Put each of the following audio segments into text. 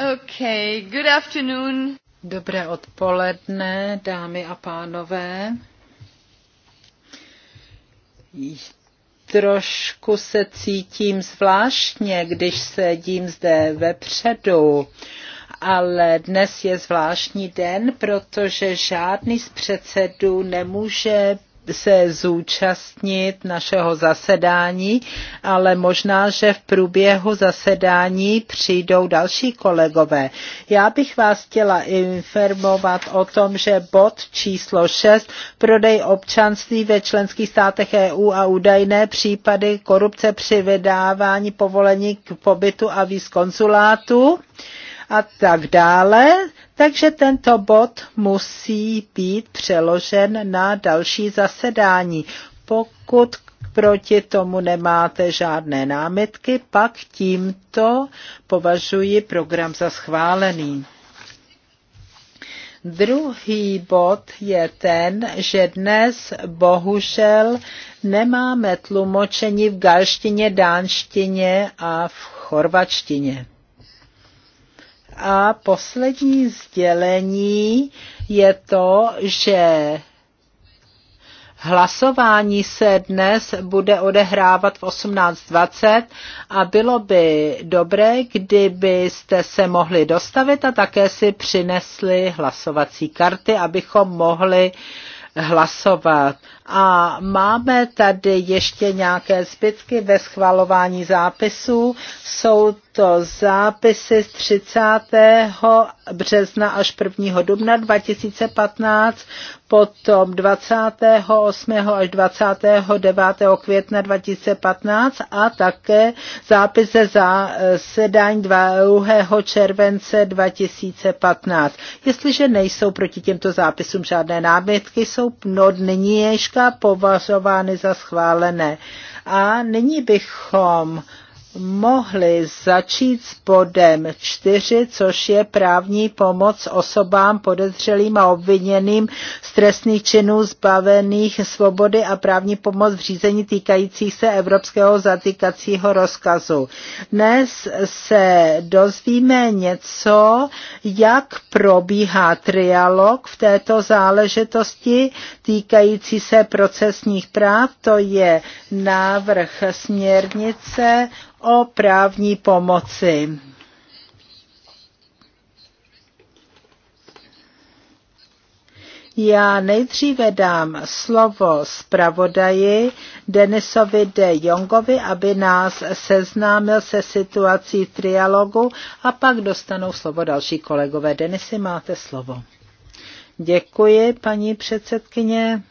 Okay, good afternoon. Dobré odpoledne, dámy a pánové. Trošku se cítím zvláštně, když sedím zde vepředu, ale dnes je zvláštní den, protože žádný z předsedů nemůže se zúčastnit našeho zasedání, ale možná, že v průběhu zasedání přijdou další kolegové. Já bych vás chtěla informovat o tom, že bod číslo 6, prodej občanství ve členských státech EU a údajné případy korupce při vydávání povolení k pobytu a výz konzulátu a tak dále takže tento bod musí být přeložen na další zasedání. Pokud proti tomu nemáte žádné námitky, pak tímto považuji program za schválený. Druhý bod je ten, že dnes bohužel nemáme tlumočení v galštině, dánštině a v chorvačtině. A poslední sdělení je to, že Hlasování se dnes bude odehrávat v 18.20 a bylo by dobré, kdybyste se mohli dostavit a také si přinesli hlasovací karty, abychom mohli hlasovat. A máme tady ještě nějaké zbytky ve schvalování zápisů. Jsou to zápisy z 30. března až 1. dubna 2015, potom 28. až 29. května 2015 a také zápisy za sedání 2. července 2015. Jestliže nejsou proti těmto zápisům žádné námitky, jsou no nyní považovány za schválené. A nyní bychom mohli začít s bodem 4, což je právní pomoc osobám podezřelým a obviněným z trestných činů zbavených svobody a právní pomoc v řízení týkající se evropského zatýkacího rozkazu. Dnes se dozvíme něco, jak probíhá trialog v této záležitosti týkající se procesních práv, to je návrh směrnice o právní pomoci. Já nejdříve dám slovo zpravodaji Denisovi de Jongovi, aby nás seznámil se situací v trialogu a pak dostanou slovo další kolegové. Denisy, máte slovo. Děkuji, paní předsedkyně.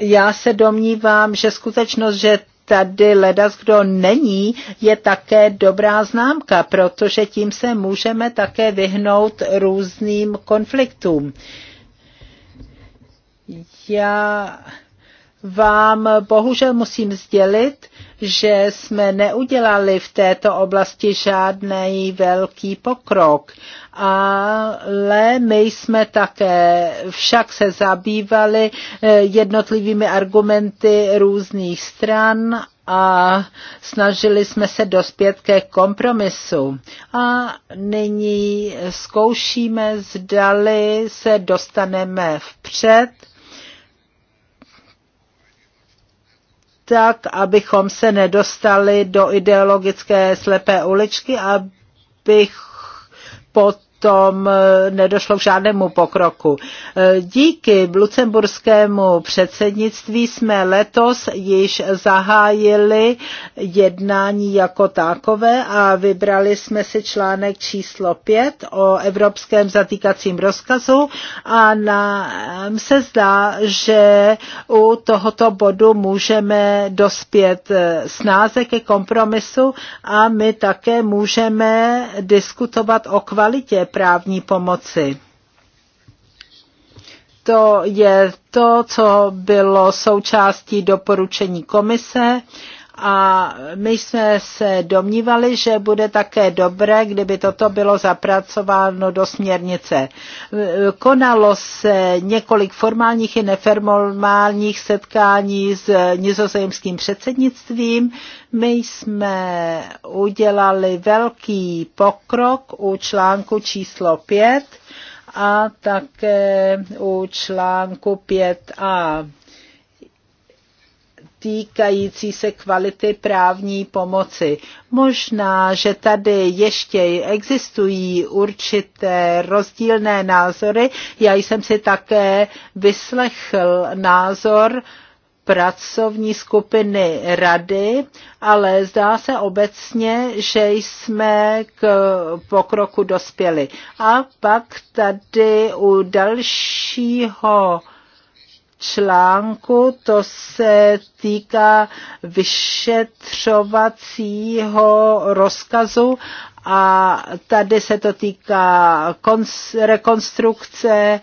Já se domnívám, že skutečnost, že tady ledas kdo není, je také dobrá známka, protože tím se můžeme také vyhnout různým konfliktům. Já vám bohužel musím sdělit, že jsme neudělali v této oblasti žádný velký pokrok, ale my jsme také však se zabývali eh, jednotlivými argumenty různých stran a snažili jsme se dospět ke kompromisu. A nyní zkoušíme, zdali se dostaneme vpřed tak, abychom se nedostali do ideologické slepé uličky, abych pod tom eh, nedošlo k žádnému pokroku. Eh, díky lucemburskému předsednictví jsme letos již zahájili jednání jako takové a vybrali jsme si článek číslo 5 o evropském zatýkacím rozkazu a nám se zdá, že u tohoto bodu můžeme dospět eh, snáze ke kompromisu a my také můžeme diskutovat o kvalitě právní pomoci. To je to, co bylo součástí doporučení komise a my jsme se domnívali, že bude také dobré, kdyby toto bylo zapracováno do směrnice. Konalo se několik formálních i neformálních setkání s nizozemským předsednictvím. My jsme udělali velký pokrok u článku číslo 5 a také u článku 5a týkající se kvality právní pomoci. Možná, že tady ještě existují určité rozdílné názory. Já jsem si také vyslechl názor pracovní skupiny rady, ale zdá se obecně, že jsme k pokroku dospěli. A pak tady u dalšího článku, to se týká vyšetřovacího rozkazu a tady se to týká rekonstrukce eh,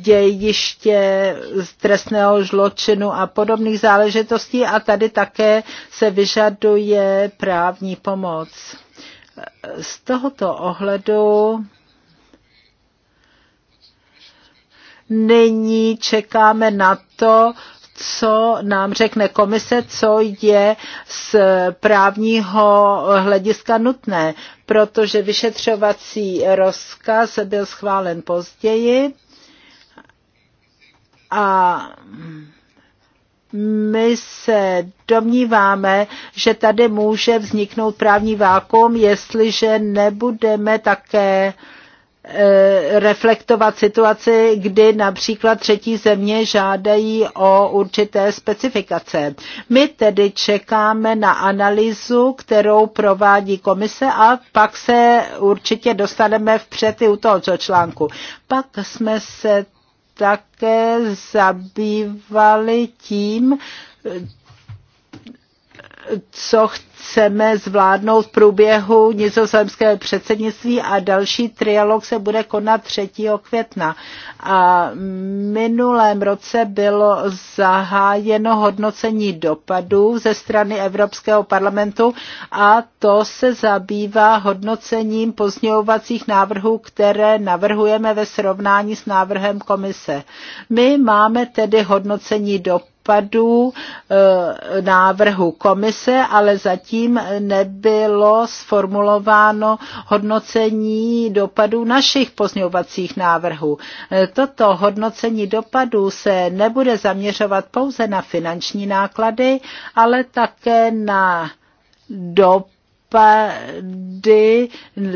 dějiště trestného zločinu a podobných záležitostí a tady také se vyžaduje právní pomoc. Z tohoto ohledu Nyní čekáme na to, co nám řekne komise, co je z právního hlediska nutné, protože vyšetřovací rozkaz byl schválen později a my se domníváme, že tady může vzniknout právní vákum, jestliže nebudeme také uh, Eh, reflektovat situaci, kdy například třetí země žádají o určité specifikace. My tedy čekáme na analýzu, kterou provádí komise a pak se určitě dostaneme vpřed i u tohoto článku. Pak jsme se také zabývali tím, co chceme zvládnout v průběhu nizozemského předsednictví a další trialog se bude konat 3. května. A minulém roce bylo zahájeno hodnocení dopadů ze strany Evropského parlamentu a to se zabývá hodnocením pozměňovacích návrhů, které navrhujeme ve srovnání s návrhem komise. My máme tedy hodnocení dopadů případů eh, návrhu komise, ale zatím nebylo sformulováno hodnocení dopadů našich pozňovacích návrhů. Eh, toto hodnocení dopadů se nebude zaměřovat pouze na finanční náklady, ale také na dopad dopady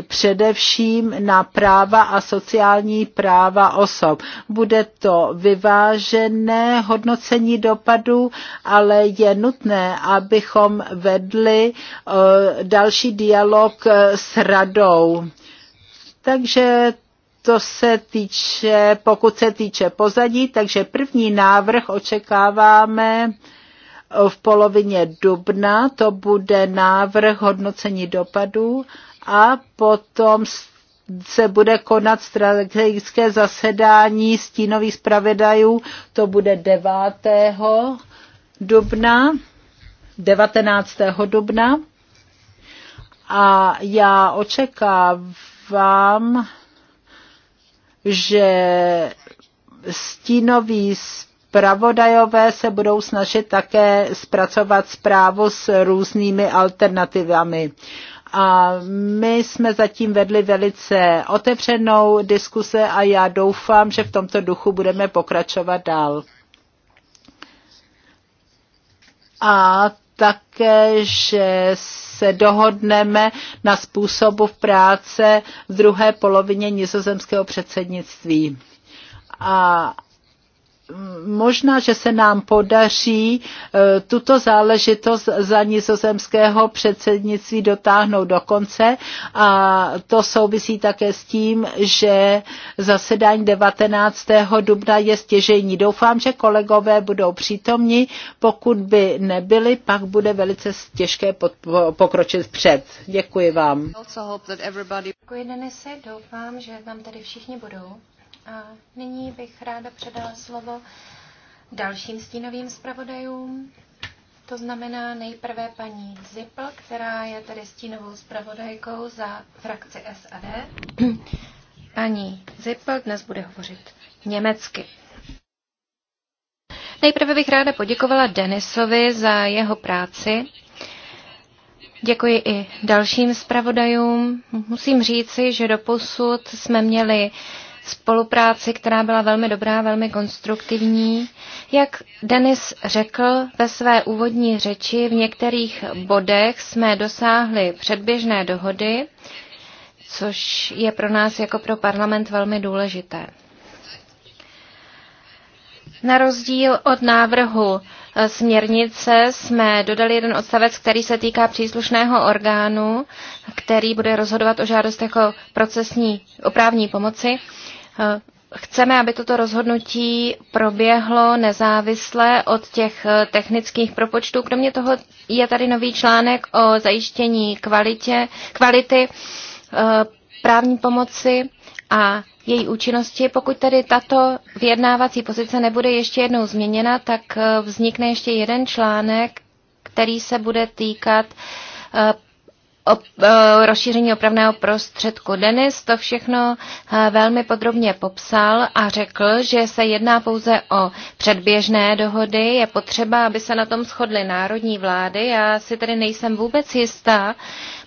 především na práva a sociální práva osob. Bude to vyvážené hodnocení dopadů, ale je nutné, abychom vedli eh, další dialog eh, s radou. Takže to se týče, pokud se týče pozadí, takže první návrh očekáváme v polovině dubna, to bude návrh hodnocení dopadů a potom se bude konat strategické zasedání stínových zpravedajů, to bude 9. dubna, 19. dubna. A já očekávám, že stínový zpravedaj Pravodajové se budou snažit také zpracovat zprávu s různými alternativami. A my jsme zatím vedli velice otevřenou diskuse a já doufám, že v tomto duchu budeme pokračovat dál. A také, že se dohodneme na způsobu v práce v druhé polovině nizozemského předsednictví. A možná, že se nám podaří e, tuto záležitost za nizozemského předsednictví dotáhnout do konce a to souvisí také s tím, že zasedání 19. dubna je stěžejní. Doufám, že kolegové budou přítomni, pokud by nebyli, pak bude velice těžké pokročit před. Děkuji vám. Děkuji, Denise. Doufám, že tam tady všichni budou. A nyní bych ráda předala slovo dalším stínovým zpravodajům. To znamená nejprve paní Zipl, která je tedy stínovou zpravodajkou za frakci SAD. Paní Zipl dnes bude hovořit německy. Nejprve bych ráda poděkovala Denisovi za jeho práci. Děkuji i dalším zpravodajům. Musím říci, že doposud jsme měli uh, spolupráci, která byla velmi dobrá, velmi konstruktivní. Jak Denis řekl ve své úvodní řeči, v některých bodech jsme dosáhli předběžné dohody, což je pro nás jako pro parlament velmi důležité. Na rozdíl od návrhu směrnice jsme dodali jeden odstavec, který se týká příslušného orgánu, který bude rozhodovat o žádostech o procesní oprávní pomoci. Eh, chceme, aby toto rozhodnutí proběhlo nezávisle od těch eh, technických propočtů. Kromě toho je tady nový článek o zajištění kvalitě, kvality eh, právní pomoci a její účinnosti. Pokud tedy tato vyjednávací pozice nebude ještě jednou změněna, tak vznikne ještě jeden článek, který se bude týkat op, eh, rozšíření opravného prostředku. Denis to všechno eh, velmi podrobně popsal a řekl, že se jedná pouze o předběžné dohody. Je potřeba, aby se na tom shodly národní vlády. Já si tedy nejsem vůbec jistá,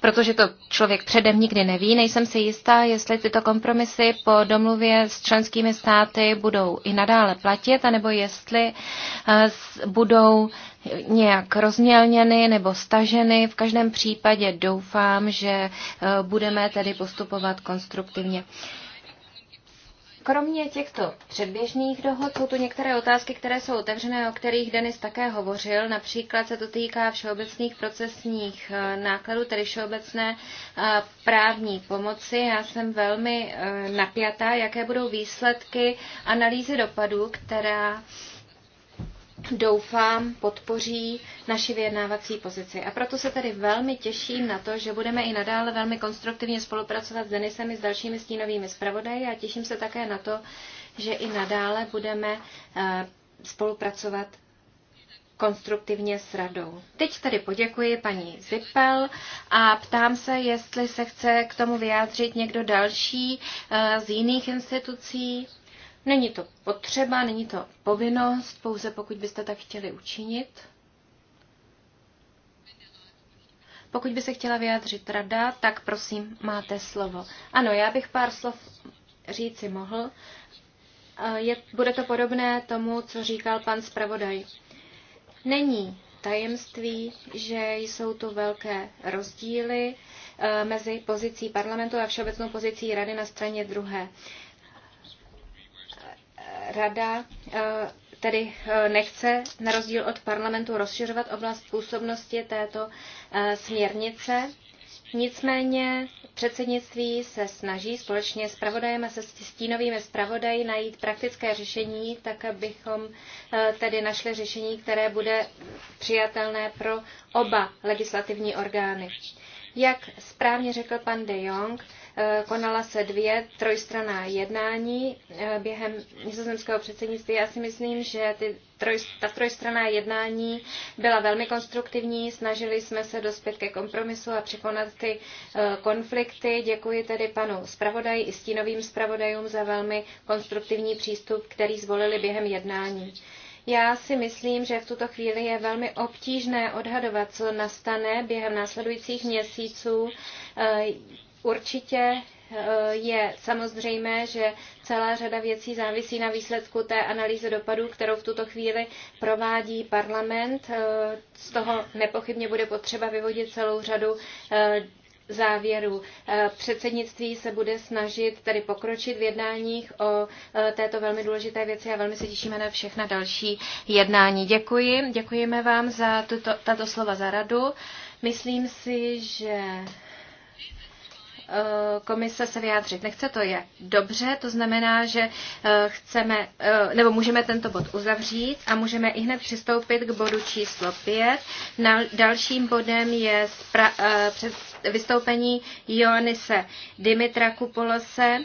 protože to člověk předem nikdy neví, nejsem si jistá, jestli tyto kompromisy po domluvě s členskými státy budou i nadále platit, anebo jestli eh, budou nějak rozmělněny nebo staženy. V každém případě doufám, že eh, budeme tedy postupovat konstruktivně. Kromě těchto předběžných dohod jsou tu některé otázky, které jsou otevřené, o kterých Denis také hovořil. Například se to týká všeobecných procesních eh, nákladů, tedy všeobecné eh, právní pomoci. Já jsem velmi napjatá, jaké budou výsledky analýzy dopadů, která doufám, podpoří naši vyjednávací pozici. A proto se tady velmi těším na to, že budeme i nadále velmi konstruktivně spolupracovat s Denisem i s dalšími stínovými zpravodaji a těším se také na to, že i nadále budeme eh, spolupracovat konstruktivně s radou. Teď tady poděkuji paní Zipel a ptám se, jestli se chce k tomu vyjádřit někdo další eh, z jiných institucí. Není to potřeba, není to povinnost, pouze pokud byste tak chtěli učinit. Pokud by se chtěla vyjádřit rada, tak prosím, máte slovo. Ano, já bych pár slov říci mohl. Je, bude to podobné tomu, co říkal pan zpravodaj. Není tajemství, že jsou tu velké rozdíly e, mezi pozicí parlamentu a všeobecnou pozicí rady na straně druhé. Rada eh, tedy eh, nechce na rozdíl od parlamentu rozšiřovat oblast působnosti této eh, směrnice. Nicméně předsednictví se snaží společně s pravodajem a se stínovými zpravodaji najít praktické řešení, tak abychom tedy našli řešení, které bude přijatelné pro oba legislativní orgány. Jak správně řekl pan de Jong, Eh, konala se dvě trojstraná jednání eh, během nizozemského předsednictví. Já si myslím, že ty troj, ta trojstraná jednání byla velmi konstruktivní, snažili jsme se dospět ke kompromisu a překonat ty eh, konflikty. Děkuji tedy panu zpravodaji i stínovým zpravodajům za velmi konstruktivní přístup, který zvolili během jednání. Já si myslím, že v tuto chvíli je velmi obtížné odhadovat, co nastane během následujících měsíců. Určitě eh, je samozřejmé, že celá řada věcí závisí na výsledku té analýzy dopadů, kterou v tuto chvíli provádí parlament. Eh, z toho nepochybně bude potřeba vyvodit celou řadu eh, závěrů. Předsednictví se bude snažit tedy pokročit v jednáních o této velmi důležité věci a velmi se těšíme na všechna další jednání. Děkuji. Děkujeme vám za tuto, tato slova za radu. Myslím si, že Eh, komise se vyjádřit nechce, to je dobře, to znamená, že eh, chceme, eh, nebo můžeme tento bod uzavřít a můžeme i hned přistoupit k bodu číslo 5. Dalším bodem je vystoupení Ioannise Dimitra Kupolose,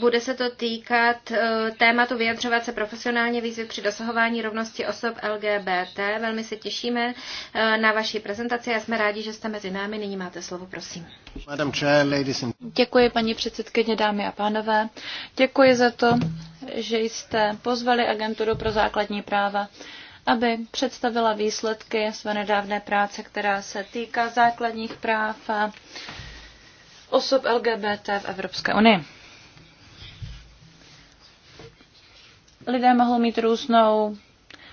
bude se to týkat e, tématu vyjadřovat se profesionálně výzvy při dosahování rovnosti osob LGBT. Velmi se těšíme e, na vaši prezentaci a jsme rádi, že jste mezi námi. Nyní máte slovo, prosím. Děkuji, paní předsedkyně, dámy a pánové. Děkuji za to, že jste pozvali Agenturu pro základní práva aby představila výsledky své nedávné práce, která se týká základních práv osob LGBT v Evropské unii. lidé mohou mít různou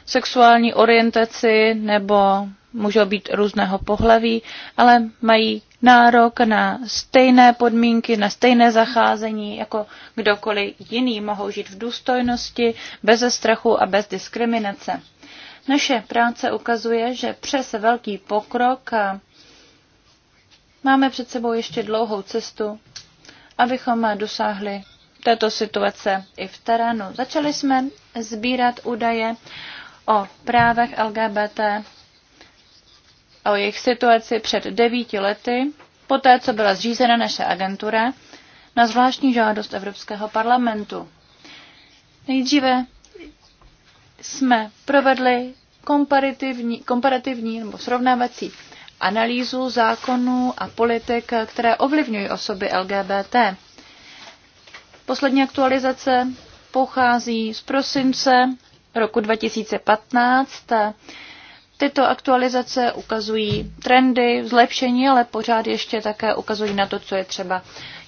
sexuální orientaci nebo můžou být různého pohlaví, ale mají nárok na stejné podmínky, na stejné zacházení jako kdokoliv jiný. Mohou žít v důstojnosti, bez strachu a bez diskriminace. Naše práce ukazuje, že přes velký pokrok máme před sebou ještě dlouhou cestu, abychom dosáhli této situace i v terénu. Začali jsme sbírat údaje o právech LGBT, o jejich situaci před devíti lety, poté co byla zřízena naše agentura na zvláštní žádost Evropského parlamentu. Nejdříve jsme provedli komparativní, komparativní nebo srovnávací analýzu zákonů a politik, které ovlivňují osoby LGBT. Poslední aktualizace pochází z prosince roku 2015. Tyto aktualizace ukazují trendy, zlepšení, ale pořád ještě také ukazují na to, co je třeba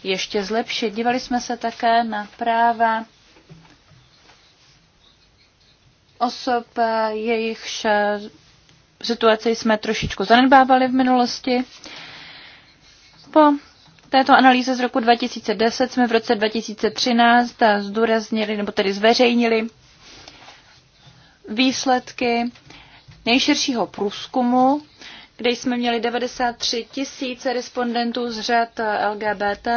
ještě zlepšit. Dívali jsme se také na práva osob, jejichž situaci jsme trošičku zanedbávali v minulosti. Po této analýze z roku 2010 jsme v roce 2013 zdůraznili, nebo tedy zveřejnili výsledky nejširšího průzkumu kde jsme měli 93 tisíce respondentů z řad eh, LGBT,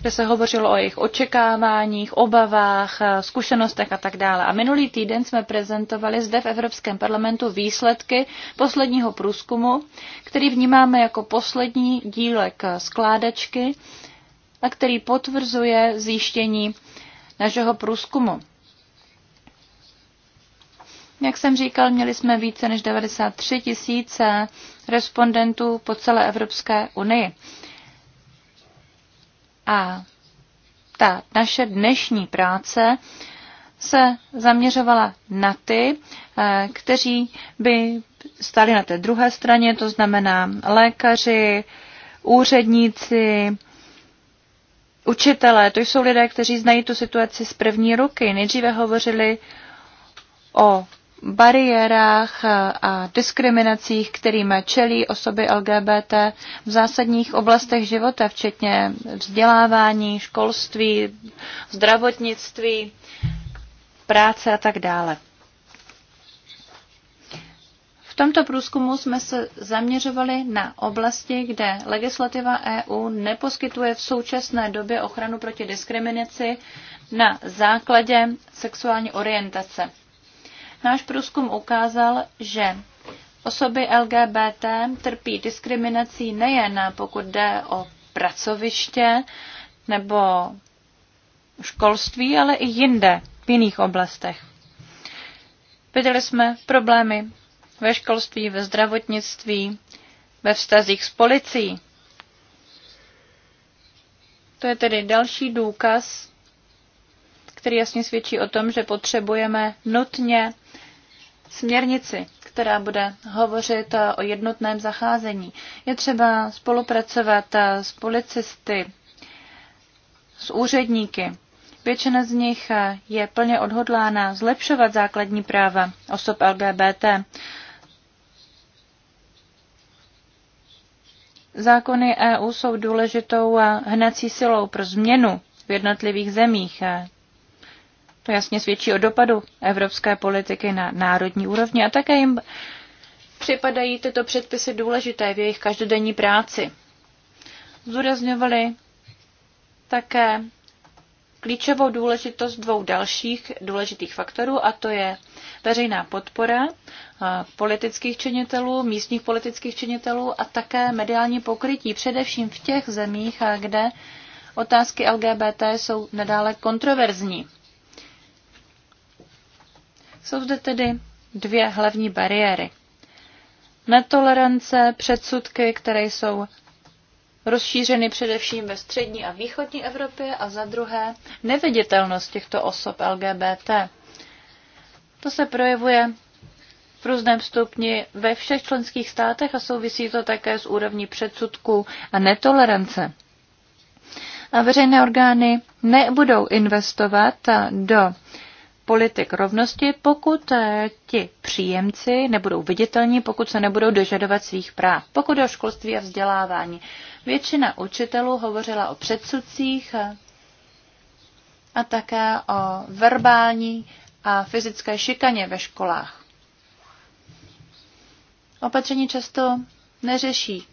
kde se hovořilo o jejich očekáváních, obavách, eh, zkušenostech a tak dále. A minulý týden jsme prezentovali zde v Evropském parlamentu výsledky posledního průzkumu, který vnímáme jako poslední dílek eh, skládačky a který potvrzuje zjištění našeho průzkumu. Jak jsem říkal, měli jsme více než 93 tisíce respondentů po celé Evropské unii. A ta naše dnešní práce se zaměřovala na ty, eh, kteří by stali na té druhé straně, to znamená lékaři, úředníci, učitelé. To jsou lidé, kteří znají tu situaci z první ruky. Nejdříve hovořili o bariérách a diskriminacích, kterým čelí osoby LGBT v zásadních oblastech života, včetně vzdělávání, školství, zdravotnictví, práce a tak dále. V tomto průzkumu jsme se zaměřovali na oblasti, kde legislativa EU neposkytuje v současné době ochranu proti diskriminaci na základě sexuální orientace. Náš průzkum ukázal, že osoby LGBT trpí diskriminací nejen pokud jde o pracoviště nebo školství, ale i jinde, v jiných oblastech. Viděli jsme problémy ve školství, ve zdravotnictví, ve vztazích s policií. To je tedy další důkaz, který jasně svědčí o tom, že potřebujeme nutně směrnici, která bude hovořit eh, o jednotném zacházení. Je třeba spolupracovat eh, s policisty, s úředníky. Většina z nich eh, je plně odhodlána zlepšovat základní práva osob LGBT. Zákony EU jsou důležitou hnací silou pro změnu v jednotlivých zemích. To jasně svědčí o dopadu evropské politiky na národní úrovni a také jim připadají tyto předpisy důležité v jejich každodenní práci. Zúrazňovali také klíčovou důležitost dvou dalších důležitých faktorů, a to je veřejná podpora politických činitelů, místních politických činitelů a také mediální pokrytí, především v těch zemích, kde otázky LGBT jsou nadále kontroverzní. Jsou zde tedy dvě hlavní bariéry. Netolerance, předsudky, které jsou rozšířeny především ve střední a východní Evropě a za druhé neviditelnost těchto osob LGBT. To se projevuje v různém stupni ve všech členských státech a souvisí to také s úrovní předsudků a netolerance. A veřejné orgány nebudou investovat do politik rovnosti, pokud eh, ti příjemci nebudou viditelní, pokud se nebudou dožadovat svých práv. Pokud o školství a vzdělávání. Většina učitelů hovořila o předsudcích eh, a také o verbální a fyzické šikaně ve školách. Opatření často neřeší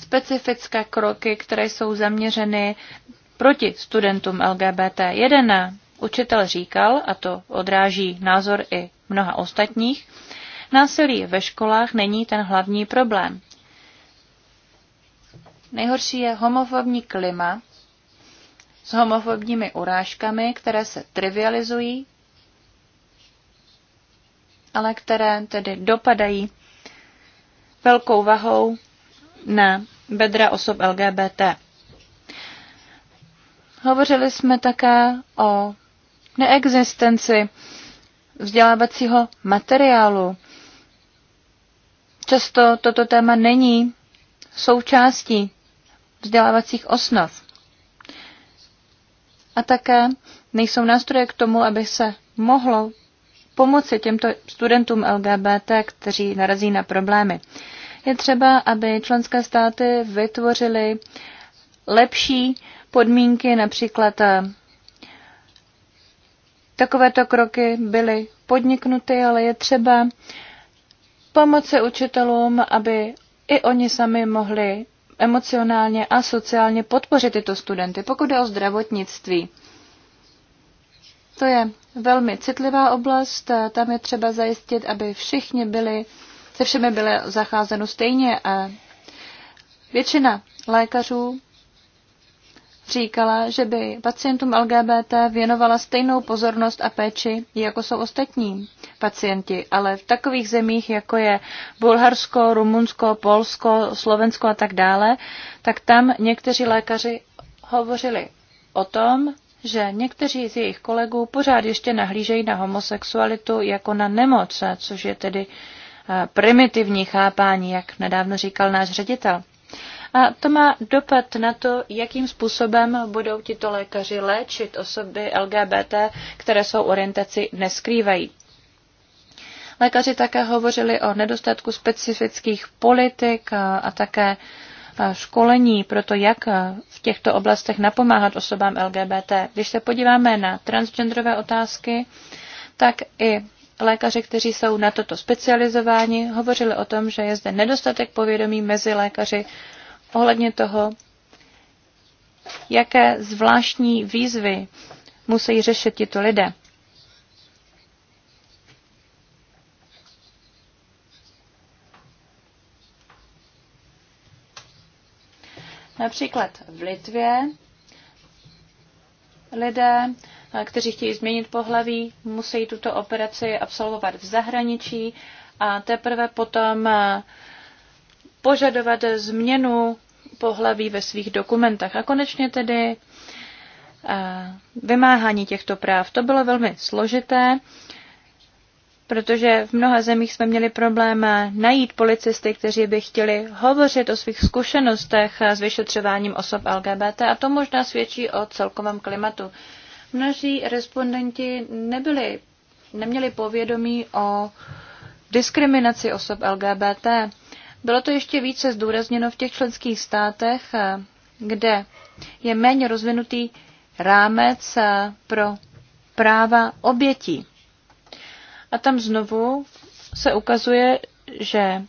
specifické kroky, které jsou zaměřeny proti studentům LGBT. Jeden Učitel říkal, a to odráží názor i mnoha ostatních, násilí ve školách není ten hlavní problém. Nejhorší je homofobní klima s homofobními urážkami, které se trivializují, ale které tedy dopadají velkou vahou na bedra osob LGBT. Hovořili jsme také o neexistenci vzdělávacího materiálu. Často toto téma není součástí vzdělávacích osnov. A také nejsou nástroje k tomu, aby se mohlo pomoci těmto studentům LGBT, kteří narazí na problémy. Je třeba, aby členské státy vytvořily lepší podmínky, například Takovéto kroky byly podniknuty, ale je třeba pomoci učitelům, aby i oni sami mohli emocionálně a sociálně podpořit tyto studenty, pokud je o zdravotnictví. To je velmi citlivá oblast, tam je třeba zajistit, aby všichni byli, se všemi bylo zacházeno stejně a většina lékařů říkala, že by pacientům LGBT věnovala stejnou pozornost a péči, jako jsou ostatní pacienti, ale v takových zemích, jako je Bulharsko, Rumunsko, Polsko, Slovensko a tak dále, tak tam někteří lékaři hovořili o tom, že někteří z jejich kolegů pořád ještě nahlížejí na homosexualitu jako na nemoc, což je tedy eh, primitivní chápání, jak nedávno říkal náš ředitel. A to má dopad na to, jakým způsobem budou tito lékaři léčit osoby LGBT, které svou orientaci neskrývají. Lékaři také hovořili o nedostatku specifických politik a, a také školení pro to, jak v těchto oblastech napomáhat osobám LGBT. Když se podíváme na transgenderové otázky, tak i lékaři, kteří jsou na toto specializováni, hovořili o tom, že je zde nedostatek povědomí mezi lékaři ohledně toho, jaké zvláštní výzvy musí řešit tito lidé. Například v Litvě lidé, kteří chtějí změnit pohlaví, musí tuto operaci absolvovat v zahraničí a teprve potom požadovat změnu pohlaví ve svých dokumentech. A konečně tedy eh, vymáhání těchto práv. To bylo velmi složité, protože v mnoha zemích jsme měli problém najít policisty, kteří by chtěli hovořit o svých zkušenostech s vyšetřováním osob LGBT a to možná svědčí o celkovém klimatu. Mnozí respondenti nebyli, neměli povědomí o diskriminaci osob LGBT. Bylo to ještě více zdůrazněno v těch členských státech, eh, kde je méně rozvinutý rámec eh, pro práva obětí. A tam znovu se ukazuje, že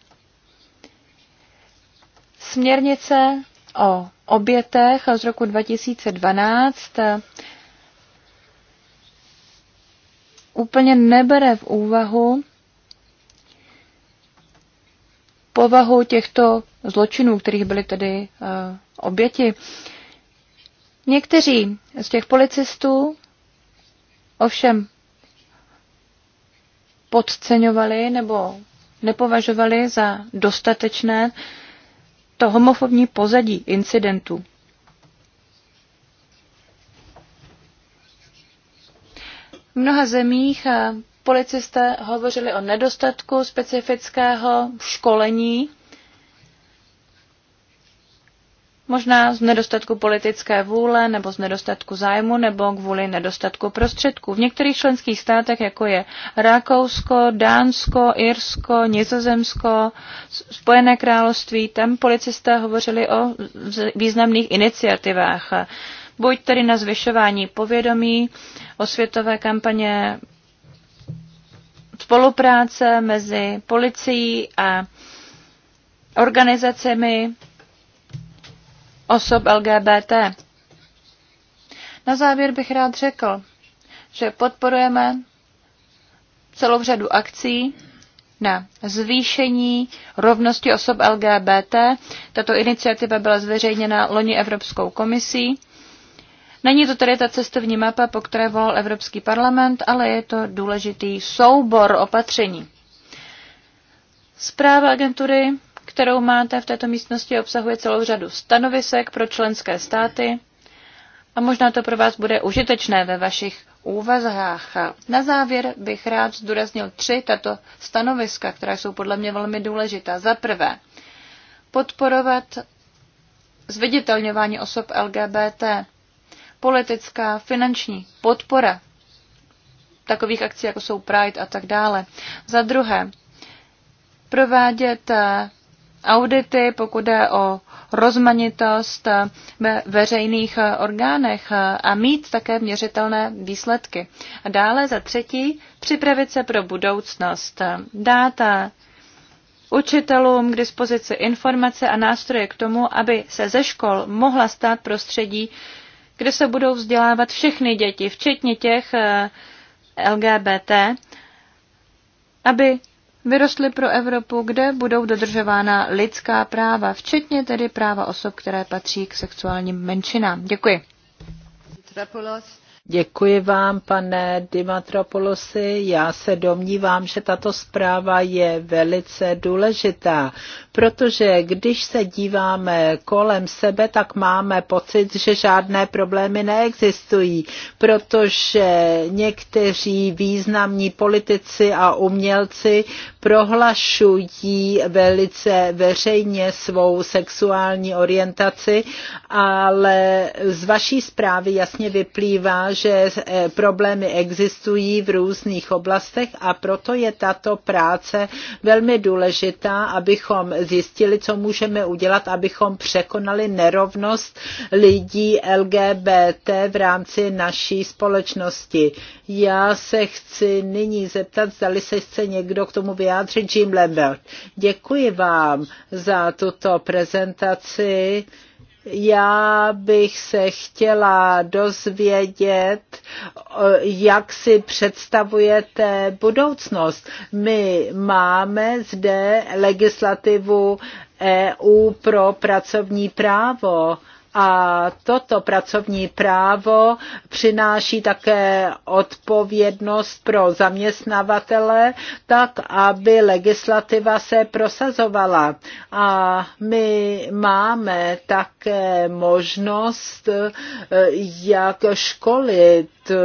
směrnice o obětech z roku 2012 eh, úplně nebere v úvahu povahu těchto zločinů, kterých byly tedy eh, oběti. Někteří z těch policistů ovšem podceňovali nebo nepovažovali za dostatečné to homofobní pozadí incidentů. V mnoha zemích eh, policisté hovořili o nedostatku specifického školení, možná z nedostatku politické vůle nebo z nedostatku zájmu nebo kvůli nedostatku prostředků. V některých členských státech, jako je Rakousko, Dánsko, Irsko, Nizozemsko, Spojené království, tam policisté hovořili o významných iniciativách buď tedy na zvyšování povědomí, světové kampaně, spolupráce mezi policií a organizacemi osob LGBT. Na závěr bych rád řekl, že podporujeme celou řadu akcí na zvýšení rovnosti osob LGBT. Tato iniciativa byla zveřejněna loni Evropskou komisí Není to tedy ta cestovní mapa, po které volal Evropský parlament, ale je to důležitý soubor opatření. Zpráva agentury, kterou máte v této místnosti, obsahuje celou řadu stanovisek pro členské státy a možná to pro vás bude užitečné ve vašich úvazách. Na závěr bych rád zdůraznil tři tato stanoviska, která jsou podle mě velmi důležitá. Za prvé, podporovat zviditelňování osob LGBT politická, finanční podpora takových akcí, jako jsou Pride a tak dále. Za druhé, provádět eh, audity, pokud jde o rozmanitost eh, ve veřejných eh, orgánech a mít také měřitelné výsledky. A dále za třetí, připravit se pro budoucnost. Dáta učitelům k dispozici informace a nástroje k tomu, aby se ze škol mohla stát prostředí, kde se budou vzdělávat všechny děti, včetně těch eh, LGBT, aby vyrostly pro Evropu, kde budou dodržována lidská práva, včetně tedy práva osob, které patří k sexuálním menšinám. Děkuji. Trapolos. Děkuji vám, pane Dimatropolosi. Já se domnívám, že tato zpráva je velice důležitá, protože když se díváme kolem sebe, tak máme pocit, že žádné problémy neexistují, protože někteří významní politici a umělci prohlašují velice veřejně svou sexuální orientaci, ale z vaší zprávy jasně vyplývá, že eh, problémy existují v různých oblastech a proto je tato práce velmi důležitá, abychom zjistili, co můžeme udělat, abychom překonali nerovnost lidí LGBT v rámci naší společnosti. Já se chci nyní zeptat, zdali se chce někdo k tomu vyjádřit, Jim Lambert. Děkuji vám za tuto prezentaci. Já bych se chtěla dozvědět, jak si představujete budoucnost. My máme zde legislativu EU pro pracovní právo a toto pracovní právo přináší také odpovědnost pro zaměstnavatele, tak aby legislativa se prosazovala. A my máme také možnost, eh, jak školit eh,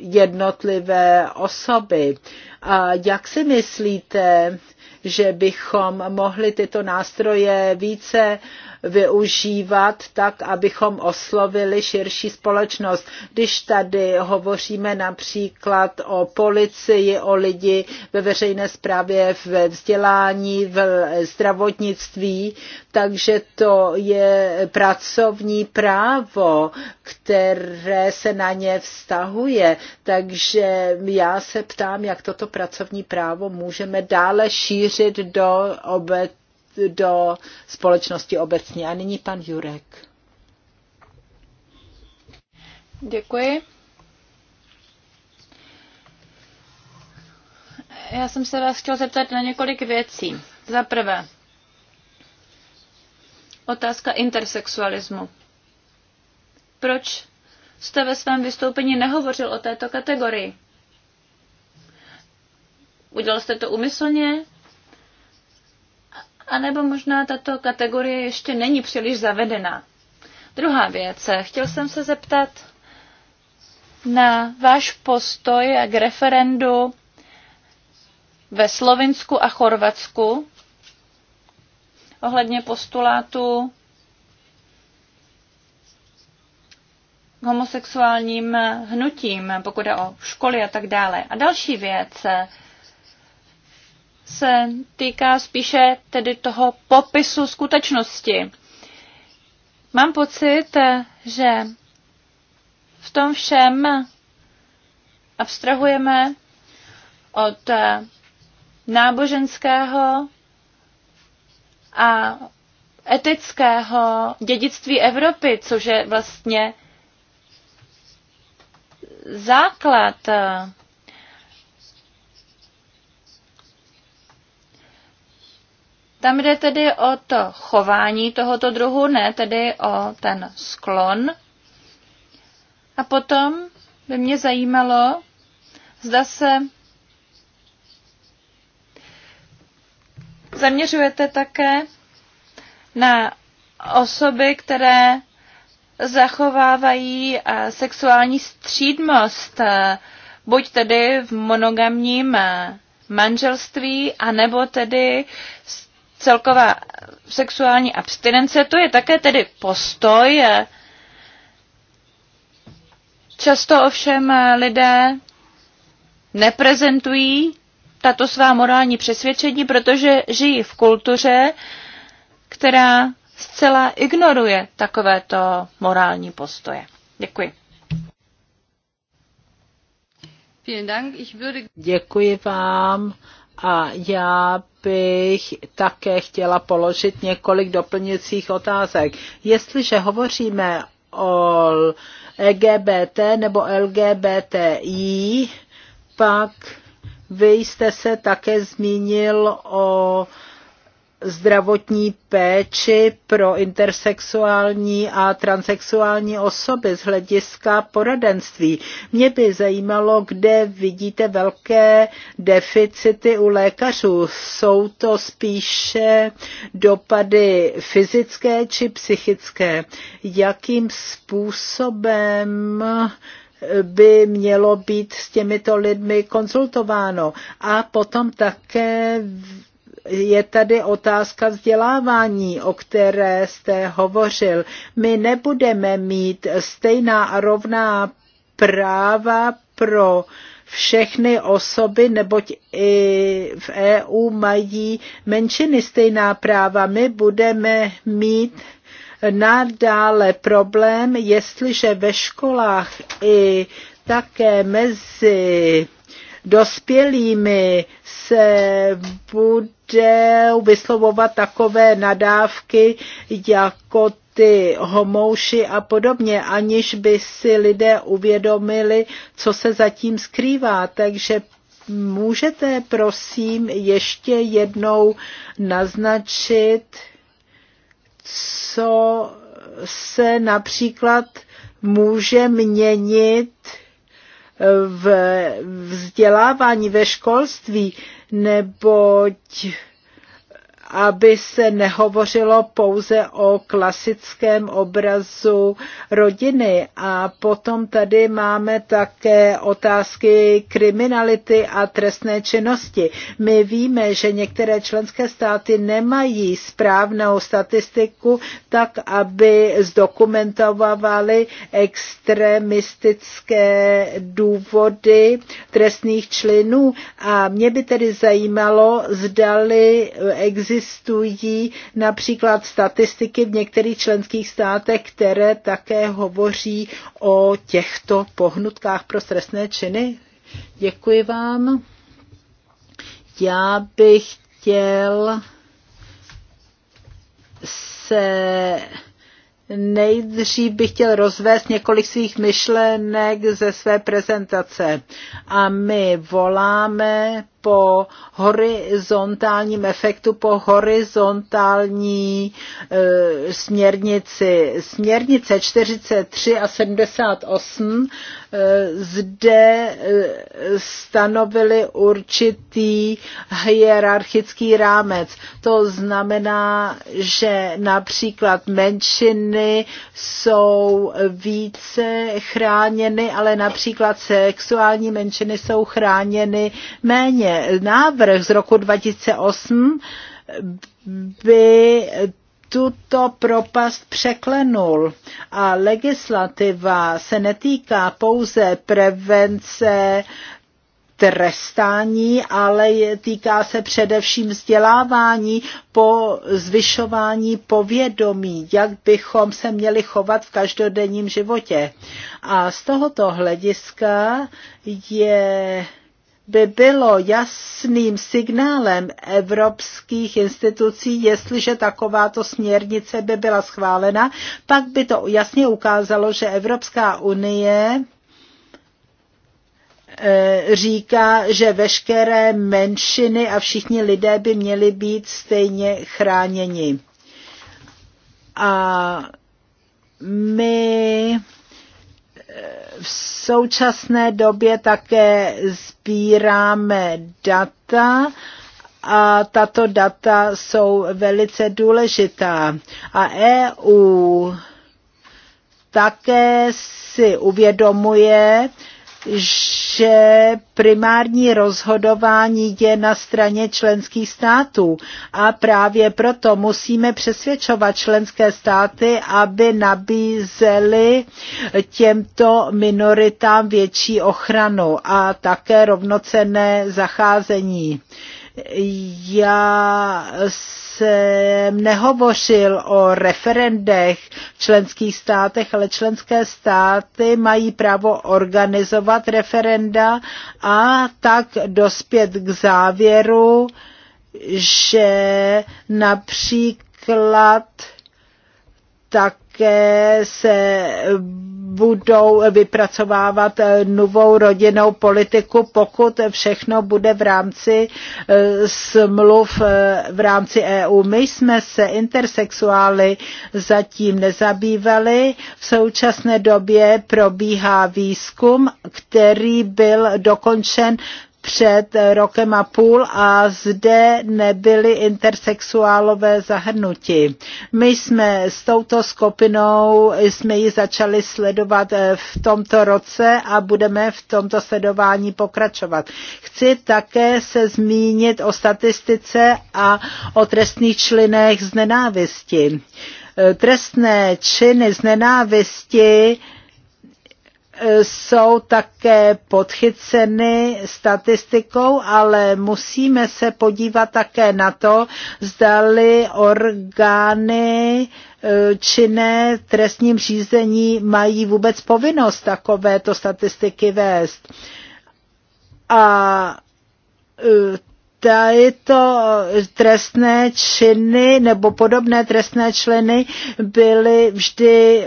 jednotlivé osoby. A jak si myslíte, že bychom mohli tyto nástroje více uh, využívat tak, abychom oslovili širší společnost. Když tady hovoříme například o policii, o lidi ve veřejné správě, ve vzdělání, v zdravotnictví, takže to je pracovní právo, které se na ně vztahuje. Takže já se ptám, jak toto pracovní právo můžeme dále šířit do obet do společnosti obecně. A nyní pan Jurek. Děkuji. Já jsem se vás chtěl zeptat na několik věcí. Za prvé, otázka intersexualismu. Proč jste ve svém vystoupení nehovořil o této kategorii? Udělal jste to umyslně? A nebo možná tato kategorie ještě není příliš zavedena. Druhá věc. Chtěl jsem se zeptat na váš postoj k referendu ve Slovinsku a Chorvatsku ohledně postulátu k homosexuálním hnutím, pokud je o školy a tak dále. A další věc, se týká spíše tedy toho popisu skutečnosti. Mám pocit, že v tom všem abstrahujeme od náboženského a etického dědictví Evropy, což je vlastně základ Tam jde tedy o to chování tohoto druhu, ne tedy o ten sklon. A potom by mě zajímalo, zda se zaměřujete také na osoby, které zachovávají eh, sexuální střídmost, eh, buď tedy v monogamním eh, manželství, anebo tedy celková sexuální abstinence, to je také tedy postoj. Často ovšem lidé neprezentují tato svá morální přesvědčení, protože žijí v kultuře, která zcela ignoruje takovéto morální postoje. Děkuji. Děkuji vám a já bych také chtěla položit několik doplňujících otázek. Jestliže hovoříme o LGBT nebo LGBTI, pak vy jste se také zmínil o zdravotní péči pro intersexuální a transexuální osoby z hlediska poradenství. Mě by zajímalo, kde vidíte velké deficity u lékařů. Jsou to spíše dopady fyzické či psychické? Jakým způsobem by mělo být s těmito lidmi konzultováno? A potom také je tady otázka vzdělávání, o které jste hovořil. My nebudeme mít stejná a rovná práva pro všechny osoby, neboť i v EU mají menšiny stejná práva. My budeme mít nadále problém, jestliže ve školách i také mezi dospělými se bude vyslovovat takové nadávky jako ty homouši a podobně, aniž by si lidé uvědomili, co se zatím skrývá. Takže můžete prosím ještě jednou naznačit, co se například může měnit v vzdělávání, ve školství, neboť aby se nehovořilo pouze o klasickém obrazu rodiny. A potom tady máme také otázky kriminality a trestné činnosti. My víme, že některé členské státy nemají správnou statistiku tak, aby zdokumentovali extremistické důvody trestných činů. A mě by tedy zajímalo, zdali existují existují například statistiky v některých členských státech, které také hovoří o těchto pohnutkách pro stresné činy? Děkuji vám. Já bych chtěl se nejdřív bych chtěl rozvést několik svých myšlenek ze své prezentace. A my voláme po horizontálním efektu, po horizontální e, směrnici. Směrnice 43 a 78 e, zde e, stanovili určitý hierarchický rámec. To znamená, že například menšiny jsou více chráněny, ale například sexuální menšiny jsou chráněny méně návrh z roku 2008 by tuto propast překlenul. A legislativa se netýká pouze prevence trestání, ale je, týká se především vzdělávání po zvyšování povědomí, jak bychom se měli chovat v každodenním životě. A z tohoto hlediska je by bylo jasným signálem evropských institucí, jestliže takováto směrnice by byla schválena, pak by to jasně ukázalo, že Evropská unie e, říká, že veškeré menšiny a všichni lidé by měli být stejně chráněni. A my v současné době také sbíráme data a tato data jsou velice důležitá. A EU také si uvědomuje, že primární rozhodování je na straně členských států a právě proto musíme přesvědčovat členské státy, aby nabízely těmto minoritám větší ochranu a také rovnocenné zacházení. Já jsem nehovořil o referendech v členských státech, ale členské státy mají právo organizovat referenda a tak dospět k závěru, že například také se budou vypracovávat eh, novou rodinnou politiku, pokud všechno bude v rámci eh, smluv eh, v rámci EU. My jsme se intersexuály zatím nezabývali. V současné době probíhá výzkum, který byl dokončen před rokem a půl a zde nebyli intersexuálové zahrnuti. My jsme s touto skupinou, jsme ji začali sledovat eh, v tomto roce a budeme v tomto sledování pokračovat. Chci také se zmínit o statistice a o trestných členech z nenávisti. Eh, trestné činy z nenávisti jsou také podchyceny statistikou, ale musíme se podívat také na to, zdali orgány eh, činné trestním řízení mají vůbec povinnost takovéto statistiky vést. A eh, to trestné činy nebo podobné trestné členy byly vždy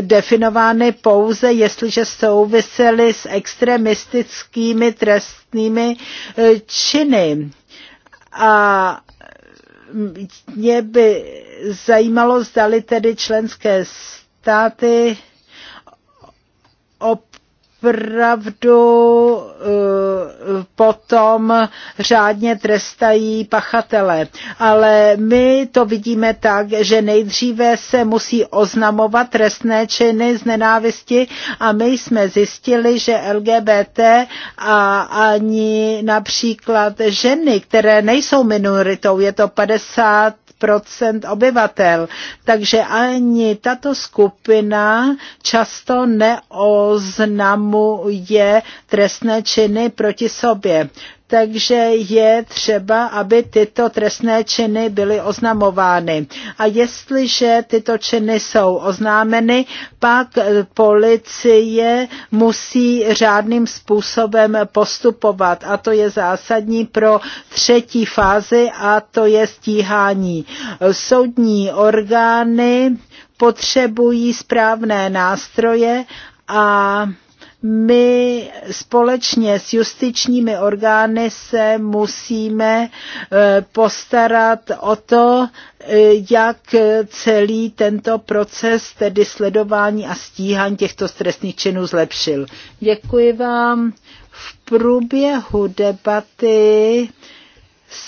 definovány pouze, jestliže souvisely s extremistickými trestnými eh, činy. A mě by zajímalo, zdali tedy členské státy op opravdu eh, potom řádně trestají pachatele. Ale my to vidíme tak, že nejdříve se musí oznamovat trestné činy z nenávisti a my jsme zjistili, že LGBT a ani například ženy, které nejsou minoritou, je to 50 obyvatel. Takže ani tato skupina často neoznamuje trestné činy proti sobě takže je třeba, aby tyto trestné činy byly oznamovány. A jestliže tyto činy jsou oznámeny, pak eh, policie musí řádným způsobem postupovat. A to je zásadní pro třetí fázi a to je stíhání. Soudní orgány potřebují správné nástroje a my společně s justičními orgány se musíme eh, postarat o to, eh, jak celý tento proces, tedy sledování a stíhání těchto stresných činů zlepšil. Děkuji vám. V průběhu debaty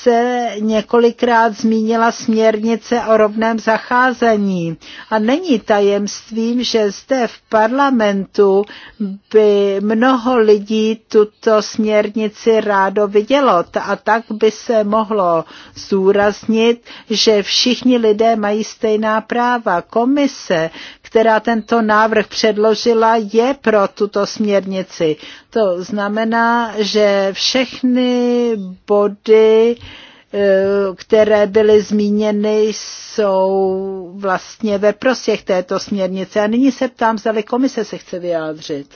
se několikrát zmínila směrnice o rovném zacházení. A není tajemstvím, že zde v parlamentu by mnoho lidí tuto směrnici rádo vidělo. A tak by se mohlo zúraznit, že všichni lidé mají stejná práva. Komise která tento návrh předložila, je pro tuto směrnici. To znamená, že všechny body, eh, které byly zmíněny, jsou vlastně ve prospěch této směrnice. A nyní se ptám, zda komise se chce vyjádřit.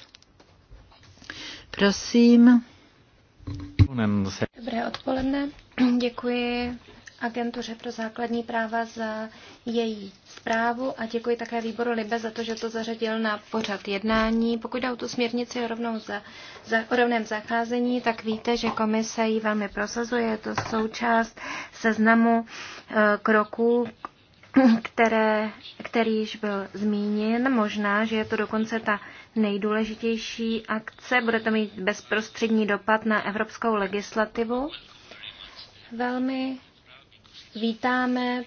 Prosím. Dobré odpoledne. Děkuji agentuře pro základní práva za její zprávu a děkuji také výboru Libe za to, že to zařadil na pořad jednání. Pokud jde o tu směrnici o, rovnou za, za, o rovném zacházení, tak víte, že komise ji velmi prosazuje. Je to součást seznamu e, kroků, které, který již byl zmíněn. Možná, že je to dokonce ta nejdůležitější akce. Bude to mít bezprostřední dopad na evropskou legislativu. Velmi Vítáme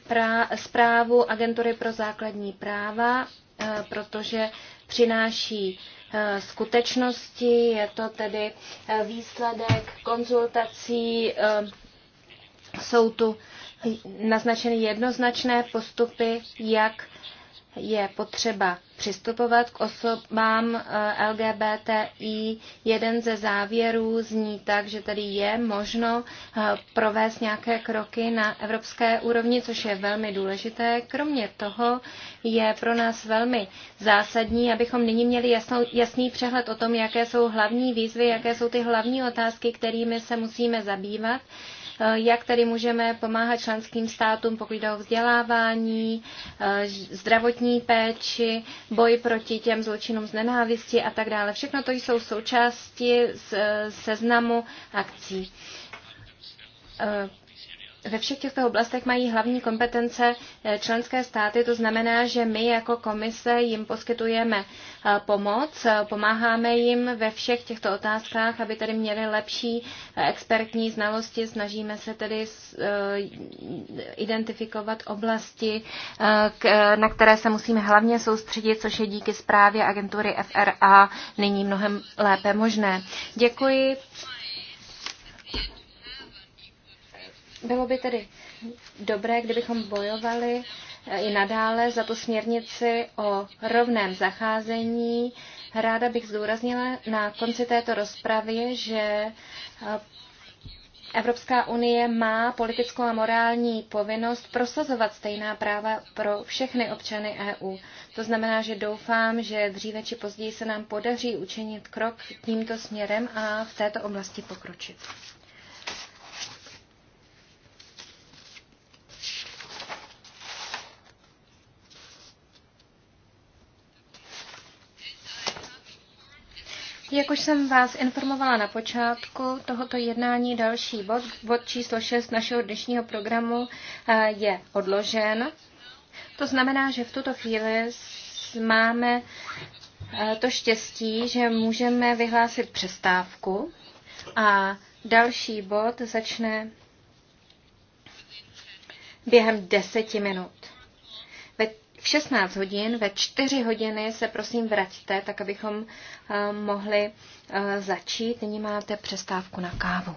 zprávu Agentury pro základní práva, eh, protože přináší eh, skutečnosti, je to tedy eh, výsledek konzultací, jsou tu naznačeny jednoznačné postupy, jak je potřeba přistupovat k osobám eh, LGBTI. Jeden ze závěrů zní tak, že tady je možno eh, provést nějaké kroky na evropské úrovni, což je velmi důležité. Kromě toho je pro nás velmi zásadní, abychom nyní měli jasnou, jasný přehled o tom, jaké jsou hlavní výzvy, jaké jsou ty hlavní otázky, kterými se musíme zabývat Eh, jak tady můžeme pomáhat členským státům, pokud jde o vzdělávání, eh, zdravotní péči, boj proti těm zločinům z nenávisti a tak dále. Všechno to jsou součásti eh, seznamu akcí ve všech těchto oblastech mají hlavní kompetence eh, členské státy, to znamená, že my jako komise jim poskytujeme eh, pomoc, eh, pomáháme jim ve všech těchto otázkách, aby tedy měli lepší expertní znalosti, snažíme se tedy identifikovat oblasti, na které se musíme hlavně soustředit, což je díky zprávě agentury FRA nyní mnohem lépe možné. Děkuji Bylo by tedy dobré, kdybychom bojovali eh, i nadále za tu směrnici o rovném zacházení. Ráda bych zdůraznila na konci této rozpravy, že eh, Evropská unie má politickou a morální povinnost prosazovat stejná práva pro všechny občany EU. To znamená, že doufám, že dříve či později se nám podaří učinit krok tímto směrem a v této oblasti pokročit. Jak už jsem vás informovala na počátku tohoto jednání, další bod, bod číslo 6 našeho dnešního programu eh, je odložen. To znamená, že v tuto chvíli máme eh, to štěstí, že můžeme vyhlásit přestávku a další bod začne během deseti minut v 16 hodin, ve 4 hodiny se prosím vraťte, tak abychom eh, mohli eh, začít. Nyní máte přestávku na kávu.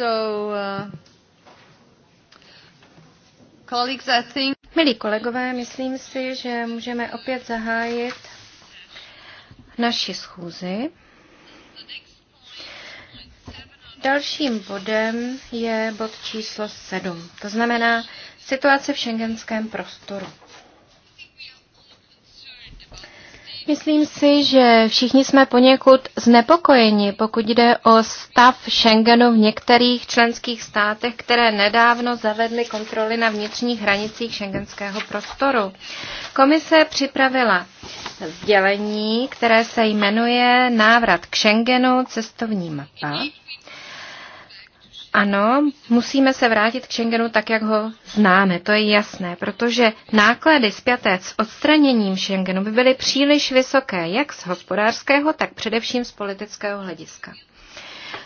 Uh, Milí kolegové, myslím si, že můžeme opět zahájit naši schůzi. Dalším bodem je bod číslo 7, to znamená situace v šengenském prostoru. Myslím si, že všichni jsme poněkud znepokojeni, pokud jde o stav Schengenu v některých členských státech, které nedávno zavedly kontroly na vnitřních hranicích šengenského prostoru. Komise připravila sdělení, které se jmenuje Návrat k Schengenu cestovní mapa. Ano, musíme se vrátit k Schengenu tak, jak ho známe, to je jasné, protože náklady zpěté s odstraněním Schengenu by byly příliš vysoké, jak z hospodářského, tak především z politického hlediska.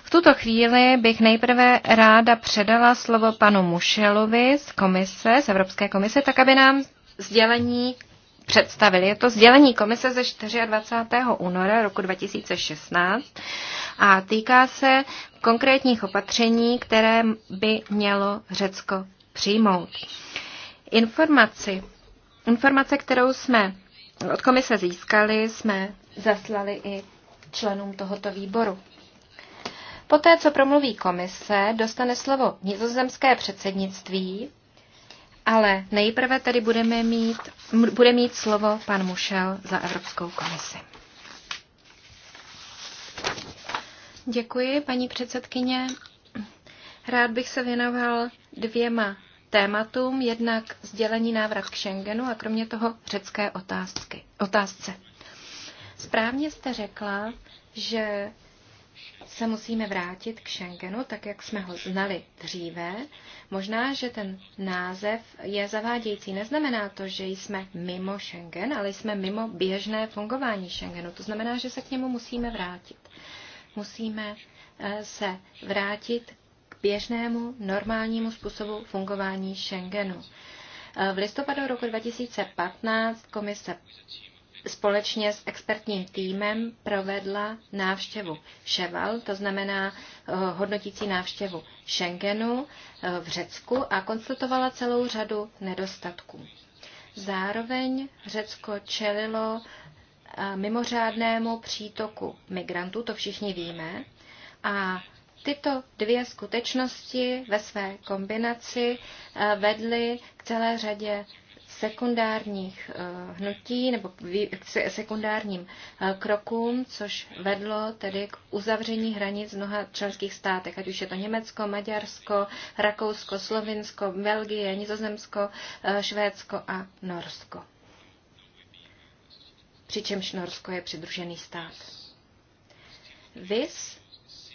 V tuto chvíli bych nejprve ráda předala slovo panu Mušelovi z komise, z Evropské komise, tak aby nám sdělení představili. Je to sdělení komise ze 24. února roku 2016 a týká se konkrétních opatření, které by mělo Řecko přijmout. Informaci, informace, kterou jsme od komise získali, jsme zaslali i členům tohoto výboru. Poté, co promluví komise, dostane slovo nizozemské předsednictví ale nejprve tady budeme mít, bude mít slovo pan Mušel za Evropskou komisi. Děkuji, paní předsedkyně. Rád bych se věnoval dvěma tématům, jednak sdělení návrat k Schengenu a kromě toho řecké otázky, otázce. Správně jste řekla, že se musíme vrátit k Schengenu, tak jak jsme ho znali dříve. Možná, že ten název je zavádějící. Neznamená to, že jsme mimo Schengen, ale jsme mimo běžné fungování Schengenu. To znamená, že se k němu musíme vrátit. Musíme eh, se vrátit k běžnému, normálnímu způsobu fungování Schengenu. Eh, v listopadu roku 2015 komise společně s expertním týmem provedla návštěvu Ševal, to znamená eh, hodnotící návštěvu Schengenu eh, v Řecku a konstatovala celou řadu nedostatků. Zároveň Řecko čelilo eh, mimořádnému přítoku migrantů, to všichni víme, a tyto dvě skutečnosti ve své kombinaci vedly k celé řadě sekundárních eh, hnutí nebo k sekundárním eh, krokům, což vedlo tedy k uzavření hranic v mnoha členských státech, ať už je to Německo, Maďarsko, Rakousko, Slovinsko, Belgie, Nizozemsko, eh, Švédsko a Norsko. Přičemž Norsko je přidružený stát. Vys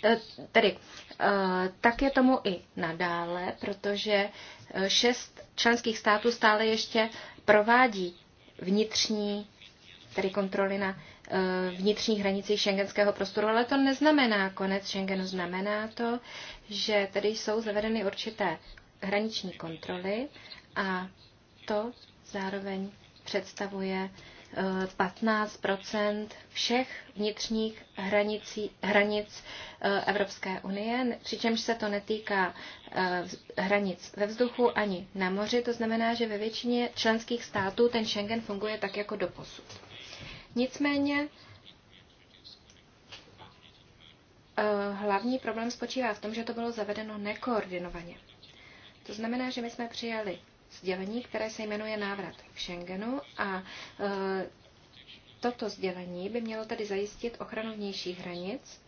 Eh, tedy eh, tak je tomu i nadále, protože eh, šest členských států stále ještě provádí vnitřní, tedy kontroly na vnitřních hranicích šengenského prostoru, ale to neznamená konec Schengenu, znamená to, že tedy jsou zavedeny určité hraniční kontroly a to zároveň představuje uh, 15 všech vnitřních hranicí, hranic eh, Evropské unie, přičemž se to netýká eh, hranic ve vzduchu ani na moři. To znamená, že ve většině členských států ten Schengen funguje tak jako doposud. Nicméně eh, hlavní problém spočívá v tom, že to bylo zavedeno nekoordinovaně. To znamená, že my jsme přijali sdělení, které se jmenuje Návrat k Schengenu a e, toto sdělení by mělo tedy zajistit ochranu vnějších hranic.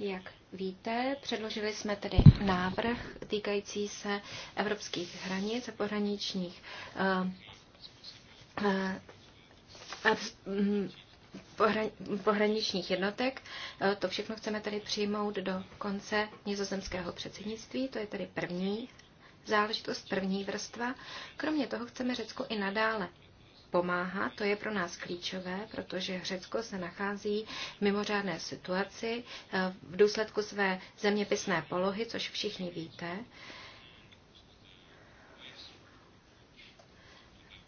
Jak víte, předložili jsme tedy návrh týkající se evropských hranic a pohraničních e, e, pohraničních jednotek. To všechno chceme tady přijmout do konce nizozemského předsednictví, to je tady první záležitost první vrstva. Kromě toho chceme Řecko i nadále pomáhá, to je pro nás klíčové, protože Řecko se nachází v mimořádné situaci eh, v důsledku své zeměpisné polohy, což všichni víte.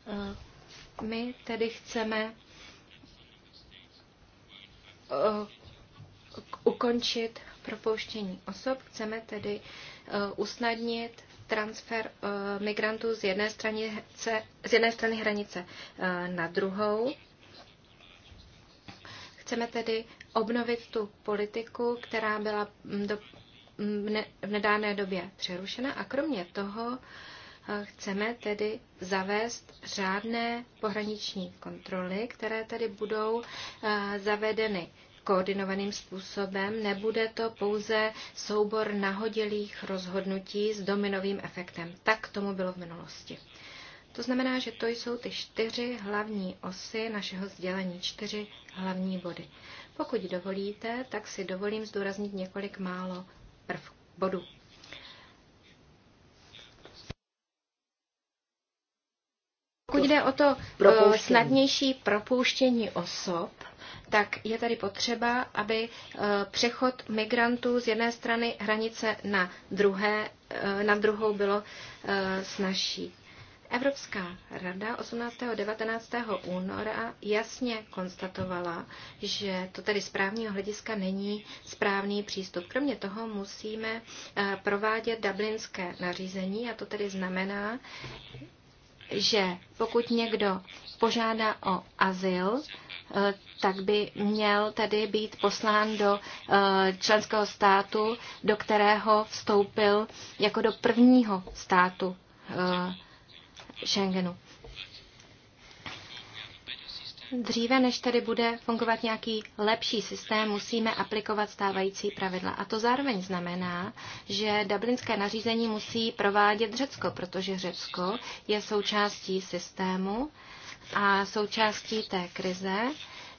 Eh, my tedy chceme eh, ukončit propouštění osob, chceme tedy usnadnit transfer eh, migrantů z jedné, stranice, z jedné strany hranice eh, na druhou. Chceme tedy obnovit tu politiku, která byla mm, do, mm, v nedávné době přerušena a kromě toho eh, chceme tedy zavést řádné pohraniční kontroly, které tedy budou zavedeny koordinovaným způsobem, nebude to pouze soubor nahodilých rozhodnutí s dominovým efektem. Tak tomu bylo v minulosti. To znamená, že to jsou ty čtyři hlavní osy našeho sdělení, čtyři hlavní body. Pokud dovolíte, tak si dovolím zdůraznit několik málo prv bodů. Pokud jde o to eh, propouštění. snadnější propouštění osob, tak je tady potřeba, aby eh, přechod migrantů z jedné strany hranice na, druhé, eh, na druhou bylo snažší. Evropská rada 18. a 19. února jasně konstatovala, že to tedy z právního hlediska není správný přístup. Kromě toho musíme provádět dublinské nařízení a to tedy znamená, že pokud někdo požádá o azyl, eh, tak by měl tedy být poslán do eh, členského státu, do kterého vstoupil jako do prvního státu eh, Schengenu dříve, než tady bude fungovat nějaký lepší systém, musíme aplikovat stávající pravidla. A to zároveň znamená, že dublinské nařízení musí provádět Řecko, protože Řecko je součástí systému a součástí té krize.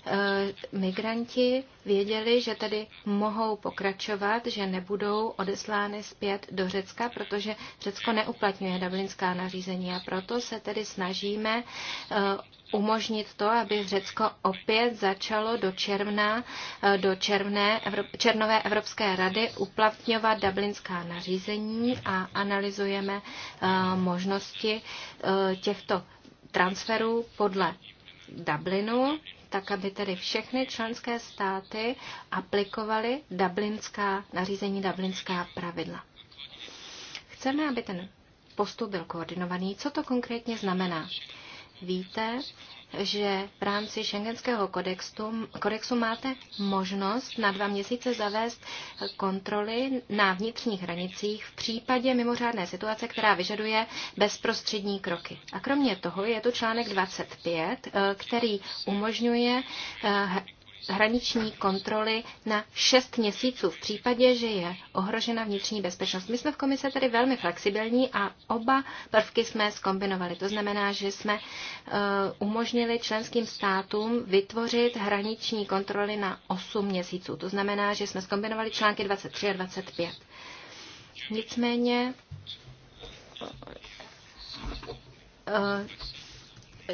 E, migranti věděli, že tedy mohou pokračovat, že nebudou odeslány zpět do Řecka, protože Řecko neuplatňuje dublinská nařízení a proto se tedy snažíme e, umožnit to, aby Řecko opět začalo do června, eh, do červné, červnové Evropské rady uplatňovat dublinská nařízení a analyzujeme eh, možnosti eh, těchto transferů podle Dublinu, tak aby tedy všechny členské státy aplikovaly dublinská nařízení, dublinská pravidla. Chceme, aby ten postup byl koordinovaný. Co to konkrétně znamená? víte, že v rámci šengenského kodexu, kodexu máte možnost na dva měsíce zavést kontroly na vnitřních hranicích v případě mimořádné situace, která vyžaduje bezprostřední kroky. A kromě toho je tu článek 25, eh, který umožňuje eh, hraniční kontroly na 6 měsíců v případě, že je ohrožena vnitřní bezpečnost. My jsme v komise tedy velmi flexibilní a oba prvky jsme skombinovali. To znamená, že jsme eh, umožnili členským státům vytvořit hraniční kontroly na 8 měsíců. To znamená, že jsme skombinovali články 23 a 25. Nicméně eh,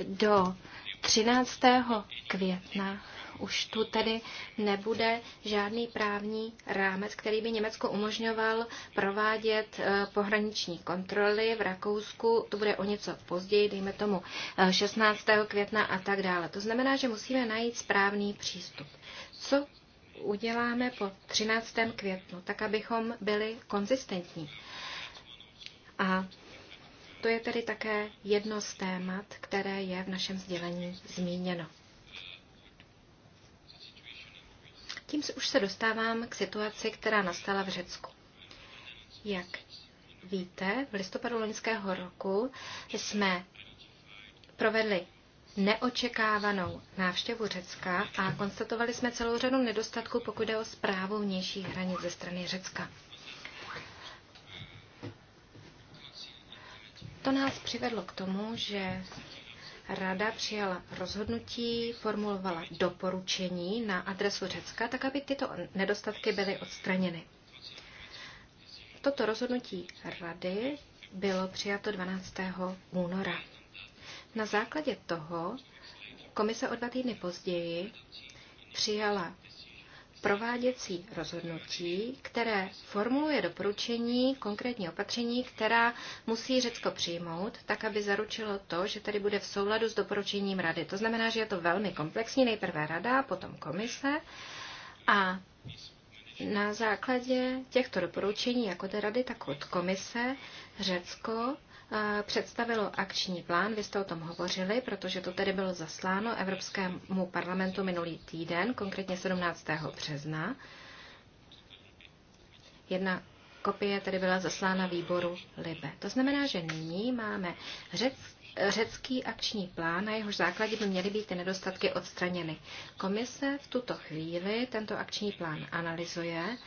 do 13. května už tu tedy nebude žádný právní rámec, který by Německo umožňoval provádět eh, pohraniční kontroly v Rakousku. To bude o něco později, dejme tomu 16. Eh, května a tak dále. To znamená, že musíme najít správný přístup. Co uděláme po 13. květnu, tak abychom byli konzistentní. A to je tedy také jedno z témat, které je v našem sdělení zmíněno. Tím se už se dostávám k situaci, která nastala v Řecku. Jak víte, v listopadu loňského roku jsme provedli neočekávanou návštěvu Řecka a konstatovali jsme celou řadu nedostatků, pokud jde o zprávu vnějších hranic ze strany Řecka. To nás přivedlo k tomu, že Rada přijala rozhodnutí, formulovala doporučení na adresu Řecka, tak aby tyto nedostatky byly odstraněny. Toto rozhodnutí Rady bylo přijato 12. února. Na základě toho komise o dva týdny později přijala prováděcí rozhodnutí, které formuluje doporučení konkrétní opatření, která musí Řecko přijmout, tak aby zaručilo to, že tady bude v souladu s doporučením rady. To znamená, že je to velmi komplexní, nejprve rada, potom komise a na základě těchto doporučení, jako té rady, tak od komise, Řecko Eh, představilo akční plán, vy jste o tom hovořili, protože to tedy bylo zasláno Evropskému parlamentu minulý týden, konkrétně 17. března. Jedna kopie tedy byla zaslána výboru Libe. To znamená, že nyní máme řec, řecký akční plán, na jehož základě by měly být ty nedostatky odstraněny. Komise v tuto chvíli tento akční plán analyzuje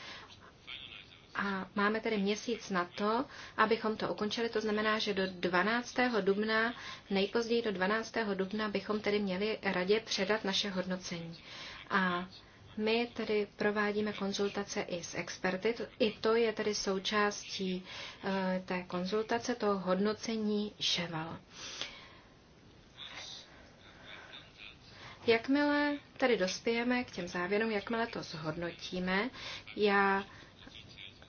a máme tedy měsíc na to, abychom to ukončili. To znamená, že do 12. dubna, nejpozději do 12. dubna, bychom tedy měli radě předat naše hodnocení. A my tedy provádíme konzultace i s experty. I to je tedy součástí eh, té konzultace, toho hodnocení ševal. Jakmile tedy dospějeme k těm závěrům, jakmile to zhodnotíme, já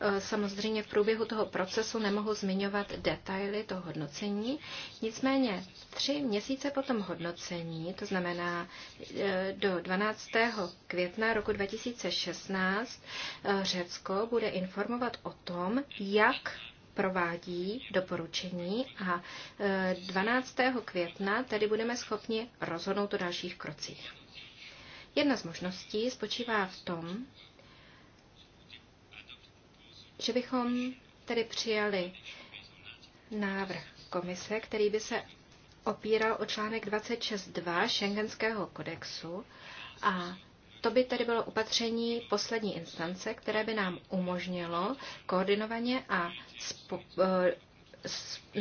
Eh, samozřejmě v průběhu toho procesu nemohu zmiňovat detaily toho hodnocení, nicméně tři měsíce po tom hodnocení, to znamená eh, do 12. května roku 2016, eh, Řecko bude informovat o tom, jak provádí doporučení a 12. května tedy budeme schopni rozhodnout o dalších krocích. Jedna z možností spočívá v tom, že bychom tedy přijali návrh komise, který by se opíral o článek 26.2 Schengenského kodexu a to by tedy bylo opatření poslední instance, které by nám umožnilo koordinovaně a eh,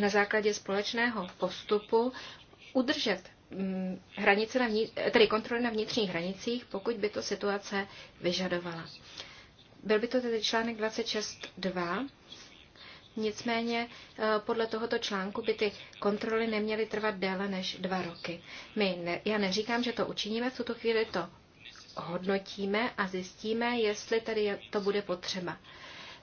na základě společného postupu udržet mm, hranice na vnitř, tedy kontroly na vnitřních hranicích, pokud by to situace vyžadovala. Byl by to tedy článek 26.2. Nicméně eh, podle tohoto článku by ty kontroly neměly trvat déle než dva roky. My ne, já neříkám, že to učiníme, v tuto chvíli to hodnotíme a zjistíme, jestli tady to bude potřeba.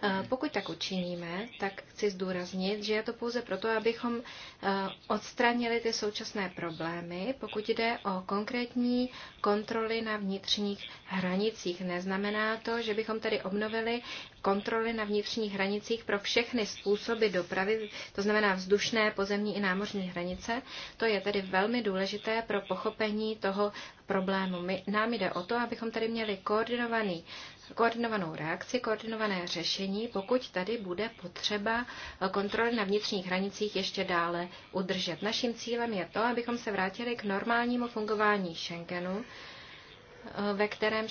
Eh, pokud tak učiníme, tak chci zdůraznit, že je to pouze proto, abychom eh, odstranili ty současné problémy, pokud jde o konkrétní kontroly na vnitřních hranicích. Neznamená to, že bychom tady obnovili kontroly na vnitřních hranicích pro všechny způsoby dopravy, to znamená vzdušné, pozemní i námořní hranice. To je tedy velmi důležité pro pochopení toho problému. My, nám jde o to, abychom tady měli koordinovaný, koordinovanou reakci, koordinované řešení, řešení, pokud tady bude potřeba kontroly na vnitřních hranicích ještě dále udržet. Naším cílem je to, abychom se vrátili k normálnímu fungování Schengenu, ve kterém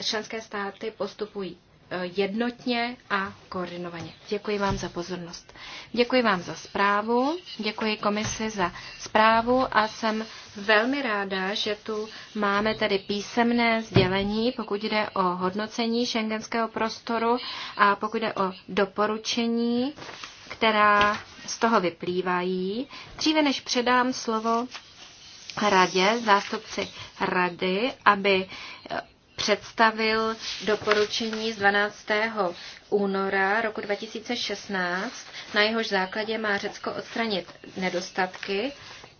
členské státy postupují jednotně a koordinovaně. Děkuji vám za pozornost. Děkuji vám za zprávu, děkuji komisi za zprávu a jsem velmi ráda, že tu máme tedy písemné sdělení, pokud jde o hodnocení šengenského prostoru a pokud jde o doporučení, která z toho vyplývají. Dříve než předám slovo radě, zástupci rady, aby představil doporučení z 12. února roku 2016, na jehož základě má Řecko odstranit nedostatky,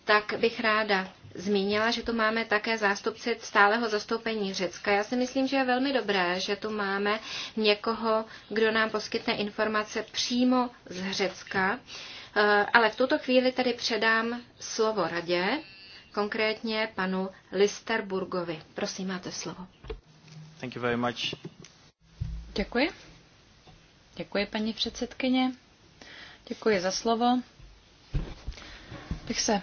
tak bych ráda zmínila, že tu máme také zástupci stáleho zastoupení Řecka. Já si myslím, že je velmi dobré, že tu máme někoho, kdo nám poskytne informace přímo z Řecka. Eh, ale v tuto chvíli tedy předám slovo radě, konkrétně panu Listerburgovi. Prosím, máte slovo. Thank you very much. Děkuji. Děkuji, paní předsedkyně. Děkuji za slovo. Bych se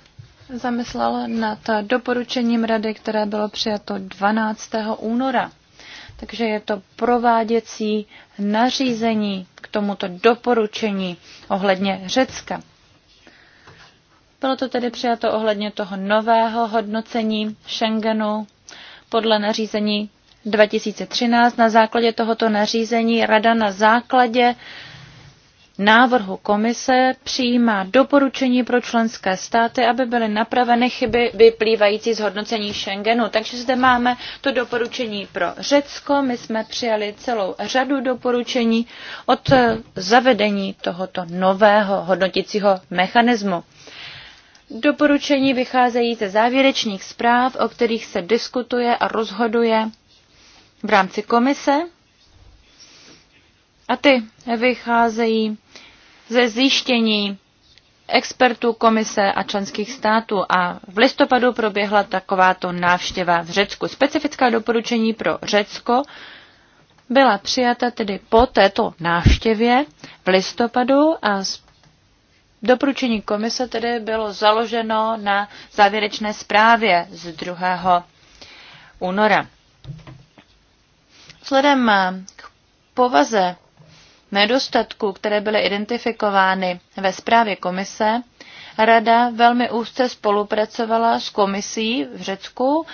zamyslel nad doporučením rady, které bylo přijato 12. února. Takže je to prováděcí nařízení k tomuto doporučení ohledně Řecka. Bylo to tedy přijato ohledně toho nového hodnocení Schengenu podle nařízení 2013. Na základě tohoto nařízení Rada na základě návrhu komise přijímá doporučení pro členské státy, aby byly napraveny chyby vyplývající z hodnocení Schengenu. Takže zde máme to doporučení pro Řecko. My jsme přijali celou řadu doporučení od zavedení tohoto nového hodnotícího mechanismu. Doporučení vycházejí ze závěrečných zpráv, o kterých se diskutuje a rozhoduje v rámci komise a ty vycházejí ze zjištění expertů komise a členských států a v listopadu proběhla takováto návštěva v Řecku. Specifická doporučení pro Řecko byla přijata tedy po této návštěvě v listopadu a doporučení komise tedy bylo založeno na závěrečné zprávě z 2. února. Vzhledem eh, k povaze nedostatků, které byly identifikovány ve zprávě komise, Rada velmi úzce spolupracovala s komisí v Řecku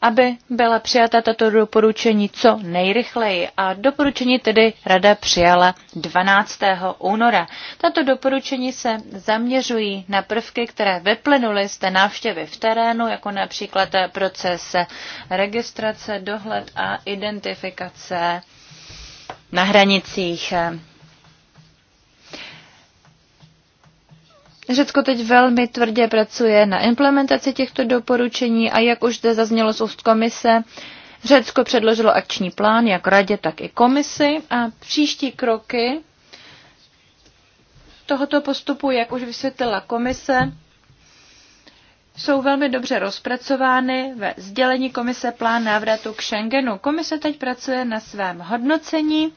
aby byla přijata tato doporučení co nejrychleji a doporučení tedy Rada přijala 12. února. Tato doporučení se zaměřují na prvky, které vyplynuly z té návštěvy v terénu, jako například proces registrace, dohled a identifikace na hranicích Řecko teď velmi tvrdě pracuje na implementaci těchto doporučení a jak už zde zaznělo z úst komise, Řecko předložilo akční plán jak radě, tak i komisi a příští kroky tohoto postupu, jak už vysvětlila komise, jsou velmi dobře rozpracovány ve sdělení Komise plán návratu k Schengenu. Komise teď pracuje na svém hodnocení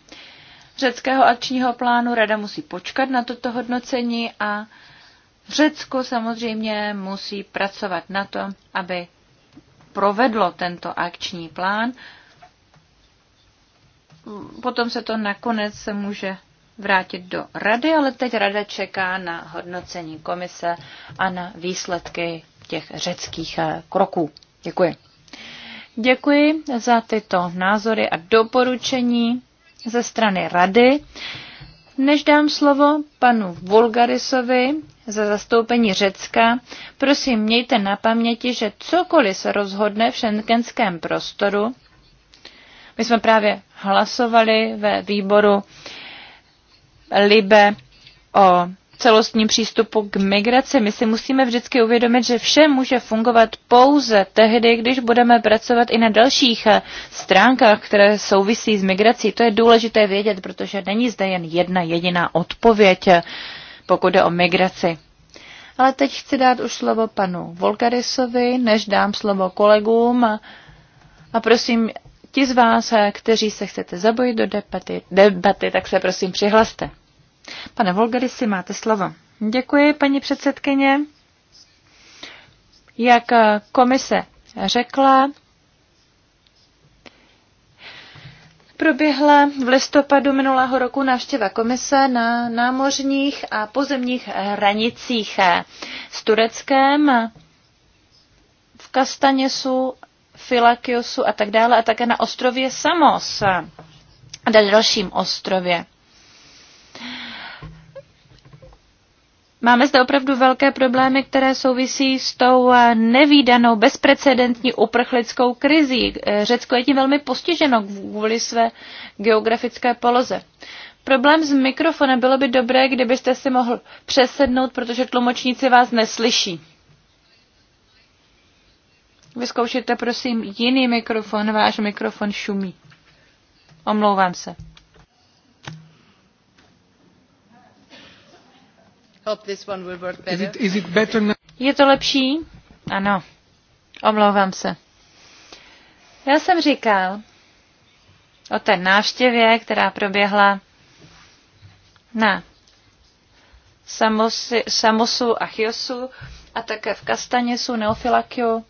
řeckého akčního plánu. Rada musí počkat na toto hodnocení a Řecko samozřejmě musí pracovat na tom, aby provedlo tento akční plán. Potom se to nakonec se může vrátit do rady, ale teď rada čeká na hodnocení komise a na výsledky těch řeckých eh, kroků. Děkuji. Děkuji za tyto názory a doporučení ze strany rady. Než dám slovo panu Vulgarisovi, za zastoupení Řecka, prosím mějte na paměti, že cokoliv se rozhodne v šenkenském prostoru, my jsme právě hlasovali ve výboru Libe o celostním přístupu k migraci. My si musíme vždycky uvědomit, že vše může fungovat pouze tehdy, když budeme pracovat i na dalších stránkách, které souvisí s migrací. To je důležité vědět, protože není zde jen jedna jediná odpověď pokud jde o migraci. Ale teď chci dát už slovo panu Volkarisovi, než dám slovo kolegům. A, a prosím, ti z vás, kteří se chcete zabojit do debaty, debaty tak se prosím přihlaste. Pane Volgarisi, máte slovo. Děkuji, paní předsedkyně. Jak komise řekla, proběhla v listopadu minulého roku návštěva komise na námořních a pozemních hranicích s Tureckem v Kastaněsu, Filakiosu a tak dále a také na ostrově Samos a na dalším ostrově. Máme zde opravdu velké problémy, které souvisí s tou eh, nevýdanou, bezprecedentní uprchlickou krizí. Eh, Řecko je tím velmi postiženo kvůli své geografické poloze. Problém s mikrofonem bylo by dobré, kdybyste si mohl přesednout, protože tlumočníci vás neslyší. Vyzkoušejte prosím jiný mikrofon, váš mikrofon šumí. Omlouvám se. Je to lepší? Ano. Omlouvám se. Já jsem říkal o té návštěvě, která proběhla na Samosi, Samosu a Chiosu a také v Kastaněsu, Neofilakiu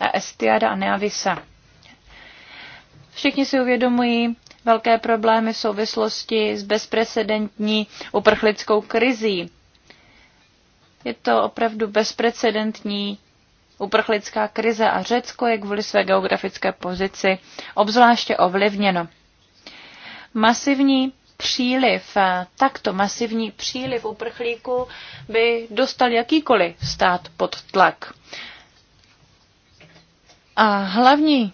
a Estiada a Neavisa. Všichni si uvědomují velké problémy v souvislosti s bezprecedentní uprchlickou krizí. Je to opravdu bezprecedentní uprchlická krize a Řecko je kvůli své geografické pozici obzvláště ovlivněno. Masivní příliv, takto masivní příliv uprchlíků by dostal jakýkoliv stát pod tlak. A hlavní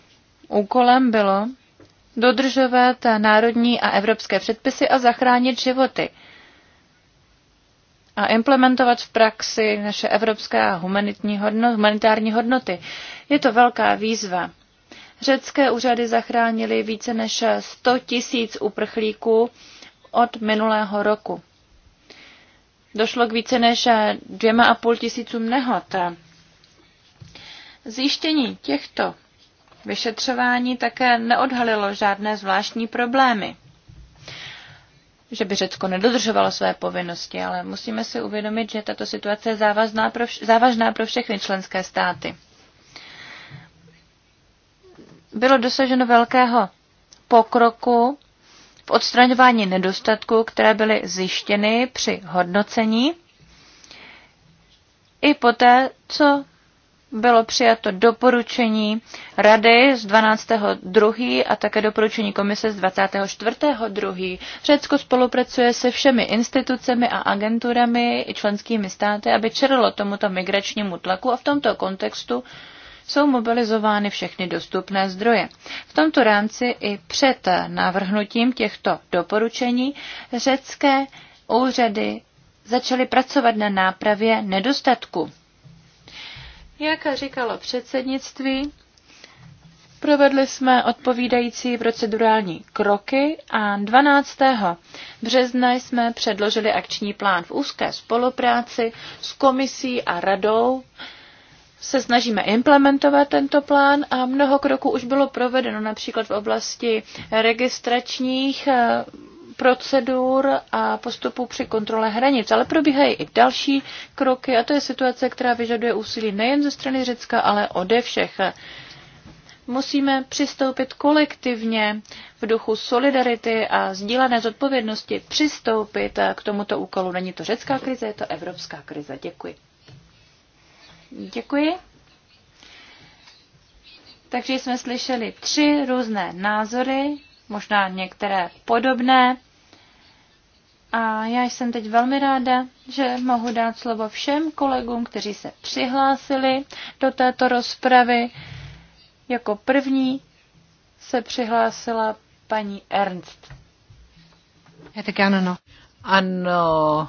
úkolem bylo dodržovat národní a evropské předpisy a zachránit životy a implementovat v praxi naše evropské humanitní humanitární hodnoty. Je to velká výzva. Řecké úřady zachránily více než 100 tisíc uprchlíků od minulého roku. Došlo k více než dvěma a půl tisícům nehod. Zjištění těchto vyšetřování také neodhalilo žádné zvláštní problémy že by Řecko nedodržovalo své povinnosti, ale musíme si uvědomit, že tato situace je závazná pro vš- závažná pro všechny členské státy. Bylo dosaženo velkého pokroku v odstraňování nedostatků, které byly zjištěny při hodnocení i poté, co bylo přijato doporučení Rady z 12.2. a také doporučení komise z 24.2. Řecko spolupracuje se všemi institucemi a agenturami i členskými státy, aby čerlo tomuto migračnímu tlaku a v tomto kontextu jsou mobilizovány všechny dostupné zdroje. V tomto rámci i před navrhnutím těchto doporučení řecké úřady začaly pracovat na nápravě nedostatku jak říkalo předsednictví, provedli jsme odpovídající procedurální kroky a 12. března jsme předložili akční plán v úzké spolupráci s komisí a radou. Se snažíme implementovat tento plán a mnoho kroků už bylo provedeno, například v oblasti registračních eh, procedur a postupů při kontrole hranic, ale probíhají i další kroky a to je situace, která vyžaduje úsilí nejen ze strany Řecka, ale ode všech. Musíme přistoupit kolektivně v duchu solidarity a sdílené zodpovědnosti přistoupit k tomuto úkolu. Není to řecká krize, je to evropská krize. Děkuji. Děkuji. Takže jsme slyšeli tři různé názory možná některé podobné. A já jsem teď velmi ráda, že mohu dát slovo všem kolegům, kteří se přihlásili do této rozpravy. Jako první se přihlásila paní Ernst. Já tak ano, no. Ano,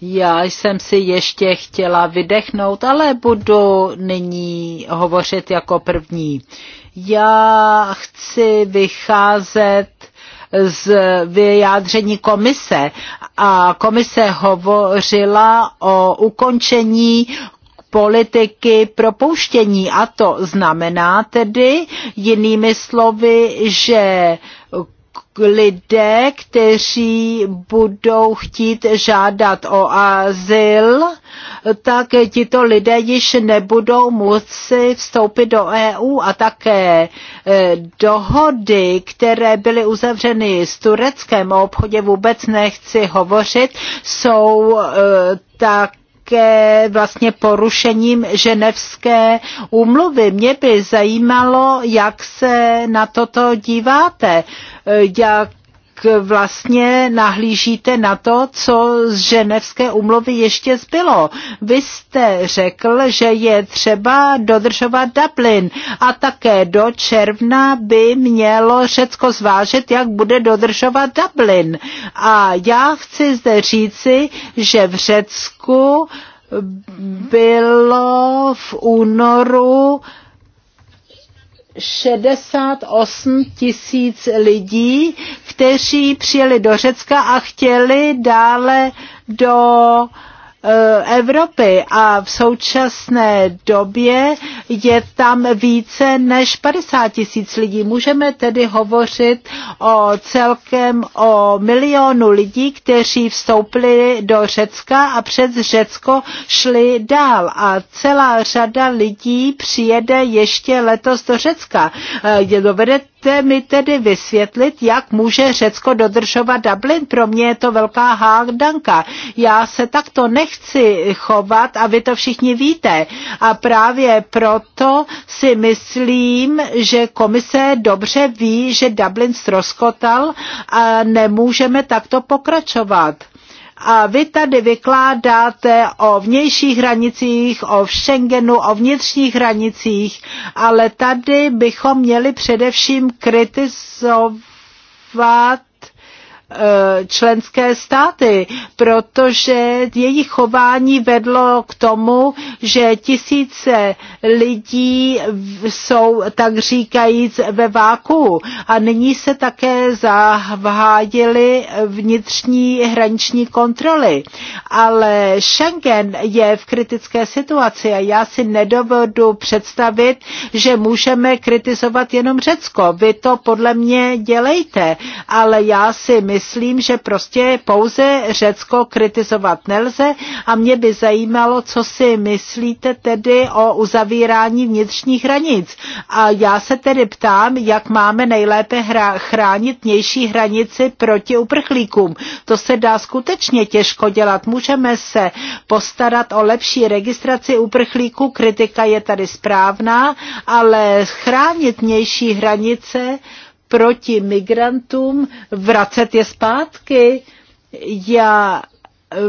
já jsem si ještě chtěla vydechnout, ale budu nyní hovořit jako první. Uh, já chci vycházet z vyjádření komise a komise hovořila o ukončení politiky propouštění a to znamená tedy jinými slovy, že lidé, kteří budou chtít žádat o azyl, tak tito lidé již nebudou moci vstoupit do EU a také e, dohody, které byly uzavřeny s Tureckém o obchodě vůbec nechci hovořit, jsou e, tak ke vlastně porušením ženevské úmluvy. Mě by zajímalo, jak se na toto díváte, jak vlastně nahlížíte na to, co z ženevské umluvy ještě zbylo. Vy jste řekl, že je třeba dodržovat Dublin a také do června by mělo Řecko zvážit, jak bude dodržovat Dublin. A já chci zde říci, že v Řecku bylo v únoru 68 tisíc lidí, kteří přijeli do Řecka a chtěli dále do Eh, Evropy a v současné době je tam více než 50 tisíc lidí. Můžeme tedy hovořit o celkem o milionu lidí, kteří vstoupili do Řecka a přes Řecko šli dál a celá řada lidí přijede ještě letos do Řecka. Eh, dovede Můžete mi tedy vysvětlit, jak může Řecko dodržovat Dublin? Pro mě je to velká hádanka. Já se takto nechci chovat a vy to všichni víte. A právě proto si myslím, že komise dobře ví, že Dublin stroskotal a nemůžeme takto pokračovat a vy tady vykládáte o vnějších hranicích, o Schengenu, o vnitřních hranicích, ale tady bychom měli především kritizovat Eh, členské státy, protože jejich chování vedlo k tomu, že tisíce lidí jsou tak říkajíc ve váku a nyní se také zahájily vnitřní hraniční kontroly. Ale Schengen je v kritické situaci a já si nedovodu představit, že můžeme kritizovat jenom Řecko. Vy to podle mě dělejte, ale já si myslím, myslím, že prostě pouze Řecko kritizovat nelze a mě by zajímalo, co si myslíte tedy o uzavírání vnitřních hranic. A já se tedy ptám, jak máme nejlépe hra, chránit vnější hranici proti uprchlíkům. To se dá skutečně těžko dělat. Můžeme se postarat o lepší registraci uprchlíků, kritika je tady správná, ale chránit vnější hranice proti migrantům, vracet je zpátky. Já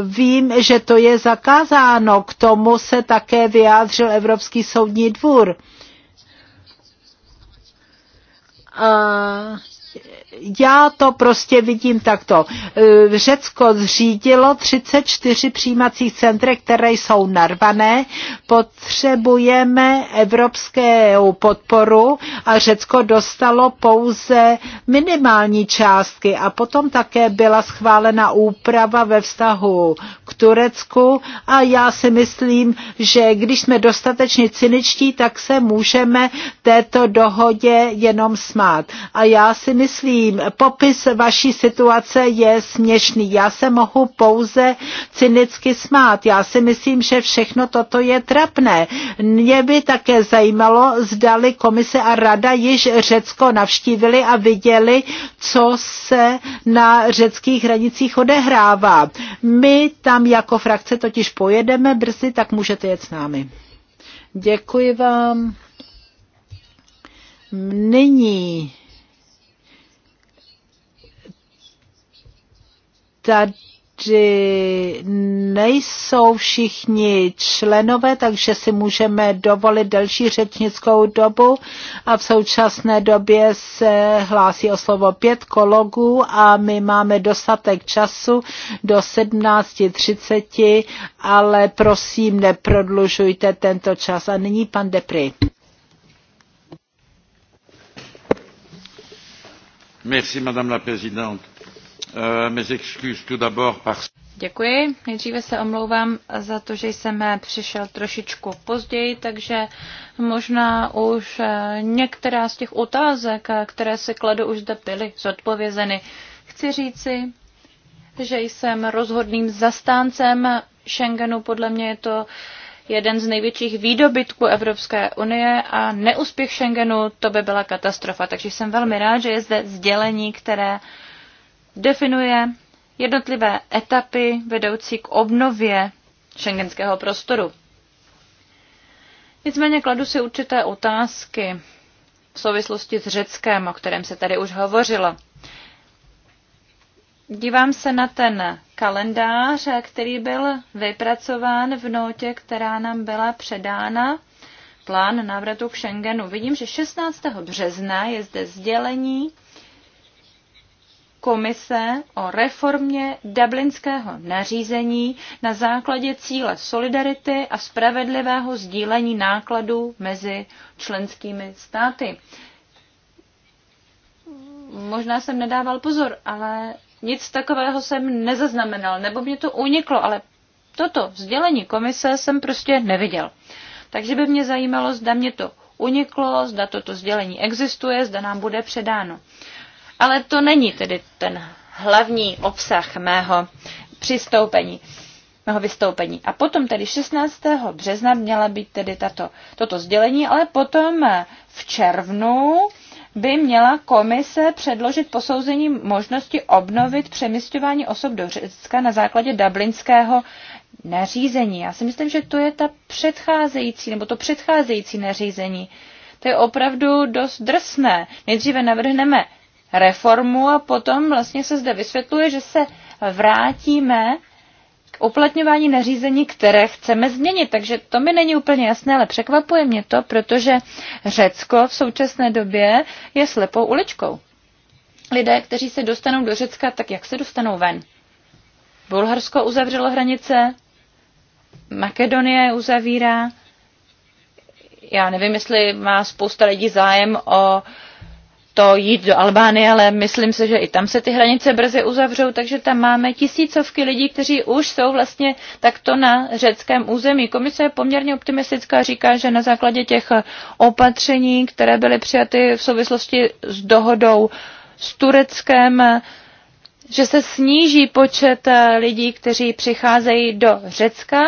vím, že to je zakázáno, k tomu se také vyjádřil Evropský soudní dvůr. A já to prostě vidím takto. E, Řecko zřídilo 34 přijímacích centrek, které jsou narvané. Potřebujeme evropskou podporu a Řecko dostalo pouze minimální částky a potom také byla schválena úprava ve vztahu k Turecku a já si myslím, že když jsme dostatečně cyničtí, tak se můžeme této dohodě jenom smát. A já si myslím, prosím, popis vaší situace je směšný. Já se mohu pouze cynicky smát. Já si myslím, že všechno toto je trapné. Mě by také zajímalo, zdali komise a rada již Řecko navštívili a viděli, co se na řeckých hranicích odehrává. My tam jako frakce totiž pojedeme brzy, tak můžete jet s námi. Děkuji vám. Nyní tady nejsou všichni členové, takže si můžeme dovolit delší řečnickou dobu a v současné době se hlásí o slovo pět kologů a my máme dostatek času do 17.30, ale prosím neprodlužujte tento čas. A nyní pan Depry. Merci, madame la présidente Euh, Děkuji. Nejdříve se omlouvám za to, že jsem přišel trošičku později, takže možná už eh, některá z těch otázek, eh, které si kladu, už zde byly zodpovězeny. Chci říci, že jsem rozhodným zastáncem Schengenu. Podle mě je to jeden z největších výdobytků Evropské unie a neúspěch Schengenu to by byla katastrofa. Takže jsem velmi rád, že je zde sdělení, které uh, definuje jednotlivé etapy vedoucí k obnově šengenského prostoru. Nicméně kladu si určité otázky v souvislosti s Řeckem, o kterém se tady už hovořilo. Dívám se na ten kalendář, který byl vypracován v notě, která nám byla předána, plán návratu k Schengenu. Vidím, že 16. března je zde sdělení komise o reformě dublinského nařízení na základě cíle solidarity a spravedlivého sdílení nákladů mezi členskými státy. Možná jsem nedával pozor, ale nic takového jsem nezaznamenal, nebo mě to uniklo, ale toto sdělení komise jsem prostě neviděl. Takže by mě zajímalo, zda mě to uniklo, zda toto sdělení existuje, zda nám bude předáno. Ale to není tedy ten hlavní obsah mého přistoupení, mého vystoupení. A potom tedy 16. března měla být tedy tato, toto sdělení, ale potom eh, v červnu by měla komise předložit posouzení možnosti obnovit přemysťování osob do Řecka na základě dublinského nařízení. Já si myslím, že to je ta předcházející, nebo to předcházející nařízení. To je opravdu dost drsné. Nejdříve navrhneme reformu a potom vlastně se zde vysvětluje, že se vrátíme k uplatňování nařízení, které chceme změnit. Takže to mi není úplně jasné, ale překvapuje mě to, protože Řecko v současné době je slepou uličkou. Lidé, kteří se dostanou do Řecka, tak jak se dostanou ven? Bulharsko uzavřelo hranice, Makedonie uzavírá. Já nevím, jestli má spousta lidí zájem o uh, to jít do Albánie, ale myslím si, že i tam se ty hranice brzy uzavřou, takže tam máme tisícovky lidí, kteří už jsou vlastně takto na řeckém území. Komise je poměrně optimistická, říká, že na základě těch opatření, které byly přijaty v souvislosti s dohodou s Tureckem, že se sníží počet lidí, kteří přicházejí do Řecka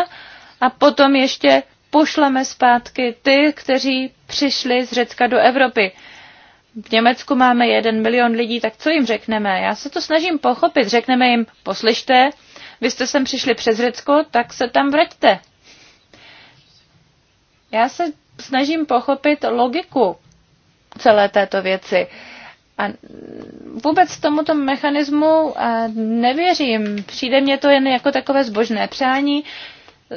a potom ještě pošleme zpátky ty, kteří přišli z Řecka do Evropy v Německu máme jeden milion lidí, tak co jim řekneme? Já se to snažím pochopit. Řekneme jim, poslyšte, vy jste sem přišli přes Řecko, tak se tam vraťte. Já se snažím pochopit logiku celé této věci. A vůbec tomuto mechanismu nevěřím. Přijde mě to jen jako takové zbožné přání.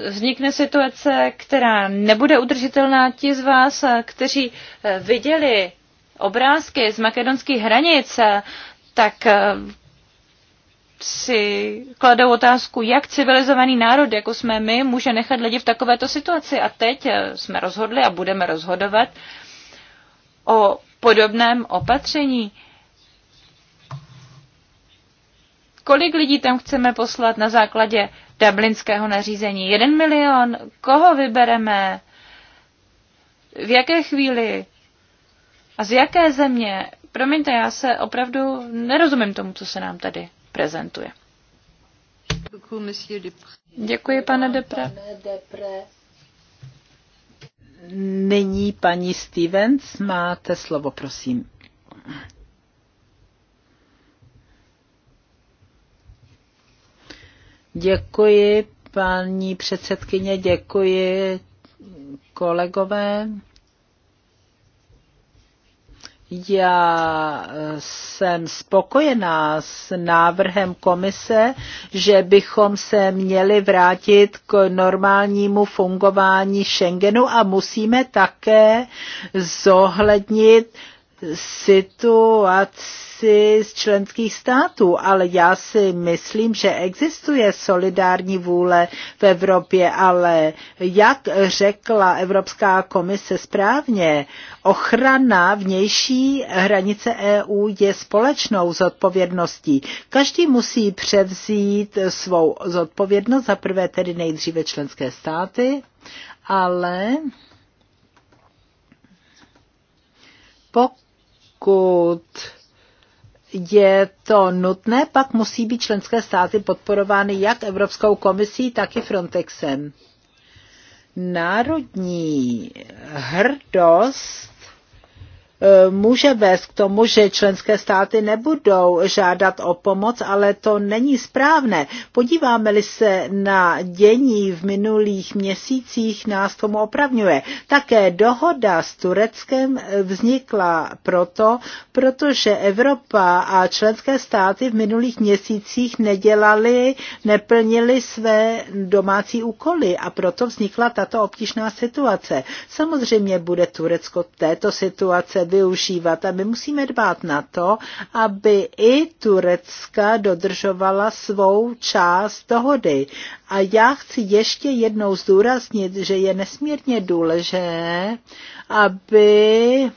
Vznikne situace, která nebude udržitelná. Ti z vás, kteří e, viděli obrázky z makedonských hranic, eh, tak eh, si kladou otázku, jak civilizovaný národ, jako jsme my, může nechat lidi v takovéto situaci. A teď eh, jsme rozhodli a budeme rozhodovat o podobném opatření. Kolik lidí tam chceme poslat na základě dublinského nařízení? Jeden milion? Koho vybereme? V jaké chvíli? A z jaké země? Promiňte, já se opravdu nerozumím tomu, co se nám tady prezentuje. Děkuji, pane Depre. Nyní paní Stevens, máte slovo, prosím. Děkuji, paní předsedkyně, děkuji kolegové. Já eh, jsem spokojená s návrhem komise, že bychom se měli vrátit k normálnímu fungování Schengenu a musíme také zohlednit situaci z členských států, ale já si myslím, že existuje solidární vůle v Evropě, ale jak řekla Evropská komise správně, ochrana vnější hranice EU je společnou zodpovědností. Každý musí převzít svou zodpovědnost, za prvé tedy nejdříve členské státy, ale pokud pokud je to nutné, pak musí být členské státy podporovány jak Evropskou komisí, tak i Frontexem. Národní hrdost Eh, může vést k tomu, že členské státy nebudou žádat o pomoc, ale to není správné. Podíváme-li se na dění v minulých měsících, nás tomu opravňuje. Také dohoda s Tureckem vznikla proto, protože Evropa a členské státy v minulých měsících nedělali, neplnili své domácí úkoly a proto vznikla tato obtížná situace. Samozřejmě bude Turecko této situace využívat. A my musíme dbát na to, aby i Turecka dodržovala svou část dohody. A já chci ještě jednou zdůraznit, že je nesmírně důležité, aby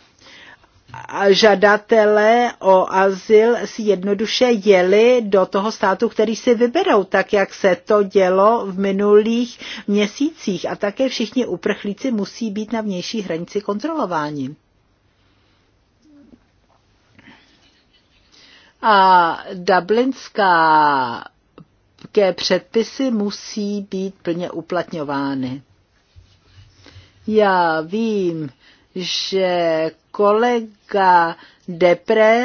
žadatelé o azyl si jednoduše jeli do toho státu, který si vyberou, tak jak se to dělo v minulých měsících. A také všichni uprchlíci musí být na vnější hranici kontrolováni. A dublinská ke předpisy musí být plně uplatňovány. Já vím, že kolega kolega Depre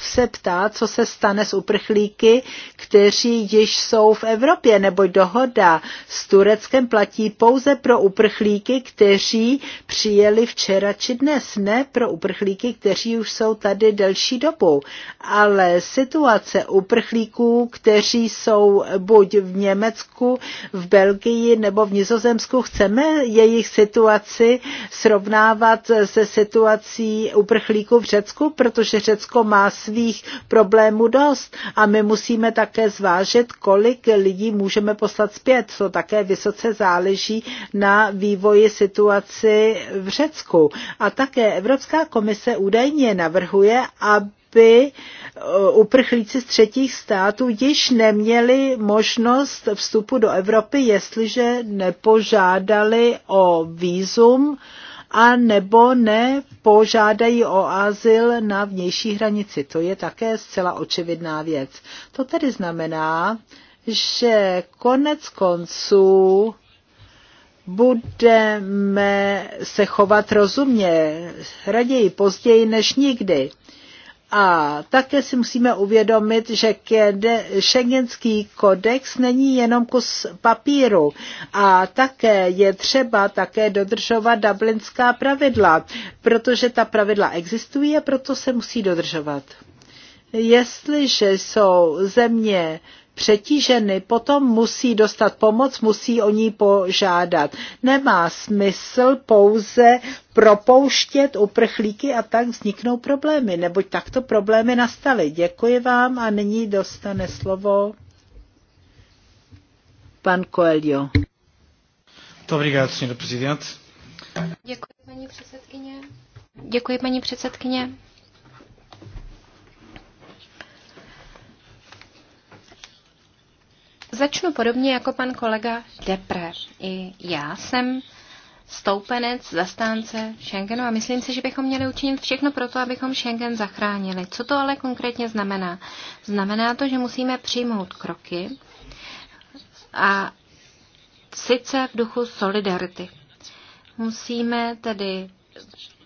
se ptá, co se stane s uprchlíky, kteří již jsou v Evropě, nebo dohoda s Tureckem platí pouze pro uprchlíky, kteří přijeli včera či dnes, ne pro uprchlíky, kteří už jsou tady delší dobu. Ale situace uprchlíků, kteří jsou buď v Německu, v Belgii nebo v Nizozemsku, chceme jejich situaci srovnávat se situací uprchlíků uprchlíků v Řecku, protože Řecko má svých problémů dost a my musíme také zvážit, kolik lidí můžeme poslat zpět. To také vysoce záleží na vývoji situaci v Řecku. A také Evropská komise údajně navrhuje, aby aby e, uprchlíci z třetích států již neměli možnost vstupu do Evropy, jestliže nepožádali o výzum a nebo ne požádají o azyl na vnější hranici. To je také zcela očividná věc. To tedy znamená, že konec konců budeme se chovat rozumně, raději později než nikdy. A také si musíme uvědomit, že šengenský kodex není jenom kus papíru a také je třeba také dodržovat dublinská pravidla, protože ta pravidla existují a proto se musí dodržovat. Jestliže jsou země přetíženy, potom musí dostat pomoc, musí o ní požádat. Nemá smysl pouze propouštět uprchlíky a tak vzniknou problémy, neboť takto problémy nastaly. Děkuji vám a nyní dostane slovo pan Coelho. Dobrý den, prezident. Děkuji, paní předsedkyně. Děkuji, paní předsedkyně. Začnu podobně jako pan kolega Depre. I já jsem stoupenec, zastánce Schengenu a myslím si, že bychom měli učinit všechno pro to, abychom Schengen zachránili. Co to ale konkrétně znamená? Znamená to, že musíme přijmout kroky a sice v duchu solidarity. Musíme tedy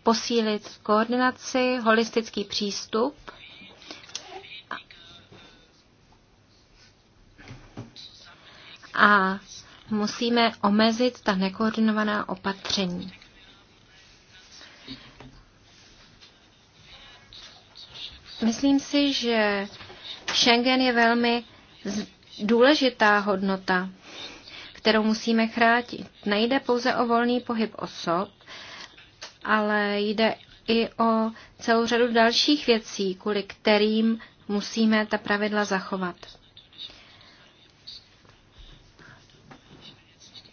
posílit koordinaci, holistický přístup a musíme omezit ta nekoordinovaná opatření. Myslím si, že Schengen je velmi důležitá hodnota, kterou musíme chrátit. Nejde pouze o volný pohyb osob, ale jde i o celou řadu dalších věcí, kvůli kterým musíme ta pravidla zachovat.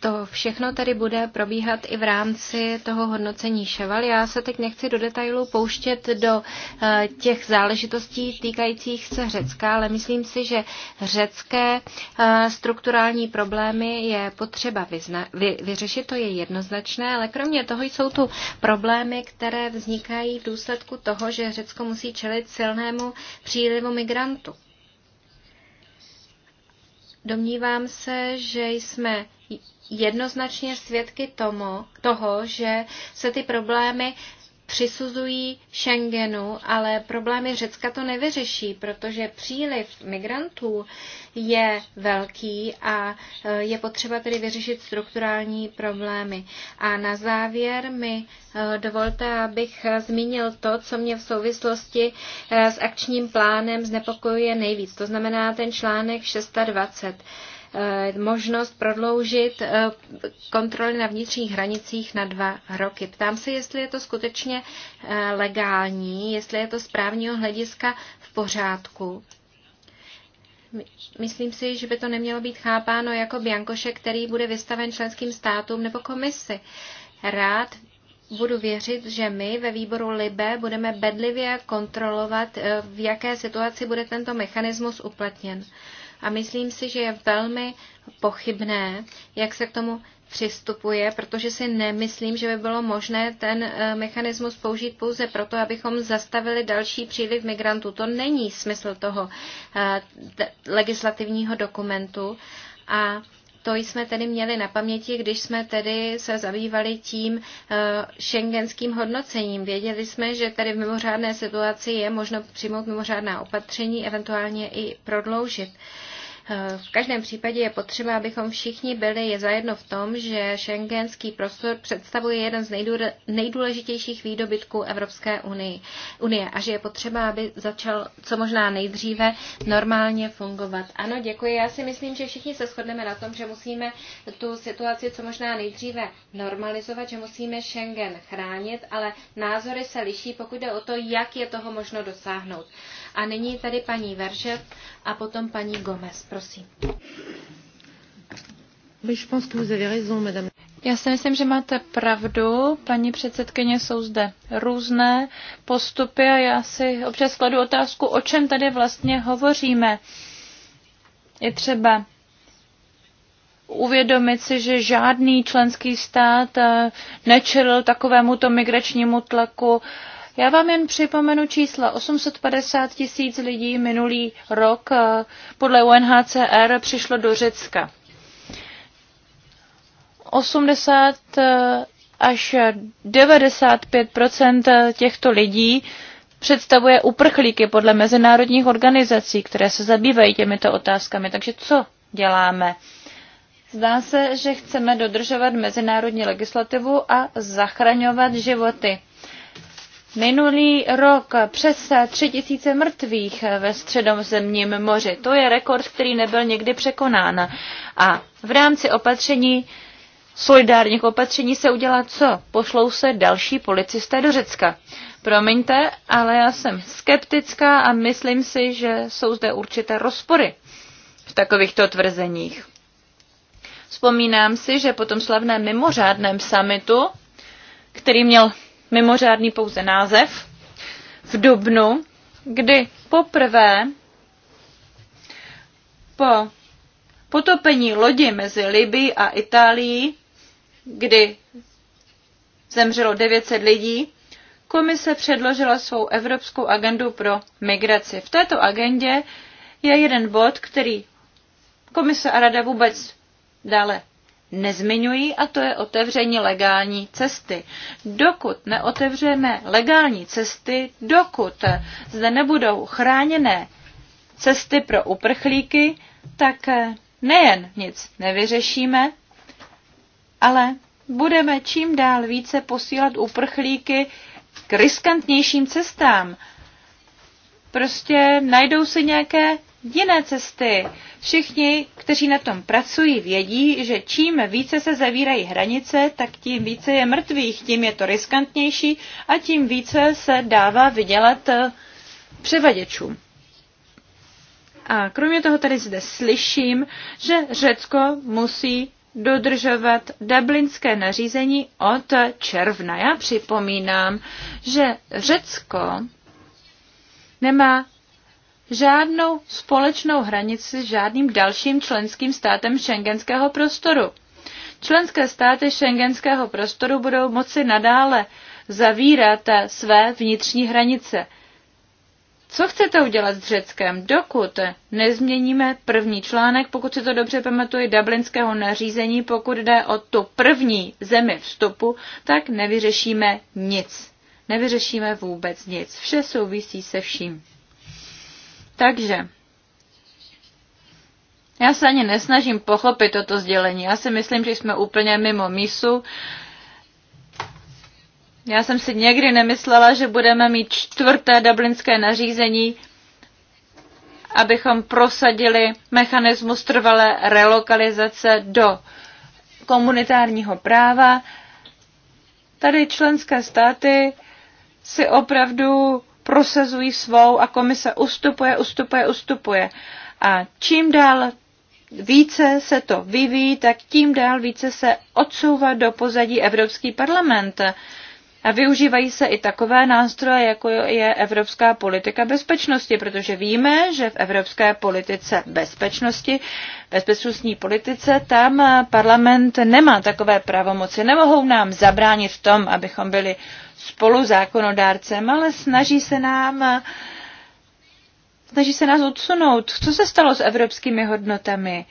To všechno tady bude probíhat i v rámci toho hodnocení Ševal. Já se teď nechci do detailu pouštět do eh, těch záležitostí týkajících se Řecka, ale myslím si, že řecké eh, strukturální problémy je potřeba vyzna- vy- vyřešit, to je jednoznačné, ale kromě toho jsou tu problémy, které vznikají v důsledku toho, že Řecko musí čelit silnému přílivu migrantů. Domnívám se, že jsme jednoznačně svědky tomu, toho, že se ty problémy přisuzují Schengenu, ale problémy Řecka to nevyřeší, protože příliv migrantů je velký a e, je potřeba tedy vyřešit strukturální problémy. A na závěr mi e, dovolte, abych e, zmínil to, co mě v souvislosti s akčním plánem znepokojuje nejvíc. To znamená ten článek 620. Eh, možnost prodloužit eh, kontroly na vnitřních hranicích na dva roky. Ptám se, jestli je to skutečně eh, legální, jestli je to z právního hlediska v pořádku. Myslím si, že by to nemělo být chápáno jako biankoše, který bude vystaven členským státům nebo komisi. Rád budu věřit, že my ve výboru LIBE budeme bedlivě kontrolovat, v jaké situaci bude tento mechanismus uplatněn a myslím si, že je velmi pochybné, jak se k tomu přistupuje, protože si nemyslím, že by bylo možné ten eh, mechanismus použít pouze proto, abychom zastavili další příliv migrantů. To není smysl toho eh, legislativního dokumentu a to jsme tedy měli na paměti, když jsme tedy se zabývali tím šengenským eh, hodnocením. Věděli jsme, že tady v mimořádné situaci je možno přijmout mimořádná opatření, eventuálně i prodloužit. V každém případě je potřeba, abychom všichni byli zajedno v tom, že šengenský prostor představuje jeden z nejdůležitějších výdobytků Evropské unie a že je potřeba, aby začal co možná nejdříve normálně fungovat. Ano, děkuji. Já si myslím, že všichni se shodneme na tom, že musíme tu situaci co možná nejdříve normalizovat, že musíme Schengen chránit, ale názory se liší, pokud jde o to, jak je toho možno dosáhnout. A nyní tady paní Veržev a potom paní Gomez, prosím. Já si myslím, že máte pravdu. Paní předsedkyně, jsou zde různé postupy a já si občas kladu otázku, o čem tady vlastně hovoříme. Je třeba uvědomit si, že žádný členský stát eh, nečelil to migračnímu tlaku já vám jen připomenu čísla. 850 tisíc lidí minulý rok eh, podle UNHCR přišlo do Řecka. 80 eh, až 95 eh, těchto lidí představuje uprchlíky podle mezinárodních organizací, které se zabývají těmito otázkami. Takže co děláme? Zdá se, že chceme dodržovat mezinárodní legislativu a zachraňovat životy. Minulý rok přes 3 tisíce mrtvých ve středozemním moři. To je rekord, který nebyl někdy překonán. A v rámci opatření solidárních opatření se udělá co? Pošlou se další policisté do Řecka. Promiňte, ale já jsem skeptická a myslím si, že jsou zde určité rozpory v takovýchto tvrzeních. Vzpomínám si, že po tom slavném mimořádném summitu, který měl mimořádný pouze název, v dubnu, kdy poprvé po potopení lodi mezi Libií a Itálií, kdy zemřelo 900 lidí, komise předložila svou Evropskou agendu pro migraci. V této agendě je jeden bod, který komise a rada vůbec dále nezmiňují, a to je otevření legální cesty. Dokud neotevřeme legální cesty, dokud zde nebudou chráněné cesty pro uprchlíky, tak nejen nic nevyřešíme, ale budeme čím dál více posílat uprchlíky k riskantnějším cestám. Prostě najdou si nějaké jiné cesty. Všichni, kteří na tom pracují, vědí, že čím více se zavírají hranice, tak tím více je mrtvých, tím je to riskantnější a tím více se dává vydělat eh, převaděčům. A kromě toho tady zde slyším, že Řecko musí dodržovat dublinské nařízení od června. Já připomínám, že Řecko nemá žádnou společnou hranici s žádným dalším členským státem šengenského prostoru. Členské státy šengenského prostoru budou moci nadále zavírat své vnitřní hranice. Co chcete udělat s Řeckem, dokud nezměníme první článek, pokud si to dobře pamatuje, dublinského nařízení, pokud jde o tu první zemi vstupu, tak nevyřešíme nic. Nevyřešíme vůbec nic. Vše souvisí se vším. Takže já se ani nesnažím pochopit toto sdělení. Já si myslím, že jsme úplně mimo mísu. Já jsem si někdy nemyslela, že budeme mít čtvrté dublinské nařízení, abychom prosadili mechanismus trvalé relokalizace do komunitárního práva. Tady členské státy si opravdu prosazují svou a komise ustupuje, ustupuje, ustupuje. A čím dál více se to vyvíjí, tak tím dál více se odsouvá do pozadí Evropský parlament. A využívají se i takové nástroje, jako je evropská politika bezpečnosti, protože víme, že v evropské politice bezpečnosti, bezpečnostní politice, tam parlament nemá takové pravomoci. Nemohou nám zabránit v tom, abychom byli spoluzákonodárcem, ale snaží se nám snaží se nás odsunout. Co se stalo s evropskými hodnotami?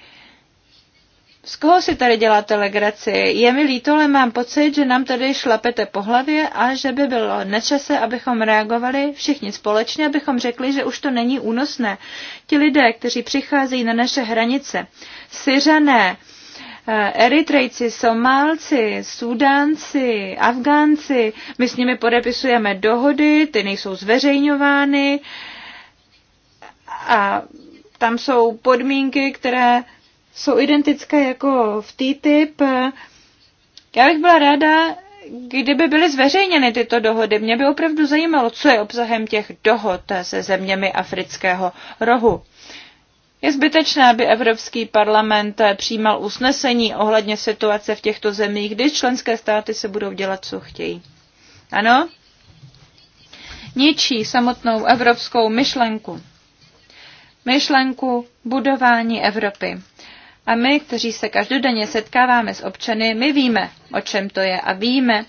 Z koho si tady děláte legraci? Je mi líto, ale mám pocit, že nám tady šlapete po hlavě a že by bylo na čase, abychom reagovali všichni společně, abychom řekli, že už to není únosné. Ti lidé, kteří přicházejí na naše hranice, syřané, Eh, Eritrejci, Somálci, Sudánci, Afgánci, my s nimi podepisujeme dohody, ty nejsou zveřejňovány a tam jsou podmínky, které jsou identické jako v TTIP. Já bych byla ráda, kdyby byly zveřejněny tyto dohody. Mě by opravdu zajímalo, co je obsahem těch dohod se zeměmi afrického rohu. Je zbytečné, aby Evropský parlament přijímal usnesení ohledně situace v těchto zemích, když členské státy se budou dělat, co chtějí. Ano? Ničí samotnou evropskou myšlenku. Myšlenku budování Evropy. A my, kteří se každodenně setkáváme s občany, my víme, o čem to je a víme,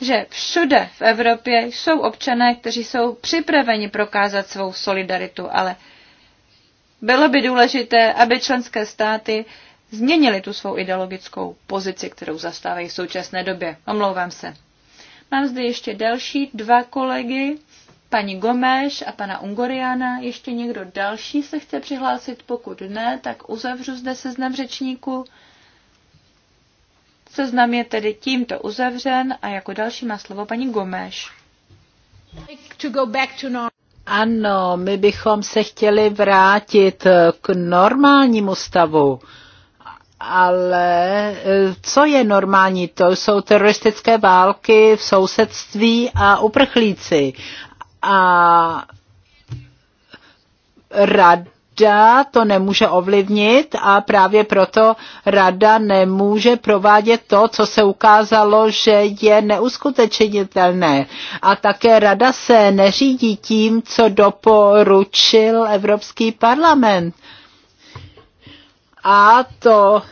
že všude v Evropě jsou občané, kteří jsou připraveni prokázat svou solidaritu, ale bylo by důležité, aby členské státy změnily tu svou ideologickou pozici, kterou zastávají v současné době. Omlouvám se. Mám zde ještě další dva kolegy, paní Gomeš a pana Ungoriana. Ještě někdo další se chce přihlásit? Pokud ne, tak uzavřu zde seznam řečníků. Seznam je tedy tímto uzavřen a jako další má slovo paní Gomeš. Ano, my bychom se chtěli vrátit eh, k normálnímu stavu. Ale eh, co je normální? To jsou teroristické války v sousedství a uprchlíci. A rad, rada to nemůže ovlivnit a právě proto rada nemůže provádět to, co se ukázalo, že je neuskutečnitelné. A také rada se neřídí tím, co doporučil Evropský parlament. A to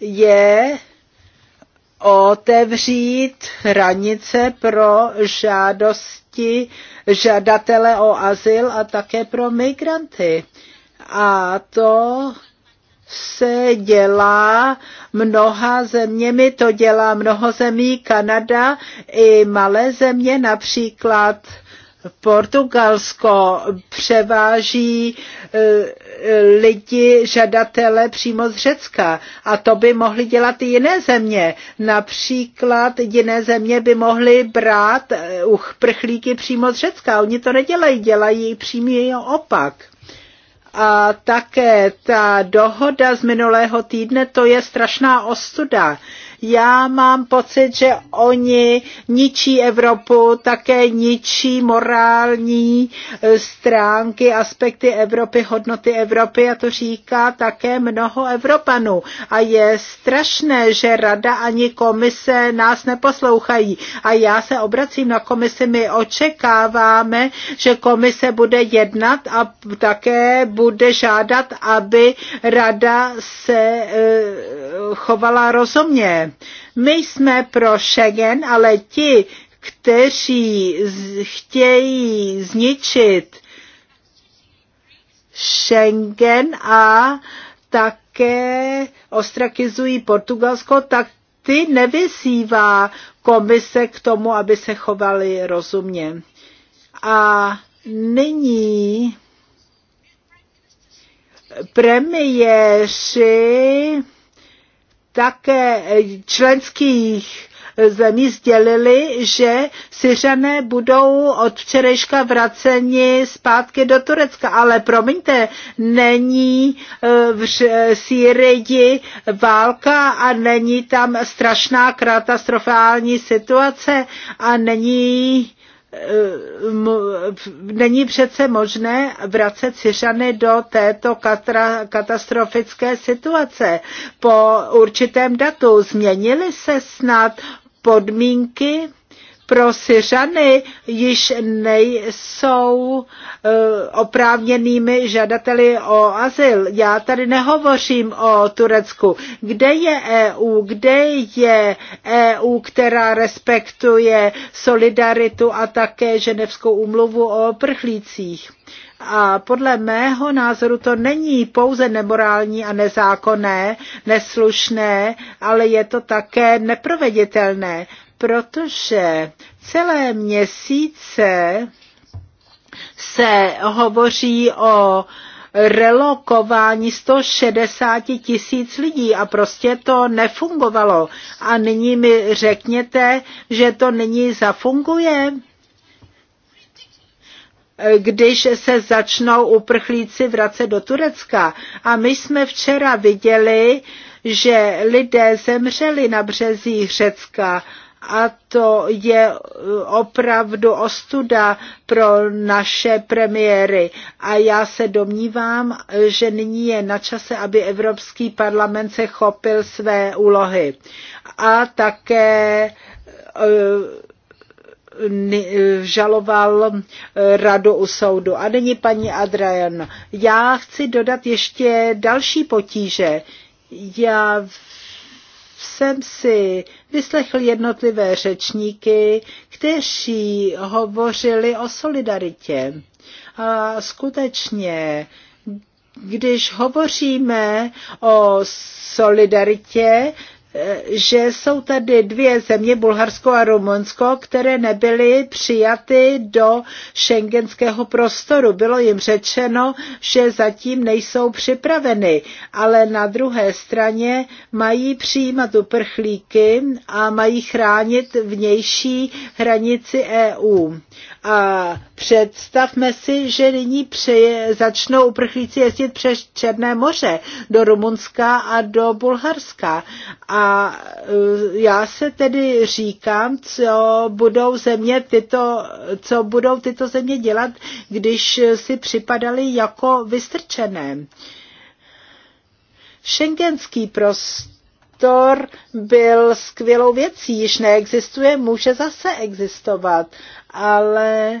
je otevřít hranice pro žádosti žadatele o azyl a také pro migranty. A to se dělá mnoha zeměmi, to dělá mnoho zemí, Kanada i malé země, například Portugalsko převáží e, e, lidi, žadatele přímo z Řecka. A to by mohly dělat i jiné země. Například jiné země by mohly brát e, prchlíky přímo z Řecka. Oni to nedělají, dělají přímý opak. A také ta dohoda z minulého týdne, to je strašná ostuda. Já mám pocit, že oni ničí Evropu, také ničí morální eh, stránky, aspekty Evropy, hodnoty Evropy a to říká také mnoho Evropanů. A je strašné, že rada ani komise nás neposlouchají. A já se obracím na komisi, my očekáváme, že komise bude jednat a také bude žádat, aby rada se eh, chovala rozumně my jsme pro Schengen, ale ti, kteří chtějí zničit Schengen a také ostrakizují Portugalsko, tak ty nevysívá komise k tomu, aby se chovali rozumně. A nyní premiéři také členských zemí sdělili, že Syřané budou od včerejška vraceni zpátky do Turecka. Ale promiňte, není eh, v Sýrii válka a není tam strašná katastrofální situace a není není přece možné vracet Syřany do této katra, katastrofické situace. Po určitém datu změnily se snad podmínky pro Syřany již nejsou eh, oprávněnými žadateli o azyl. Já tady nehovořím o Turecku. Kde je EU? Kde je EU, která respektuje solidaritu a také ženevskou úmluvu o prchlících? A podle mého názoru to není pouze nemorální a nezákonné, neslušné, ale je to také neproveditelné protože celé měsíce se hovoří o relokování 160 tisíc lidí a prostě to nefungovalo. A nyní mi řekněte, že to nyní zafunguje když se začnou uprchlíci vracet do Turecka. A my jsme včera viděli, že lidé zemřeli na březích Řecka a to je uh, opravdu ostuda pro naše premiéry. A já se domnívám, že nyní je na čase, aby Evropský parlament se chopil své úlohy. A také uh, uh, žaloval radu u soudu. A nyní paní Adrian. Já chci dodat ještě další potíže. Já jsem si vyslechl jednotlivé řečníky, kteří hovořili o solidaritě. A skutečně, když hovoříme o solidaritě, že jsou tady dvě země, Bulharsko a Rumunsko, které nebyly přijaty do šengenského prostoru. Bylo jim řečeno, že zatím nejsou připraveny, ale na druhé straně mají přijímat uprchlíky a mají chránit vnější hranici EU. A představme si, že nyní přeje, začnou uprchlíci jezdit přes Černé moře do Rumunska a do Bulharska. A a eh, já se tedy říkám, co budou země tyto, co budou tyto země dělat, když si připadaly jako vystrčené. Schengenský prostor byl skvělou věcí, již neexistuje, může zase existovat, ale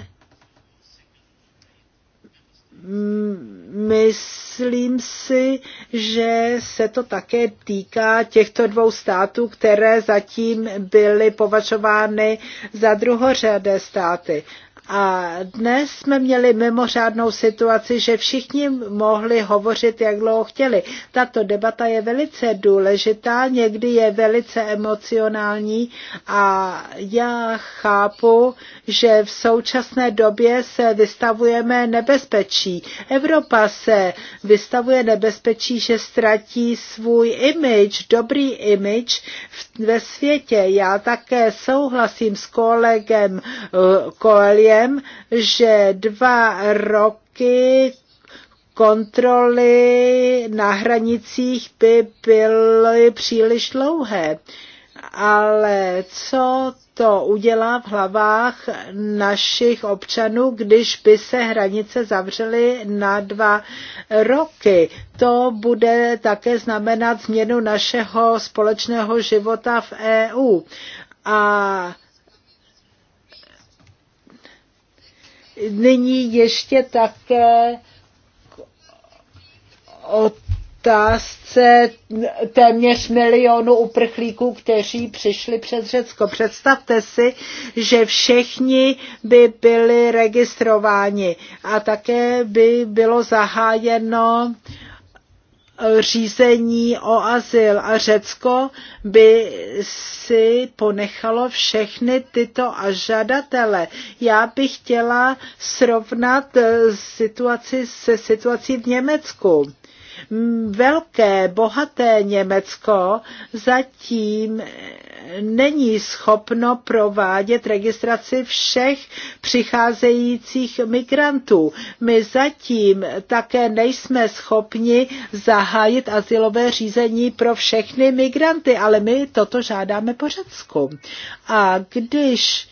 myslím si, že se to také týká těchto dvou států, které zatím byly považovány za druhořadé státy. A dnes jsme měli mimořádnou situaci, že všichni mohli hovořit, jak dlouho chtěli. Tato debata je velice důležitá, někdy je velice emocionální a já chápu, že v současné době se vystavujeme nebezpečí. Evropa se vystavuje nebezpečí, že ztratí svůj image, dobrý image ve světě. Já také souhlasím s kolegem Koelie, eh, faktem, že dva roky kontroly na hranicích by byly příliš dlouhé. Ale co to udělá v hlavách našich občanů, když by se hranice zavřely na dva roky. To bude také znamenat změnu našeho společného života v EU. A nyní ještě také k otázce téměř milionu uprchlíků, kteří přišli přes Řecko. Představte si, že všichni by byli registrováni a také by bylo zahájeno uh, řízení o azyl a Řecko by si ponechalo všechny tyto žadatele. Já bych chtěla srovnat eh, situaci se situací v Německu. Velké, bohaté Německo zatím není schopno provádět registraci všech přicházejících migrantů. My zatím také nejsme schopni zahájit asilové řízení pro všechny migranty, ale my toto žádáme po Řecku. A když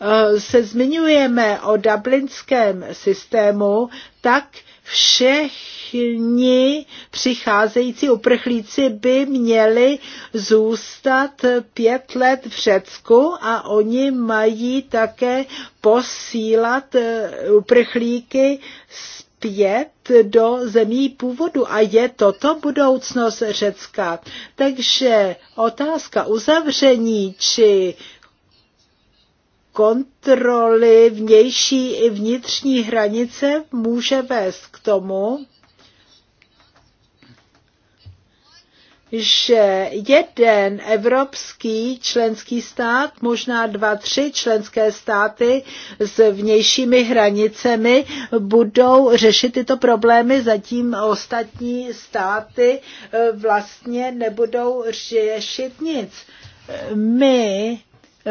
eh, se zmiňujeme o dublinském systému, tak Všechni všichni přicházející uprchlíci by měli zůstat pět let v Řecku a oni mají také posílat eh, uprchlíky zpět do zemí původu a je toto budoucnost Řecka. Takže otázka uzavření či kontroly vnější i vnitřní hranice může vést k tomu, že jeden evropský členský stát, možná dva, tři členské státy s vnějšími hranicemi budou řešit tyto problémy, zatím ostatní státy eh, vlastně nebudou řešit nic. My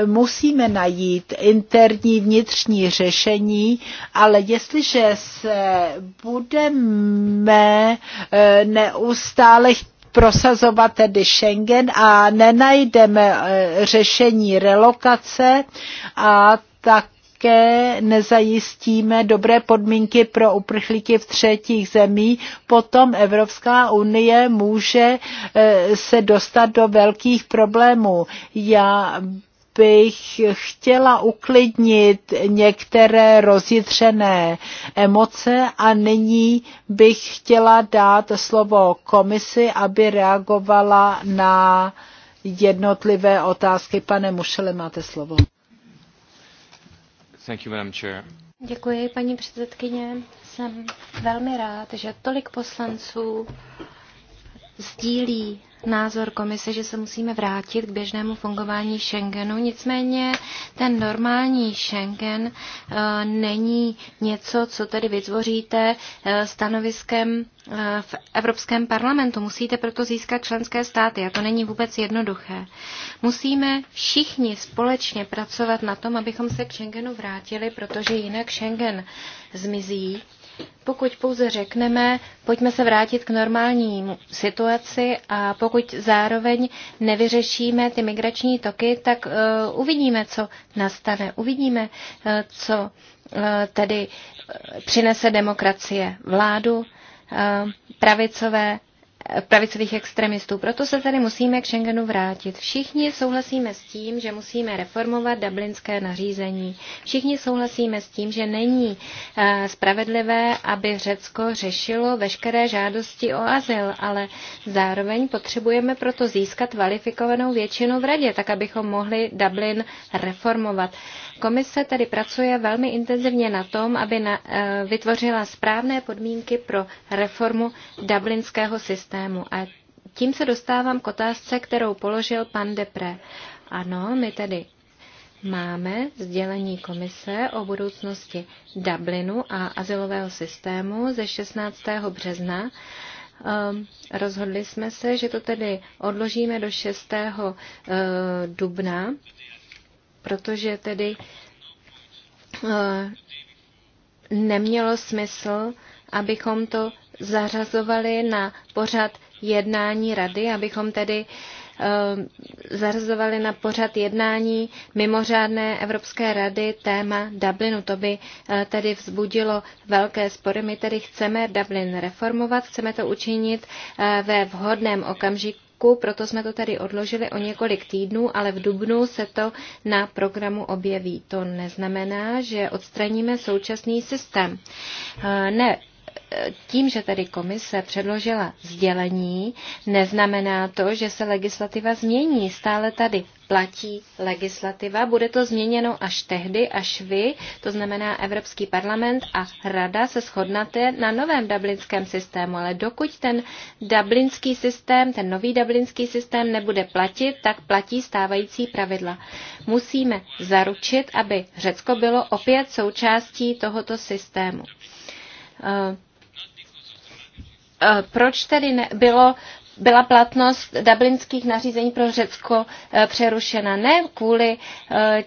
musíme najít interní vnitřní řešení, ale jestliže se budeme eh, neustále prosazovat tedy Schengen a nenajdeme eh, řešení relokace a tak také nezajistíme dobré podmínky pro uprchlíky v třetích zemí, potom Evropská unie může eh, se dostat do velkých problémů. Já bych chtěla uklidnit některé rozjitřené emoce a nyní bych chtěla dát slovo komisi, aby reagovala na jednotlivé otázky. Pane Mušele, máte slovo. Thank you, Madam Chair. Děkuji, paní předsedkyně. Jsem velmi rád, že tolik poslanců sdílí názor komise, že se musíme vrátit k běžnému fungování Schengenu. Nicméně ten normální Schengen e, není něco, co tedy vytvoříte e, stanoviskem e, v Evropském parlamentu. Musíte proto získat členské státy a to není vůbec jednoduché. Musíme všichni společně pracovat na tom, abychom se k Schengenu vrátili, protože jinak Schengen zmizí pokud pouze řekneme, pojďme se vrátit k normální situaci a pokud zároveň nevyřešíme ty migrační toky, tak uh, uvidíme, co nastane. Uvidíme, uh, co uh, tedy přinese demokracie vládu, pravicové pravicových extremistů. Proto se tady musíme k Schengenu vrátit. Všichni souhlasíme s tím, že musíme reformovat dublinské nařízení. Všichni souhlasíme s tím, že není eh, spravedlivé, aby Řecko řešilo veškeré žádosti o azyl, ale zároveň potřebujeme proto získat kvalifikovanou většinu v radě, tak abychom mohli Dublin reformovat. Komise tedy pracuje velmi intenzivně na tom, aby na, eh, vytvořila správné podmínky pro reformu dublinského systému systému. A tím se dostávám k otázce, kterou položil pan Depre. Ano, my tedy máme sdělení komise o budoucnosti Dublinu a asilového systému ze 16. března. Ehm, rozhodli jsme se, že to tedy odložíme do 6. Eh, dubna, protože tedy eh, nemělo smysl, abychom to zařazovali na pořad jednání rady, abychom tedy eh, zařazovali na pořad jednání mimořádné Evropské rady téma Dublinu. To by eh, tedy vzbudilo velké spory. My tedy chceme Dublin reformovat, chceme to učinit eh, ve vhodném okamžiku, proto jsme to tady odložili o několik týdnů, ale v Dubnu se to na programu objeví. To neznamená, že odstraníme současný systém. Ne, tím, že tedy komise předložila sdělení, neznamená to, že se legislativa změní. Stále tady platí legislativa. Bude to změněno až tehdy, až vy, to znamená Evropský parlament a Rada, se shodnete na novém dublinském systému. Ale dokud ten dublinský systém, ten nový dublinský systém nebude platit, tak platí stávající pravidla. Musíme zaručit, aby Řecko bylo opět součástí tohoto systému. Uh, Eh, proč tedy ne, bylo byla platnost dublinských nařízení pro Řecko eh, přerušena ne kvůli eh,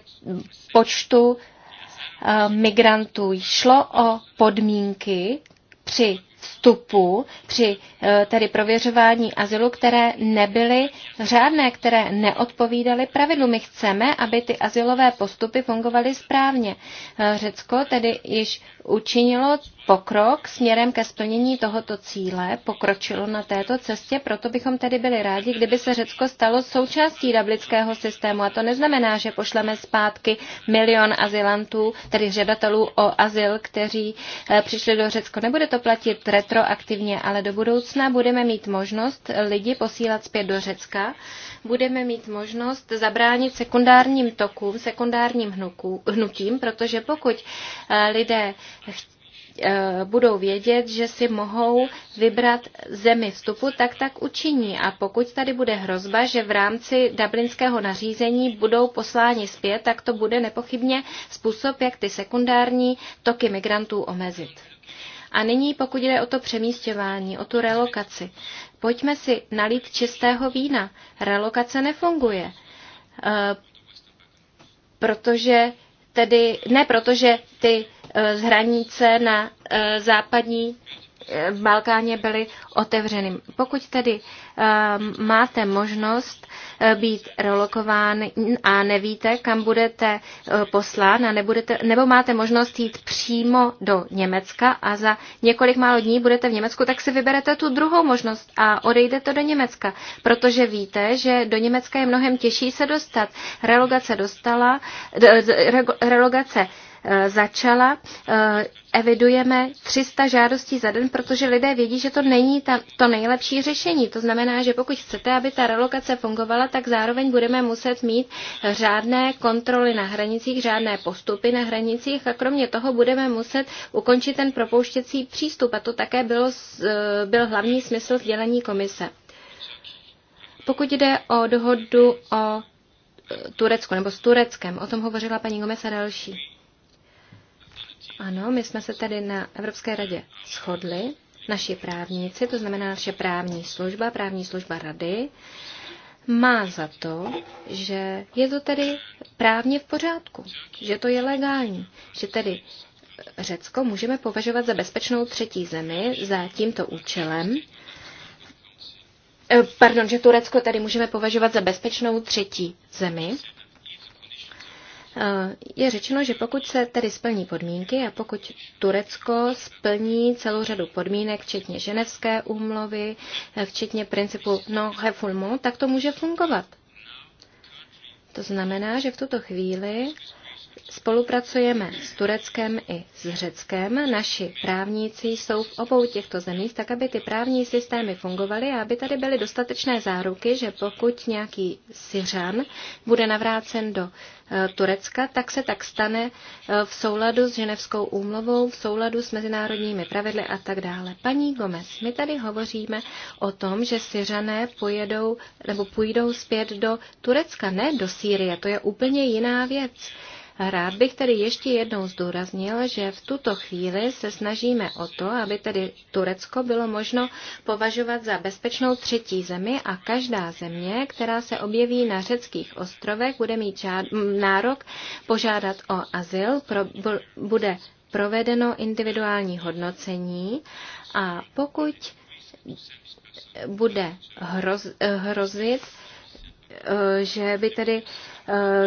počtu migrantů. Šlo o podmínky při vstupu, při tedy prověřování azylu, které nebyly řádné, které neodpovídaly pravidlu. My chceme, aby ty azylové postupy fungovaly správně. Řecko tedy již učinilo pokrok směrem ke splnění tohoto cíle pokročilo na této cestě, proto bychom tedy byli rádi, kdyby se Řecko stalo součástí dublického systému. A to neznamená, že pošleme zpátky milion azylantů, tedy žadatelů o azyl, kteří eh, přišli do Řecko. Nebude to platit retroaktivně, ale do budoucna budeme mít možnost lidi posílat zpět do Řecka. Budeme mít možnost zabránit sekundárním tokům, sekundárním hnukům, hnutím, protože pokud eh, lidé chtějí, Eh, budou vědět, že si mohou vybrat zemi vstupu, tak tak učiní. A pokud tady bude hrozba, že v rámci dublinského nařízení budou posláni zpět, tak to bude nepochybně způsob, jak ty sekundární toky migrantů omezit. A nyní, pokud jde o to přemístěvání, o tu relokaci, pojďme si nalít čistého vína. Relokace nefunguje, eh, protože tedy, ne protože ty Eh, z hranice na eh, západní v eh, Balkáně byly otevřeny. Pokud tedy máte možnost být relokován a nevíte, kam budete poslán, a nebudete, nebo máte možnost jít přímo do Německa a za několik málo dní budete v Německu, tak si vyberete tu druhou možnost a odejdete do Německa, protože víte, že do Německa je mnohem těžší se dostat. Relogace dostala, relogace Eh, začala, eh, evidujeme 300 žádostí za den, protože lidé vědí, že to není ta, to nejlepší řešení. To znamená, že pokud chcete, aby ta relokace fungovala, tak zároveň budeme muset mít řádné kontroly na hranicích, řádné postupy na hranicích a kromě toho budeme muset ukončit ten propouštěcí přístup. A to také bylo, eh, byl hlavní smysl sdělení komise. Pokud jde o dohodu o Turecku nebo s Tureckem, o tom hovořila paní Gomesa další. Ano, my jsme se tady na Evropské radě shodli, naši právníci, to znamená naše právní služba, právní služba rady, má za to, že je to tedy právně v pořádku, že to je legální, že tedy Řecko můžeme považovat za bezpečnou třetí zemi za tímto účelem. Eh, pardon, že Turecko tady můžeme považovat za bezpečnou třetí zemi Eh, je řečeno, že pokud se tedy splní podmínky a pokud Turecko splní celou řadu podmínek, včetně ženevské úmluvy, eh, včetně principu no refoulement, tak to může fungovat. To znamená, že v tuto chvíli Spolupracujeme s Tureckem i s Řeckem. Naši právníci jsou v obou těchto zemích, tak aby ty právní systémy fungovaly a aby tady byly dostatečné záruky, že pokud nějaký Syřan bude navrácen do eh, Turecka, tak se tak stane eh, v souladu s Ženevskou úmluvou, v souladu s mezinárodními pravidly a tak dále. Paní Gomez, my tady hovoříme o tom, že Syřané pojedou nebo půjdou zpět do Turecka, ne do Sýrie. To je úplně jiná věc. Rád bych tedy ještě jednou zdůraznil, že v tuto chvíli se snažíme o to, aby tedy Turecko bylo možno považovat za bezpečnou třetí zemi a každá země, která se objeví na řeckých ostrovech, bude mít žád, nárok požádat o azyl, pro, bude provedeno individuální hodnocení a pokud bude hroz, eh, hrozit, eh, že by tedy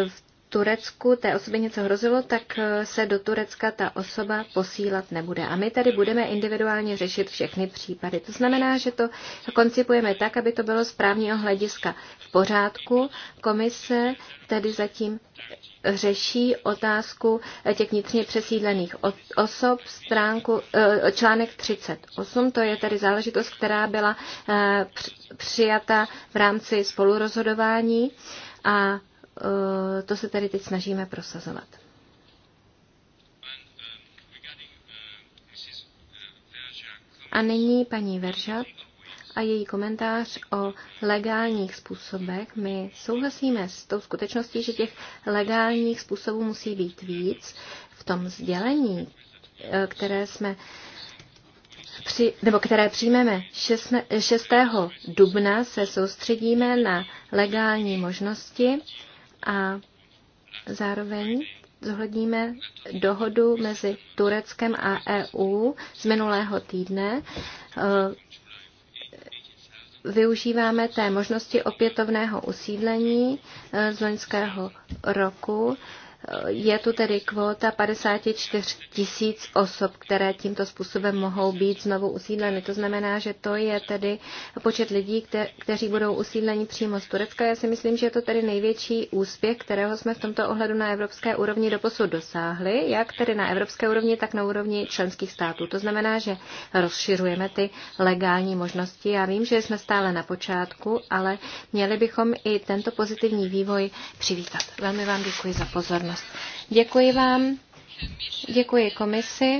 v eh, Turecku té osobě něco hrozilo, tak eh, se do Turecka ta osoba posílat nebude. A my tady budeme individuálně řešit všechny případy. To znamená, že to koncipujeme tak, aby to bylo z právního hlediska v pořádku. Komise tedy zatím řeší otázku eh, těch vnitřně přesídlených osob, stránku, eh, článek 38, to je tedy záležitost, která byla přijata v rámci spolurozhodování a Eh, to se tady teď snažíme prosazovat. A nyní paní Veržat a její komentář o legálních způsobech. My souhlasíme s tou skutečností, že těch legálních způsobů musí být víc. V tom sdělení, eh, které jsme při, nebo které přijmeme 6. 6. dubna, se soustředíme na legální možnosti a zároveň zohledníme dohodu mezi Tureckem a EU z minulého týdne. Eh, využíváme té možnosti opětovného usídlení eh, z loňského roku. Je tu tedy kvóta 54 tisíc osob, které tímto způsobem mohou být znovu usídleny. To znamená, že to je tedy počet lidí, kteří budou usídleni přímo z Turecka. Já si myslím, že je to tedy největší úspěch, kterého jsme v tomto ohledu na evropské úrovni doposud dosáhli, jak tedy na evropské úrovni, tak na úrovni členských států. To znamená, že rozšiřujeme ty legální možnosti. Já vím, že jsme stále na počátku, ale měli bychom i tento pozitivní vývoj přivítat. Velmi vám děkuji za pozornost pozornost. Děkuji vám, děkuji komisi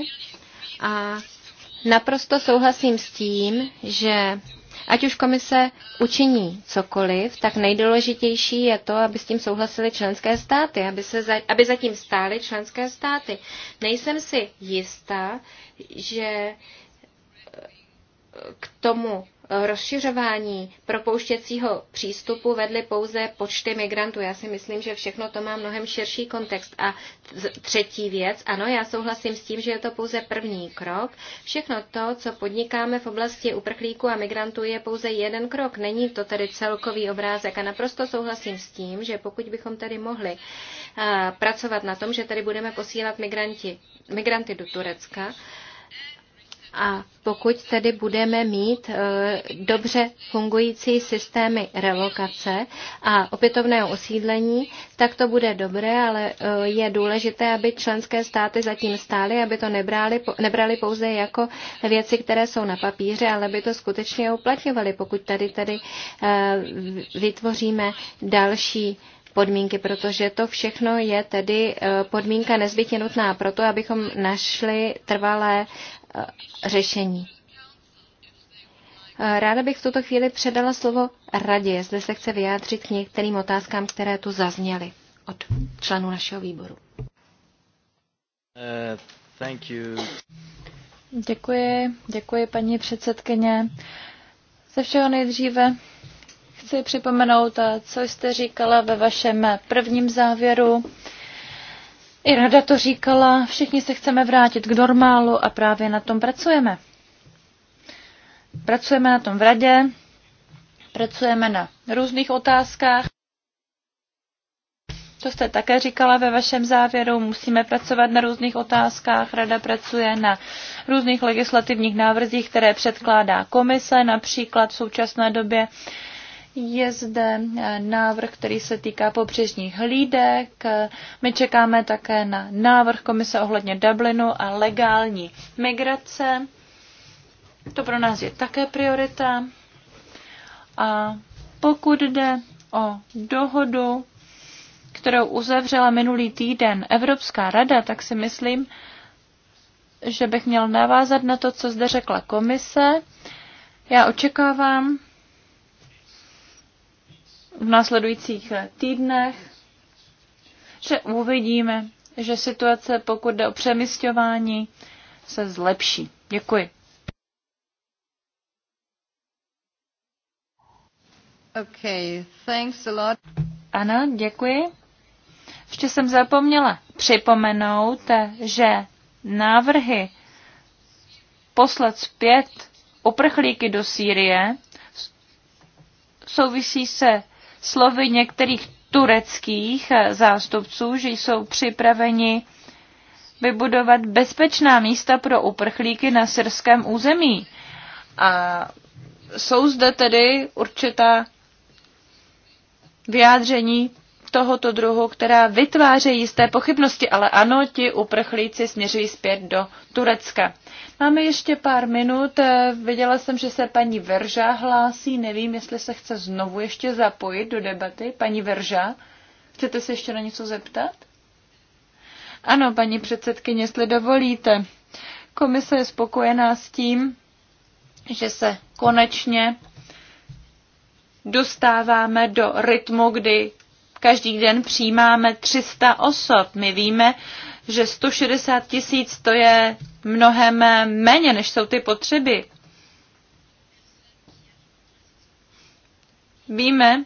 a naprosto souhlasím s tím, že ať už komise učiní cokoliv, tak nejdůležitější je to, aby s tím souhlasili členské státy, aby, se za, aby zatím stály členské státy. Nejsem si jistá, že k tomu rozšiřování propouštěcího přístupu vedly pouze počty migrantů. Já si myslím, že všechno to má mnohem širší kontext. A třetí věc, ano, já souhlasím s tím, že je to pouze první krok. Všechno to, co podnikáme v oblasti uprchlíků a migrantů, je pouze jeden krok. Není to tedy celkový obrázek. A naprosto souhlasím s tím, že pokud bychom tady mohli pracovat na tom, že tady budeme posílat migranti, migranty do Turecka, a pokud tedy budeme mít e, dobře fungující systémy relokace a opětovného osídlení, tak to bude dobré, ale e, je důležité, aby členské státy zatím stály, aby to nebrali, nebrali pouze jako věci, které jsou na papíře, ale by to skutečně uplatňovali, pokud tady tedy e, vytvoříme další podmínky, protože to všechno je tedy podmínka nezbytně nutná pro to, abychom našli trvalé Eh, řešení. Eh, ráda bych v tuto chvíli předala slovo radě, jestli se chce vyjádřit k některým otázkám, které tu zazněly od členů našeho výboru. Uh, thank you. Děkuji, děkuji paní předsedkyně. Ze všeho nejdříve chci připomenout, co jste říkala ve vašem prvním závěru i rada to říkala, všichni se chceme vrátit k normálu a právě na tom pracujeme. Pracujeme na tom v radě, pracujeme na různých otázkách. To jste také říkala ve vašem závěru, musíme pracovat na různých otázkách. Rada pracuje na různých legislativních návrzích, které předkládá komise, například v současné době uh, je zde eh, návrh, který se týká pobřežních hlídek. My čekáme také na návrh komise ohledně Dublinu a legální migrace. To pro nás je také priorita. A pokud jde o dohodu, kterou uzavřela minulý týden Evropská rada, tak si myslím, že bych měl navázat na to, co zde řekla komise. Já očekávám, v následujících týdnech, že uvidíme, že situace, pokud jde o přemysťování, se zlepší. Děkuji. Okay, thanks a lot. Ano, děkuji. Ještě jsem zapomněla připomenout, že návrhy poslat zpět uprchlíky do Sýrie souvisí se slovy některých tureckých eh, zástupců, že jsou připraveni vybudovat bezpečná místa pro uprchlíky na syrském území. A jsou zde tedy určitá vyjádření tohoto druhu, která vytvářejí jisté pochybnosti, ale ano, ti uprchlíci směřují zpět do Turecka. Máme ještě pár minut. Eh, viděla jsem, že se paní Verža hlásí. Nevím, jestli se chce znovu ještě zapojit do debaty. Paní Verža, chcete se ještě na něco zeptat? Ano, paní předsedkyně, jestli dovolíte. Komise je spokojená s tím, že se konečně dostáváme do rytmu, kdy Každý den přijímáme 300 osob. My víme, že 160 tisíc to je mnohem méně, než jsou ty potřeby. Víme,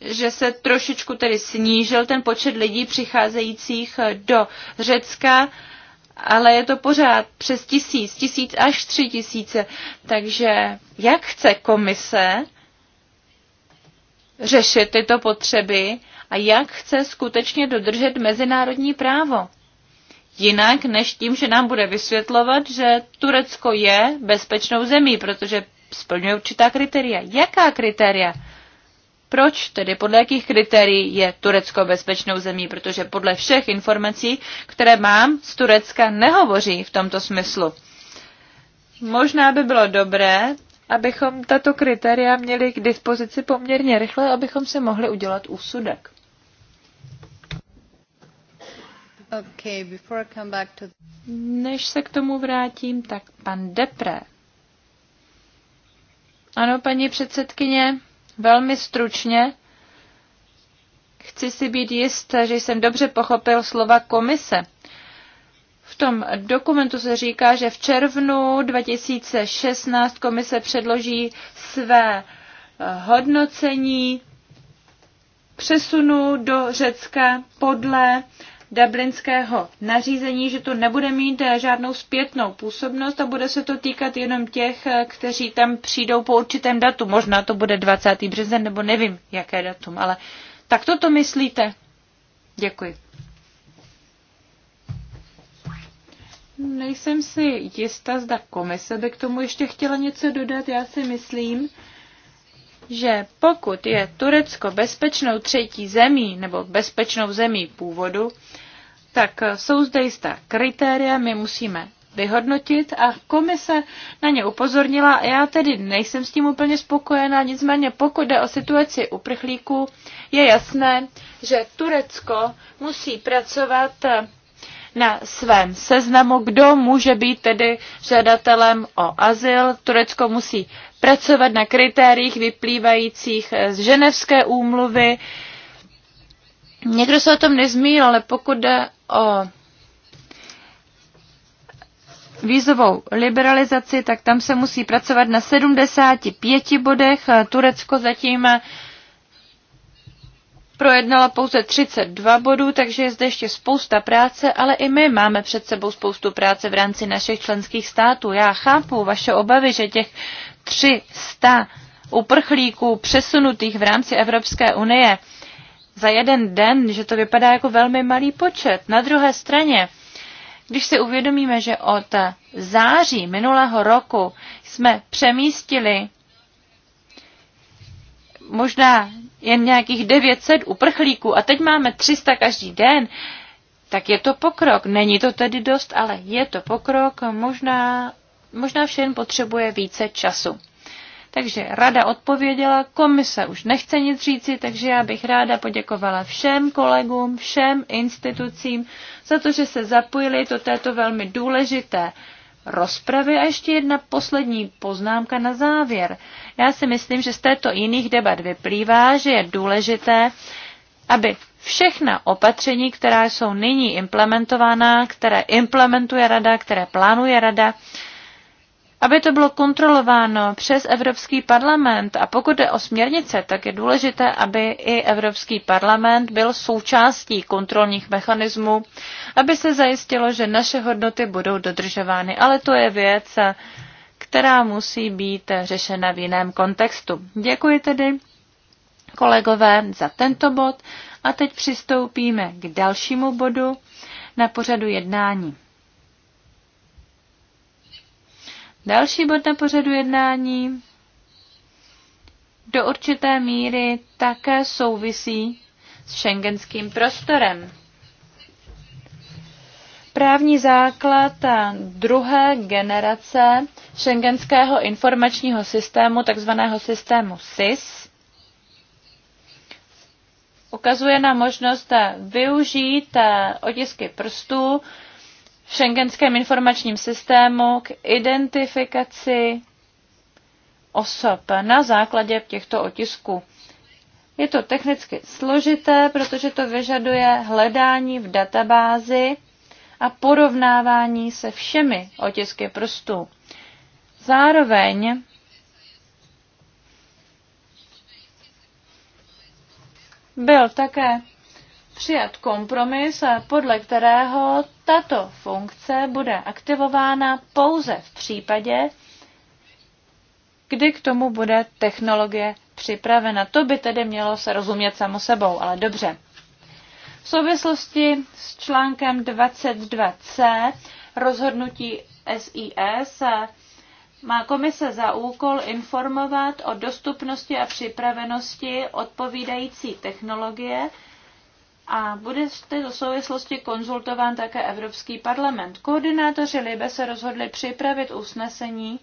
že se trošičku tedy snížil ten počet lidí přicházejících do Řecka, ale je to pořád přes tisíc, tisíc až tři tisíce. Takže jak chce komise řešit tyto potřeby a jak chce skutečně dodržet mezinárodní právo. Jinak než tím, že nám bude vysvětlovat, že Turecko je bezpečnou zemí, protože splňuje určitá kritéria. Jaká kritéria? Proč tedy, podle jakých kritérií je Turecko bezpečnou zemí? Protože podle všech informací, které mám, z Turecka nehovoří v tomto smyslu. Možná by bylo dobré, abychom tato kritéria měli k dispozici poměrně rychle, abychom se mohli udělat úsudek. Okay, before I come back to... Než se k tomu vrátím, tak pan Depre. Ano, paní předsedkyně, velmi stručně. Chci si být jist, že jsem dobře pochopil slova komise. V tom dokumentu se říká, že v červnu 2016 komise předloží své eh, hodnocení přesunu do Řecka podle dublinského nařízení, že to nebude mít eh, žádnou zpětnou působnost a bude se to týkat jenom těch, eh, kteří tam přijdou po určitém datu. Možná to bude 20. březen, nebo nevím, jaké datum, ale tak to myslíte. Děkuji. Nejsem si jista, zda komise by k tomu ještě chtěla něco dodat. Já si myslím, že pokud je Turecko bezpečnou třetí zemí nebo bezpečnou zemí původu, tak jsou zde jistá kritéria, my musíme vyhodnotit a komise na ně upozornila. Já tedy nejsem s tím úplně spokojená, nicméně pokud jde o situaci uprchlíků, je jasné, že Turecko musí pracovat na svém seznamu, kdo může být tedy žadatelem o azyl. Turecko musí pracovat na kritériích vyplývajících z ženevské úmluvy. Někdo se o tom nezmínil, ale pokud jde o vízovou liberalizaci, tak tam se musí pracovat na 75 bodech. Turecko zatím projednalo pouze 32 bodů, takže je zde ještě spousta práce, ale i my máme před sebou spoustu práce v rámci našich členských států. Já chápu vaše obavy, že těch 300 uprchlíků přesunutých v rámci Evropské unie za jeden den, že to vypadá jako velmi malý počet. Na druhé straně, když si uvědomíme, že od září minulého roku jsme přemístili možná jen nějakých 900 uprchlíků a teď máme 300 každý den, tak je to pokrok. Není to tedy dost, ale je to pokrok. Možná možná všem potřebuje více času. Takže rada odpověděla, komise už nechce nic říci, takže já bych ráda poděkovala všem kolegům, všem institucím za to, že se zapojili do této velmi důležité rozpravy. A ještě jedna poslední poznámka na závěr. Já si myslím, že z této jiných debat vyplývá, že je důležité, aby všechna opatření, která jsou nyní implementována, které implementuje rada, které plánuje rada, aby to bylo kontrolováno přes Evropský parlament. A pokud jde o směrnice, tak je důležité, aby i Evropský parlament byl součástí kontrolních mechanismů, aby se zajistilo, že naše hodnoty budou dodržovány. Ale to je věc, která musí být řešena v jiném kontextu. Děkuji tedy kolegové za tento bod a teď přistoupíme k dalšímu bodu na pořadu jednání. Další bod na pořadu jednání do určité míry také souvisí s šengenským prostorem. Právní základ druhé generace šengenského informačního systému, takzvaného systému SIS, ukazuje na možnost využít eh, otisky prstů v šengenském informačním systému k identifikaci osob na základě těchto otisků. Je to technicky složité, protože to vyžaduje hledání v databázi a porovnávání se všemi otisky prstů. Zároveň byl také přijat kompromis, eh, podle kterého tato funkce bude aktivována pouze v případě, kdy k tomu bude technologie připravena. To by tedy mělo se rozumět samo sebou, ale dobře. V souvislosti s článkem 22c rozhodnutí SIS eh, má komise za úkol informovat o dostupnosti a připravenosti odpovídající technologie a bude v této souvislosti konzultován také Evropský parlament. Koordinátoři Libe se rozhodli připravit usnesení,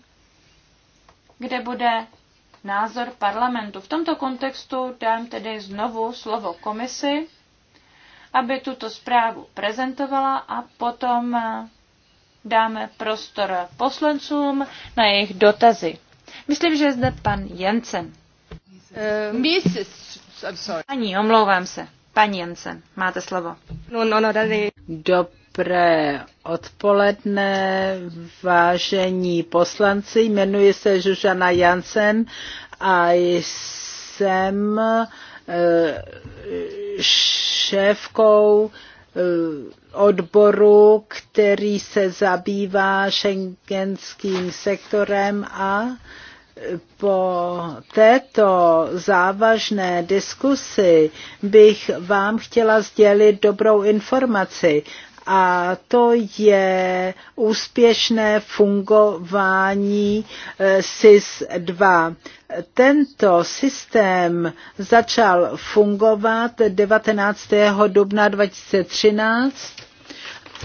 kde bude názor parlamentu. V tomto kontextu dám tedy znovu slovo komisi, aby tuto zprávu prezentovala a potom eh, dáme prostor poslancům na jejich dotazy. Myslím, že je zde pan Jensen. Uh, Paní, omlouvám se. Paní Jance, máte slovo. No, no, no, tady. Dobré odpoledne, vážení poslanci. Jmenuji se Žužana Jansen a jsem eh, šéfkou eh, odboru, který se zabývá šengenským sektorem a po této závažné diskusi bych vám chtěla sdělit dobrou informaci a to je úspěšné fungování eh, SIS-2. Tento systém začal fungovat 19. dubna 2013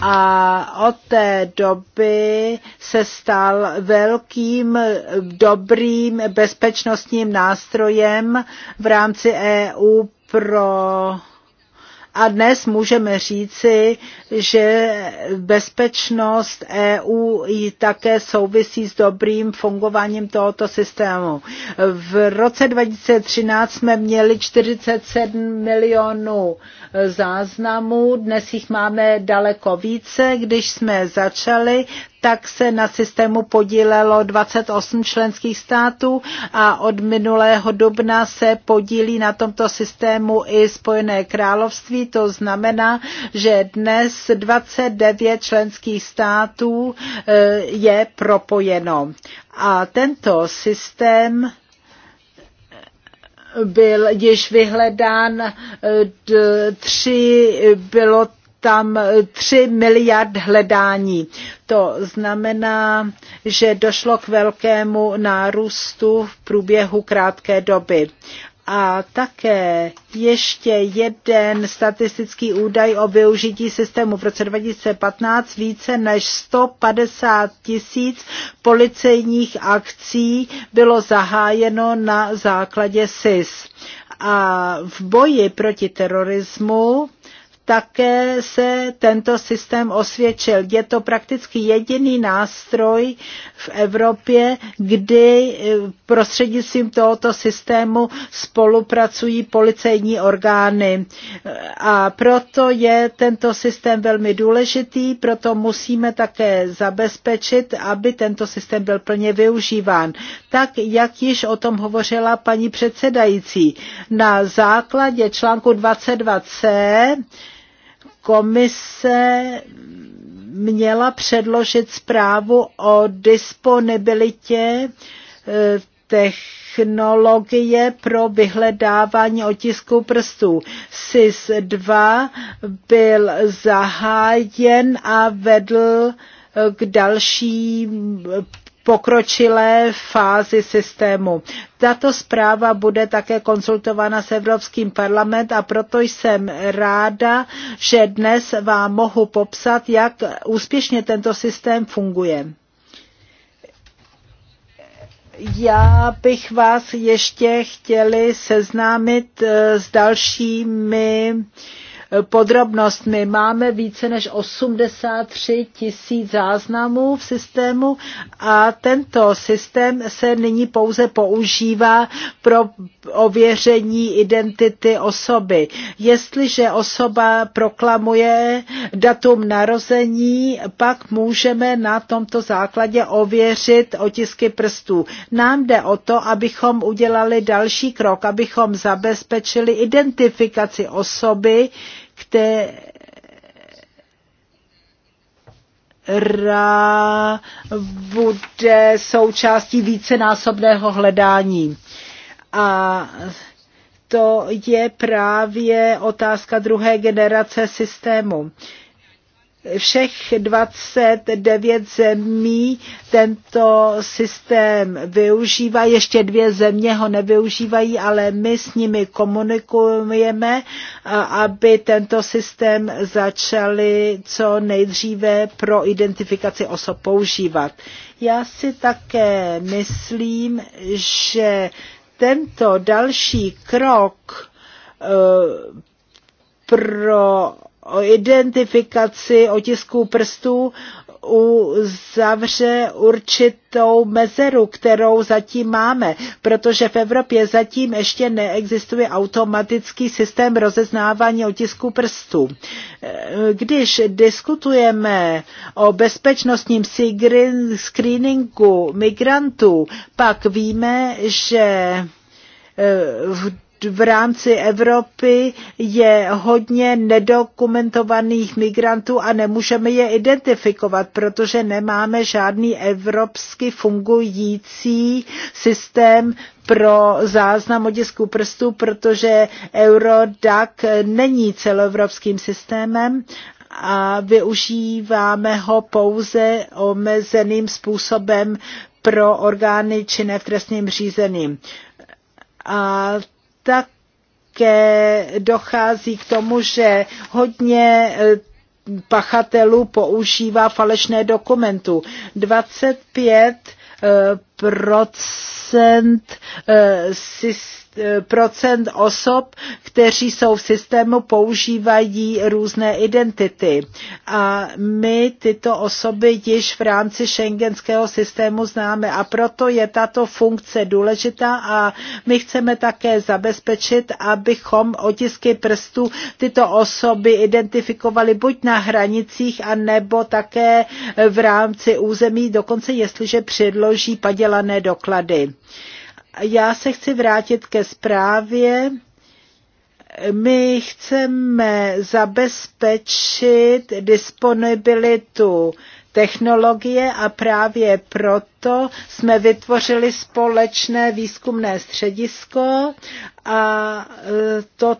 a od té doby se stal velkým, dobrým bezpečnostním nástrojem v rámci EU pro a dnes můžeme říci, že bezpečnost EU i také souvisí s dobrým fungováním tohoto systému. V roce 2013 jsme měli 47 milionů záznamů, dnes jich máme daleko více. Když jsme začali, tak se na systému podílelo 28 členských států a od minulého dubna se podílí na tomto systému i Spojené království. To znamená, že dnes 29 členských států eh, je propojeno. A tento systém byl již vyhledán eh, tři, bylo tam 3 miliard hledání. To znamená, že došlo k velkému nárůstu v průběhu krátké doby. A také ještě jeden statistický údaj o využití systému. V roce 2015 více než 150 tisíc policejních akcí bylo zahájeno na základě SIS. A v boji proti terorismu také se tento systém osvědčil. Je to prakticky jediný nástroj v Evropě, kdy eh, prostřednictvím tohoto systému spolupracují policejní orgány. A proto je tento systém velmi důležitý, proto musíme také zabezpečit, aby tento systém byl plně využíván. Tak, jak již o tom hovořila paní předsedající, na základě článku 22c komise měla předložit zprávu o disponibilitě e, technologie pro vyhledávání otisků prstů. SIS-2 byl zahájen a vedl k další pokročilé fázi systému. Tato zpráva bude také konsultována s Evropským parlament a proto jsem ráda, že dnes vám mohu popsat, jak úspěšně tento systém funguje. Já bych vás ještě chtěli seznámit eh, s dalšími uh, podrobnostmi. Máme více než 83 tisíc záznamů v systému a tento systém se nyní pouze používá pro ověření identity osoby. Jestliže osoba proklamuje datum narození, pak můžeme na tomto základě ověřit otisky prstů. Nám jde o to, abychom udělali další krok, abychom zabezpečili identifikaci osoby, která bude součástí vícenásobného hledání. A to je právě otázka druhé generace systému všech 29 zemí tento systém využívá, ještě dvě země ho nevyužívají, ale my s nimi komunikujeme, aby tento systém začali co nejdříve pro identifikaci osob používat. Já si také myslím, že tento další krok eh, pro identifikaci otisků prstů uzavře určitou mezeru, kterou zatím máme, protože v Evropě zatím ještě neexistuje automatický systém rozeznávání otisku prstů. Když diskutujeme o bezpečnostním screeningu migrantů, pak víme, že v v rámci Evropy je hodně nedokumentovaných migrantů a nemůžeme je identifikovat, protože nemáme žádný evropsky fungující systém pro záznam otisku prstů, protože Eurodac není celoevropským systémem a využíváme ho pouze omezeným způsobem pro orgány činné v trestním řízení. A také dochází k tomu, že hodně eh, pachatelů používá falešné dokumentu. 25 eh, procent eh, systému Procent osob, kteří jsou v systému, používají různé identity. A my tyto osoby již v rámci šengenského systému známe a proto je tato funkce důležitá a my chceme také zabezpečit, abychom otisky prstů tyto osoby identifikovali buď na hranicích, a nebo také v rámci území, dokonce jestliže předloží padělané doklady já se chci vrátit ke zprávě. My chceme zabezpečit disponibilitu technologie a právě proto jsme vytvořili společné výzkumné středisko a e, to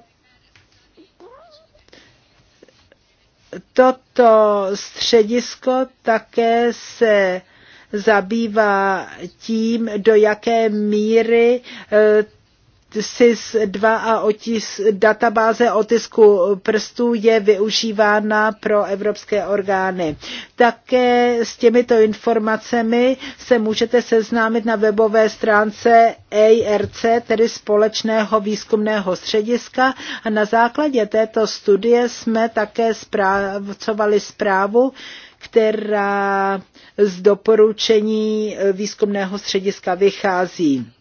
toto středisko také se zabývá tím, do jaké míry eh, SIS-2 a otis, databáze otisku prstů je využívána pro evropské orgány. Také s těmito informacemi se můžete seznámit na webové stránce ARC, tedy Společného výzkumného střediska. A na základě této studie jsme také zpracovali zprávu, která z doporučení eh, výzkumného střediska vychází.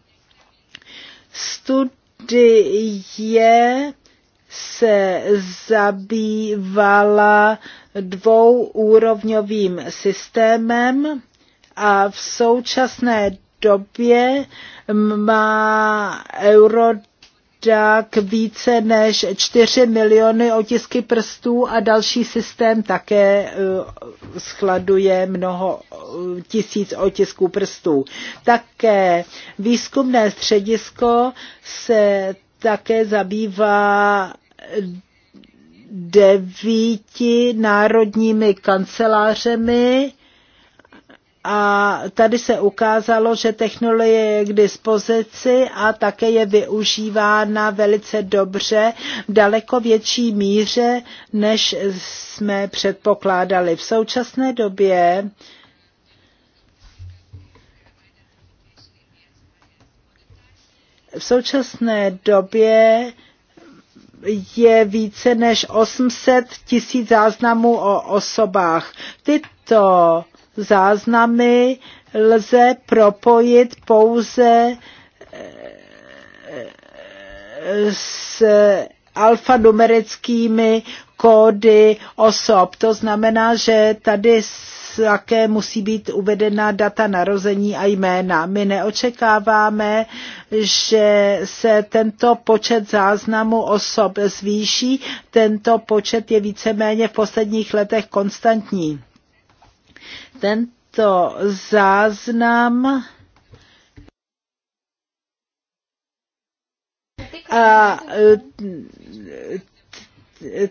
Studie se zabývala dvouúrovňovým systémem a v současné době má Eurodac tak více než 4 miliony otisky prstů a další systém také e, schladuje mnoho e, tisíc otisků prstů. Také výzkumné středisko se také zabývá devíti národními kancelářemi a tady se ukázalo, že technologie je k dispozici a také je využívána velice dobře v daleko větší míře, než jsme předpokládali. V současné době v současné době je více než 800 tisíc záznamů o osobách. Tyto záznamy lze propojit pouze eh, s alfanumerickými kódy osob. To znamená, že tady také musí být uvedena data narození a jména. My neočekáváme, že se tento počet záznamů osob zvýší. Tento počet je víceméně v posledních letech konstantní. Tento záznam a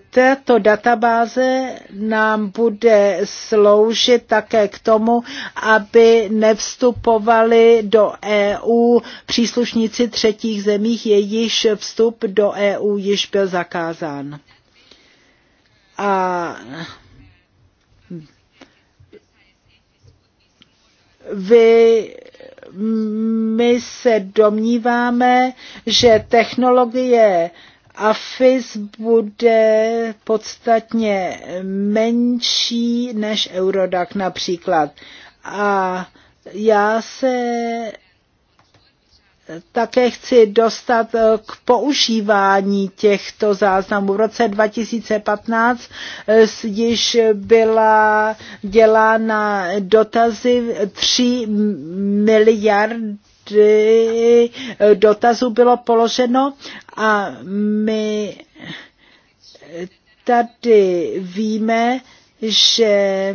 tato databáze nám bude sloužit také k tomu, aby nevstupovali do EU příslušníci třetích zemích, jejichž vstup do EU již byl zakázán. A vy my se domníváme, že technologie AFIS bude podstatně menší než Eurodac například. A já se také chci dostat eh, k používání těchto záznamů. V roce 2015 eh, již byla dělána dotazy 3 miliard eh, dotazů bylo položeno a my tady víme, že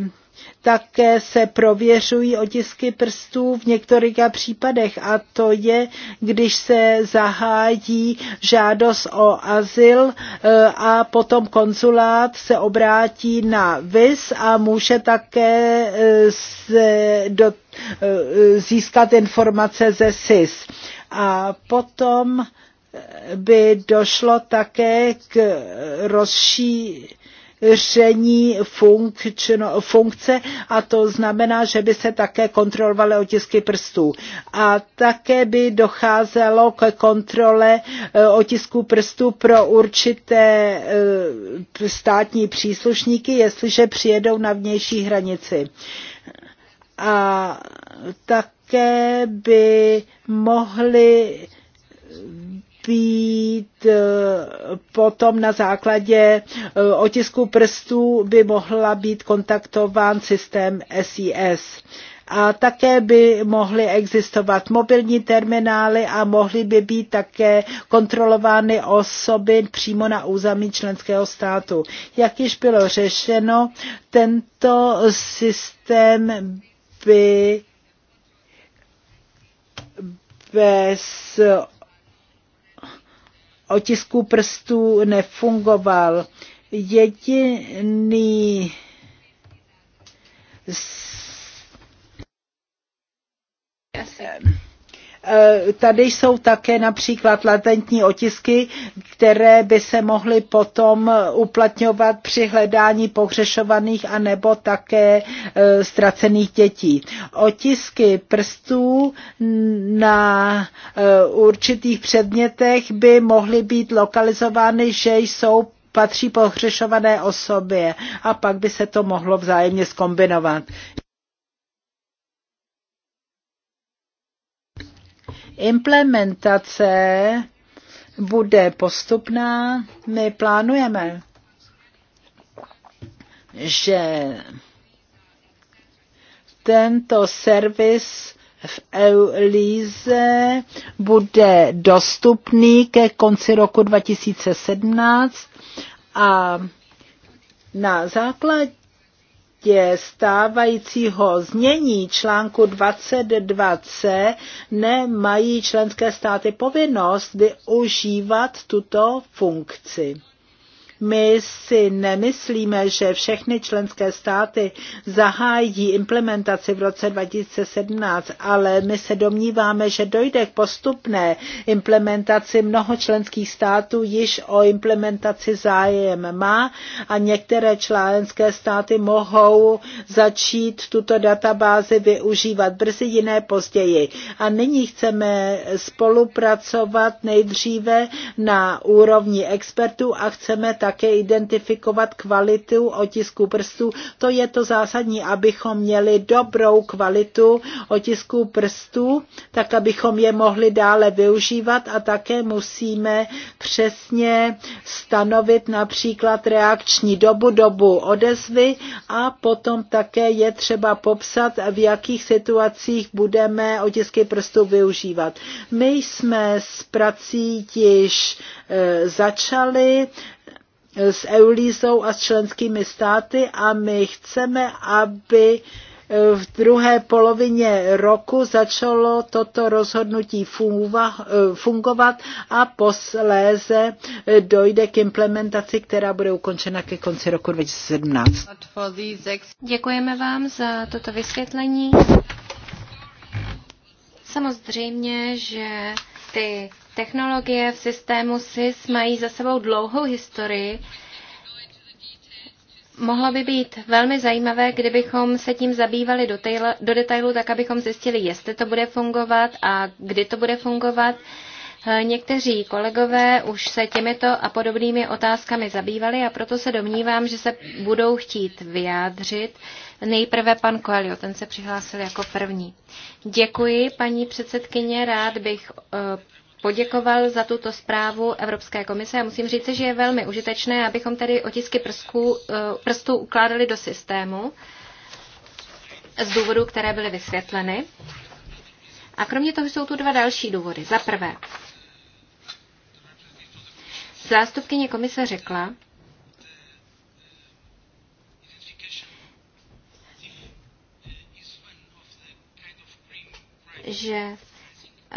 také se prověřují otisky prstů v některých případech a to je, když se zahájí žádost o azyl eh, a potom konzulát se obrátí na VIS a může také eh, do, eh, získat informace ze SIS. A potom by došlo také k rozšíření rozšíření funkčno, funkce a to znamená, že by se také kontrolovaly otisky prstů. A také by docházelo ke kontrole e, otisků prstů pro určité e, státní příslušníky, jestliže přijedou na vnější hranici. A také by mohly být e, potom na základě e, otisku prstů by mohla být kontaktován systém SIS a také by mohly existovat mobilní terminály a mohly by být také kontrolovány osoby přímo na území členského státu. Jak již bylo řešeno, tento systém by bez otisků prstů nefungoval. Jediný Asi. Eh, tady jsou také například latentní otisky, které by se mohly potom uplatňovat při hledání pohřešovaných a nebo také eh, ztracených dětí. Otisky prstů na eh, určitých předmětech by mohly být lokalizovány, že jsou patří pohřešované osobě a pak by se to mohlo vzájemně skombinovat. Implementace bude postupná. My plánujeme, že tento servis v Elize bude dostupný ke konci roku 2017 a na základě základě stávajícího znění článku 22c nemají členské státy povinnost využívat tuto funkci. My si nemyslíme, že všechny členské státy zahájí implementaci v roce 2017, ale my se domníváme, že dojde k postupné implementaci. Mnoho členských států již o implementaci zájem má a některé členské státy mohou začít tuto databázi využívat brzy, jiné později. A nyní chceme spolupracovat nejdříve na úrovni expertů a chceme tak také identifikovat kvalitu otisků prstů. To je to zásadní, abychom měli dobrou kvalitu otisků prstů, tak abychom je mohli dále využívat a také musíme přesně stanovit například reakční dobu, dobu odezvy a potom také je třeba popsat, v jakých situacích budeme otisky prstů využívat. My jsme s prací již e, začali, s Eulízou a s členskými státy a my chceme, aby eh, v druhé polovině roku začalo toto rozhodnutí eh, fungovat a posléze eh, dojde k implementaci, která bude ukončena ke konci roku 2017. Děkujeme vám za toto vysvětlení. Samozřejmě, že ty Technologie v systému SIS mají za sebou dlouhou historii. Mohlo by být velmi zajímavé, kdybychom se tím zabývali do, tejla, do detailu, tak abychom zjistili, jestli to bude fungovat a kdy to bude fungovat. Eh, někteří kolegové už se těmito a podobnými otázkami zabývali a proto se domnívám, že se budou chtít vyjádřit. Nejprve pan Coelho, ten se přihlásil jako první. Děkuji, paní předsedkyně, rád bych eh, poděkoval za tuto zprávu Evropské komise a musím říct, že je velmi užitečné, abychom tady otisky prsků, eh, prstů ukládali do systému z důvodů, které byly vysvětleny. A kromě toho jsou tu dva další důvody. Za prvé, zástupkyně komise řekla, že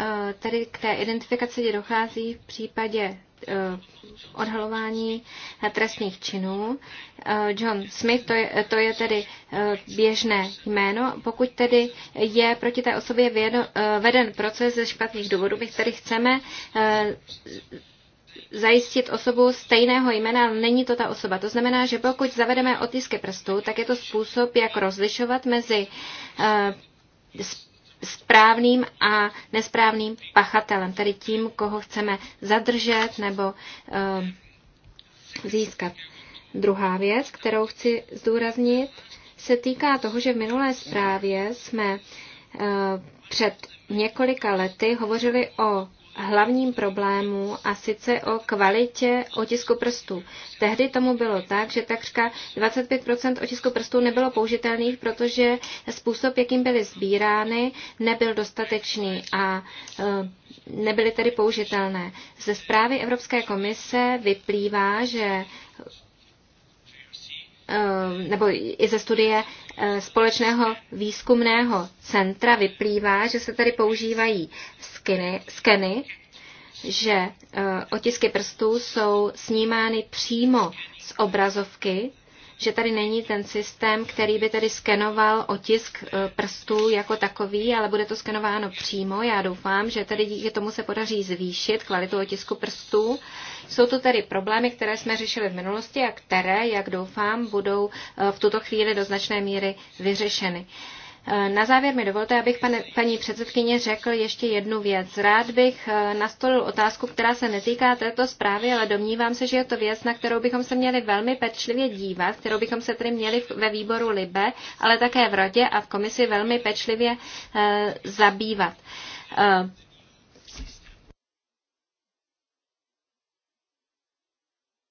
Eh, tady k té identifikaci dochází v případě eh, odhalování eh, trestných činů. John Smith, to je, to je tedy běžné jméno. Pokud tedy je proti té osobě vědo, veden proces ze špatných důvodů, my tedy chceme zajistit osobu stejného jména, ale není to ta osoba. To znamená, že pokud zavedeme otisky prstů, tak je to způsob, jak rozlišovat mezi správným a nesprávným pachatelem, tedy tím, koho chceme zadržet nebo eh, získat. Druhá věc, kterou chci zdůraznit, se týká toho, že v minulé zprávě jsme eh, před několika lety hovořili o hlavním problému a sice o kvalitě otisku prstů. Tehdy tomu bylo tak, že takřka 25 otisku prstů nebylo použitelných, protože způsob, jakým byly sbírány, nebyl dostatečný a eh, nebyly tedy použitelné. Ze zprávy Evropské komise vyplývá, že Ehm, nebo i ze studie eh, společného výzkumného centra vyplývá, že se tady používají skeny, skeny že eh, otisky prstů jsou snímány přímo z obrazovky že tady není ten systém, který by tady skenoval otisk e, prstů jako takový, ale bude to skenováno přímo. Já doufám, že tady díky tomu se podaří zvýšit kvalitu otisku prstů. Jsou to tedy problémy, které jsme řešili v minulosti a které, jak doufám, budou e, v tuto chvíli do značné míry vyřešeny. Na závěr mi dovolte, abych pane, paní předsedkyně řekl ještě jednu věc. Rád bych eh, nastolil otázku, která se netýká této zprávy, ale domnívám se, že je to věc, na kterou bychom se měli velmi pečlivě dívat, kterou bychom se tedy měli ve výboru Libe, ale také v radě a v komisi velmi pečlivě eh, zabývat. Eh,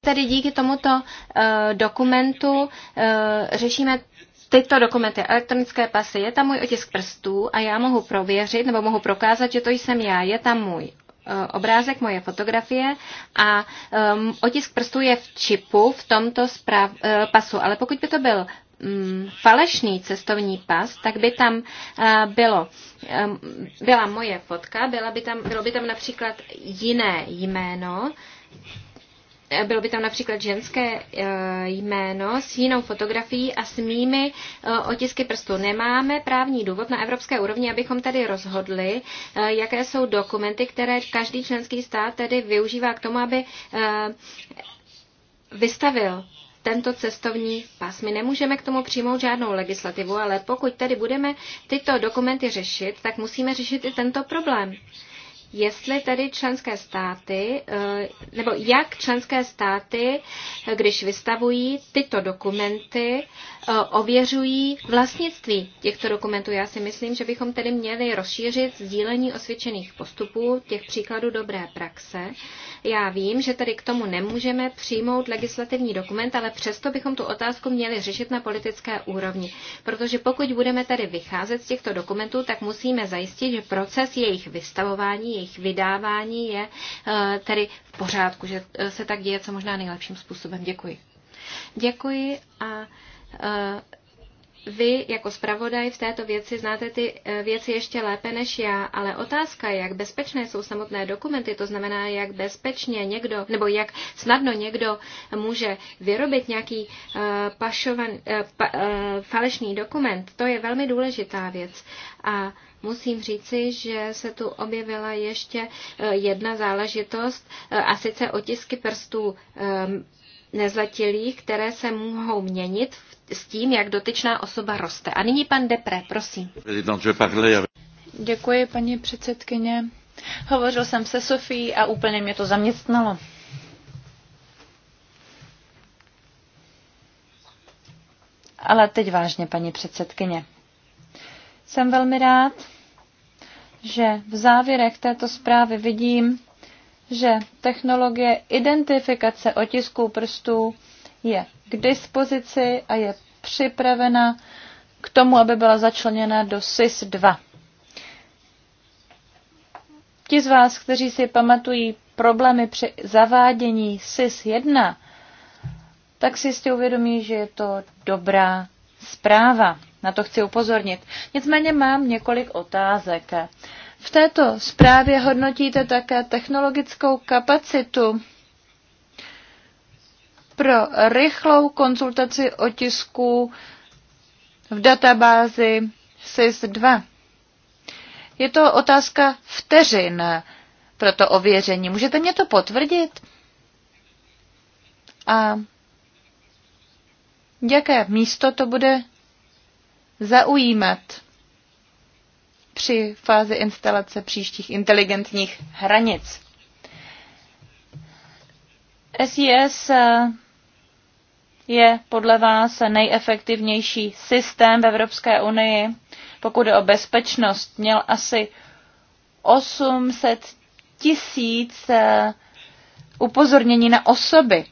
tedy díky tomuto dokumentu řešíme tyto dokumenty, elektronické pasy, je tam můj otisk prstů a já mohu prověřit nebo mohu prokázat, že to jsem já, je tam můj eh, obrázek, moje fotografie a um, otisk prstů je v čipu v tomto zpráv, uh, eh, pasu. Ale pokud by to byl um, falešný cestovní pas, tak by tam uh, bylo, um, byla moje fotka, byla by tam, bylo by tam například jiné jméno, bylo by tam například ženské eh, jméno s jinou fotografií a s mými eh, otisky prstů. Nemáme právní důvod na evropské úrovni, abychom tady rozhodli, eh, jaké jsou dokumenty, které každý členský stát tedy využívá k tomu, aby vystavil tento cestovní pas. My nemůžeme k tomu přijmout žádnou legislativu, ale pokud tedy budeme tyto dokumenty řešit, tak musíme řešit i tento problém jestli tedy členské státy, eh, nebo jak členské státy, eh, když vystavují tyto dokumenty, eh, ověřují vlastnictví těchto dokumentů. Já si myslím, že bychom tedy měli rozšířit sdílení osvědčených postupů, těch příkladů dobré praxe. Já vím, že tady k tomu nemůžeme přijmout legislativní dokument, ale přesto bychom tu otázku měli řešit na politické úrovni. Protože pokud budeme tady vycházet z těchto dokumentů, tak musíme zajistit, že proces jejich vystavování jejich vydávání je eh, tedy v pořádku, že eh, se tak děje co možná nejlepším způsobem. Děkuji. Děkuji a eh, vy jako zpravodaj v této věci znáte ty věci ještě lépe než já, ale otázka jak bezpečné jsou samotné dokumenty, to znamená, jak bezpečně někdo, nebo jak snadno někdo může vyrobit nějaký uh, pašovan, uh, pa, uh, falešný dokument, to je velmi důležitá věc. A musím říci, že se tu objevila ještě eh, jedna záležitost, eh, a sice otisky prstů ehm, nezletilých, které se mohou měnit s tím, jak dotyčná osoba roste. A nyní pan Depre, prosím. Děkuji, paní předsedkyně. Hovořil jsem se Sofí a úplně mě to zaměstnalo. Ale teď vážně, paní předsedkyně. Jsem velmi rád, že v závěrech této zprávy vidím, že technologie identifikace otisků prstů je k dispozici a je připravena k tomu, aby byla začleněna do SIS-2. Ti z vás, kteří si pamatují problémy při zavádění SIS-1, tak si jistě uvědomí, že je to dobrá zpráva. Na to chci upozornit. Nicméně mám několik otázek. V této zprávě hodnotíte také technologickou kapacitu pro rychlou konzultaci otisků v databázi SIS-2. Je to otázka vteřin pro to ověření. Můžete mě to potvrdit? A jaké místo to bude zaujímat při fázi instalace příštích inteligentních hranic. SIS eh, je podle vás nejefektivnější systém v Evropské unii, pokud je o bezpečnost. Měl asi 800 tisíc eh, upozornění na osoby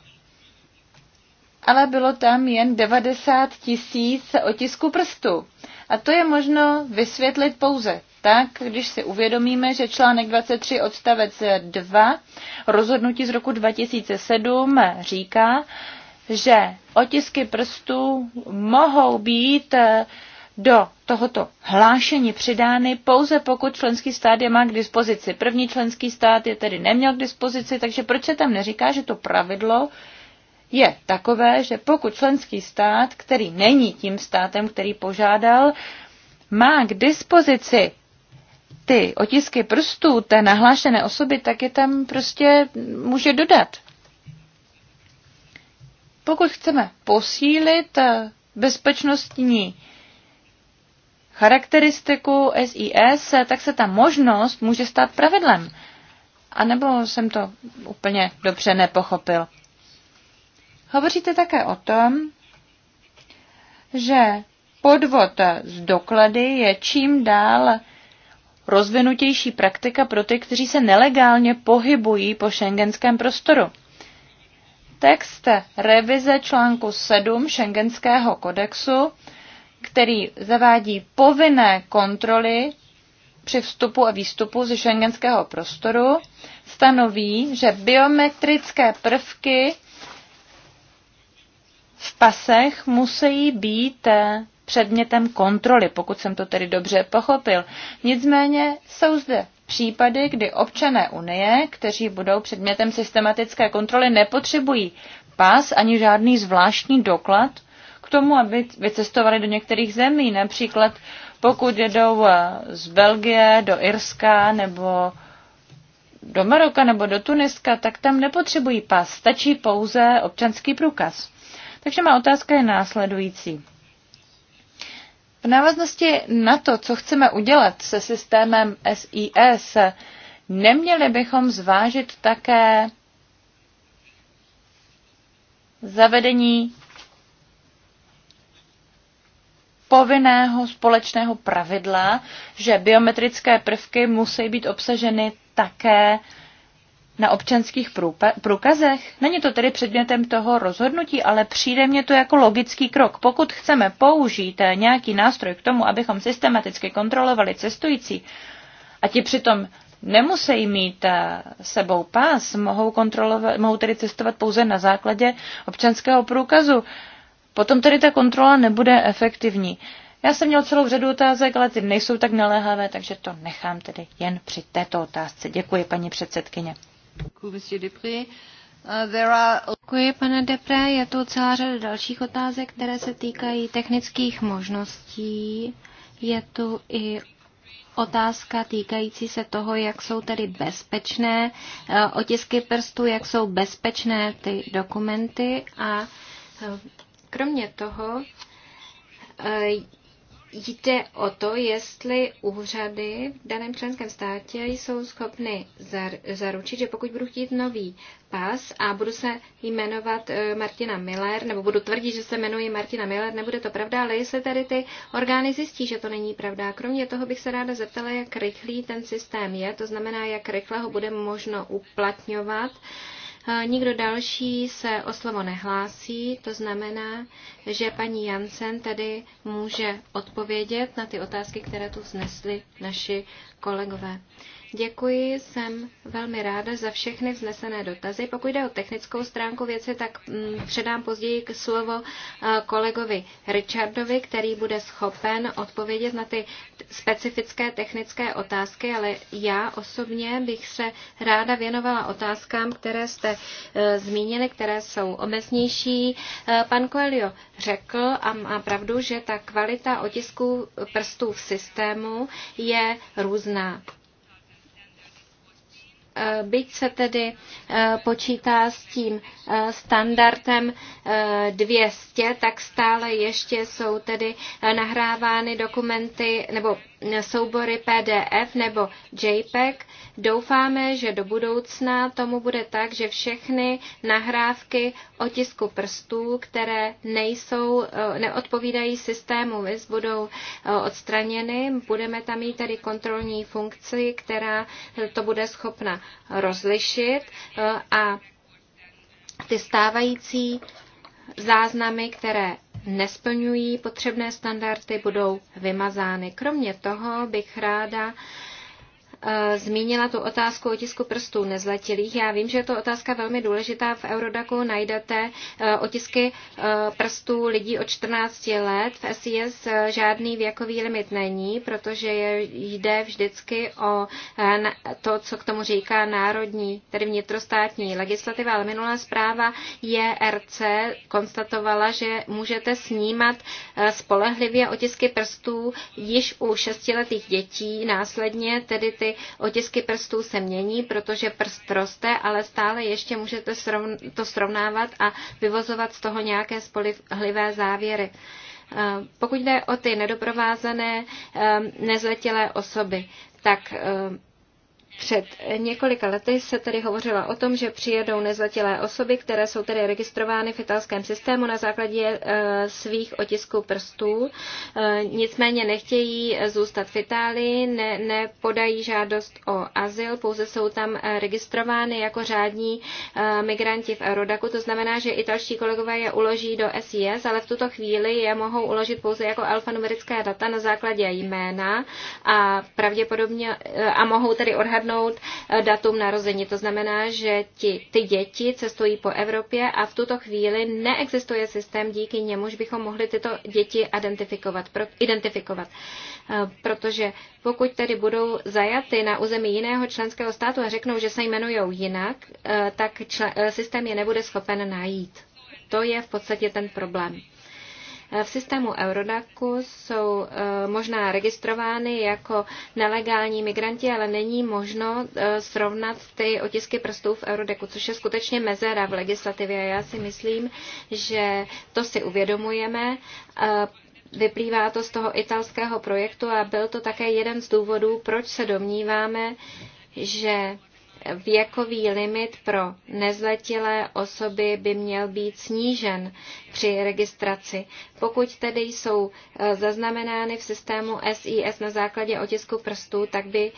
ale bylo tam jen 90 tisíc otisků prstů. A to je možno vysvětlit pouze tak, když si uvědomíme, že článek 23 odstavec 2 rozhodnutí z roku 2007 říká, že otisky prstů mohou být eh, do tohoto hlášení přidány pouze pokud členský stát je má k dispozici. První členský stát je tedy neměl k dispozici, takže proč se tam neříká, že to pravidlo je takové, že pokud členský stát, který není tím státem, který požádal, má k dispozici ty otisky prstů té nahlášené osoby, tak je tam prostě může dodat. Pokud chceme posílit eh, bezpečnostní charakteristiku SIS, eh, tak se ta možnost může stát pravidlem. A nebo jsem to úplně dobře nepochopil. Hovoříte také o tom, že podvod z doklady je čím dál rozvinutější praktika pro ty, kteří se nelegálně pohybují po šengenském prostoru. Text revize článku 7 šengenského kodexu, který zavádí povinné kontroly při vstupu a výstupu ze šengenského prostoru, stanoví, že biometrické prvky v pasech musí být eh, předmětem kontroly, pokud jsem to tedy dobře pochopil. Nicméně jsou zde případy, kdy občané Unie, kteří budou předmětem systematické kontroly, nepotřebují pas ani žádný zvláštní doklad k tomu, aby vycestovali do některých zemí. Například pokud jedou eh, z Belgie do Irska nebo do Maroka nebo do Tuniska, tak tam nepotřebují pas, stačí pouze občanský průkaz. Takže má otázka je následující. V návaznosti na to, co chceme udělat se systémem SIS, neměli bychom zvážit také zavedení povinného společného pravidla, že biometrické prvky musí být obsaženy také na občanských průkazech? Není to tedy předmětem toho rozhodnutí, ale přijde mě to jako logický krok. Pokud chceme použít eh, nějaký nástroj k tomu, abychom systematicky kontrolovali cestující, a ti přitom nemusí mít eh, sebou pás, mohou, kontrolovat, mohou tedy cestovat pouze na základě občanského průkazu, potom tedy ta kontrola nebude efektivní. Já jsem měl celou řadu otázek, ale ty nejsou tak naléhavé, takže to nechám tedy jen při této otázce. Děkuji, paní předsedkyně. Uh, Děkuji, pane Depré. Je tu celá řada dalších otázek, které se týkají technických možností. Je tu i otázka týkající se toho, jak jsou tedy bezpečné eh, otisky prstů, jak jsou bezpečné ty dokumenty a eh, kromě toho eh, jde o to, jestli úřady v daném členském státě jsou schopny zaručit, že pokud budu chtít nový pas a budu se jmenovat eh, Martina Miller, nebo budu tvrdit, že se jmenuji Martina Miller, nebude to pravda, ale jestli tady ty orgány zjistí, že to není pravda. Kromě toho bych se ráda zeptala, jak rychlý ten systém je, to znamená, jak rychle ho bude možno uplatňovat. Uh, Nikdo další se o slovo nehlásí, to znamená, že paní Jansen tedy může odpovědět na ty otázky, které tu vznesly naši kolegové. Děkuji, jsem velmi ráda za všechny vznesené dotazy. Pokud jde o technickou stránku věci, tak mm, předám později k slovo eh, kolegovi Richardovi, který bude schopen odpovědět na ty specifické technické otázky, ale já osobně bych se ráda věnovala otázkám, které jste eh, zmínili, které jsou obecnější. Eh, pan Coelho řekl a má pravdu, že ta kvalita otisků prstů v systému je různá. Eh, byť se tedy eh, počítá s tím eh, standardem 200, tak stále ještě jsou tedy nahrávány dokumenty nebo soubory PDF nebo JPEG. Doufáme, že do budoucna tomu bude tak, že všechny nahrávky otisku prstů, které nejsou, eh, neodpovídají systému VIS, budou eh, odstraněny. Budeme tam mít tedy kontrolní funkci, která to bude schopna rozlišit eh, a ty stávající záznamy, které nesplňují potřebné standardy, budou vymazány. Kromě toho bych ráda Eh, zmínila tu otázku otisku prstů nezletilých. Já vím, že je to otázka velmi důležitá. V Eurodaku najdete eh, otisky eh, prstů lidí od 14 let. V SIS žádný věkový limit není, protože jde vždycky o to, co k tomu říká národní, tedy vnitrostátní legislativa, ale minulá zpráva JRC konstatovala, že můžete snímat spolehlivě otisky prstů již u šestiletých dětí, následně tedy ty otisky prstů se mění, protože prst roste, ale stále ještě můžete to srovnávat a vyvozovat z toho nějaké spolehlivé závěry. Eh, pokud jde o ty nedoprovázené eh, nezletilé osoby, tak eh, před několika lety se tedy hovořila o tom, že přijedou nezletilé osoby, které jsou tedy registrovány v italském systému na základě eh, svých otisků prstů. Eh, nicméně nechtějí eh, zůstat v Itálii, ne, nepodají žádost o azyl, pouze jsou tam registrovány jako řádní migranti v Eurodaku. To znamená, že italští kolegové je uloží do SIS, ale v tuto chvíli je mohou uložit pouze jako alfanumerická data na základě jména a pravděpodobně a mohou tedy odhadnout, odhadnout eh, datum narození. To znamená, že ti, ty děti cestují po Evropě a v tuto chvíli neexistuje systém, díky němuž bychom mohli tyto děti identifikovat. Pro, identifikovat. Eh, protože pokud tedy budou zajaty na území jiného členského státu a řeknou, že se jmenují jinak, eh, tak čl- systém je nebude schopen najít. To je v podstatě ten problém v systému Eurodacu jsou eh, možná registrovány jako nelegální migranti, ale není možno eh, srovnat ty otisky prstů v Eurodacu, což je skutečně mezera v legislativě. Já si myslím, že to si uvědomujeme. Eh, vyplývá to z toho italského projektu a byl to také jeden z důvodů, proč se domníváme, že věkový limit pro nezletilé osoby by měl být snížen při registraci. Pokud tedy jsou e, zaznamenány v systému SIS na základě otisku prstů, tak by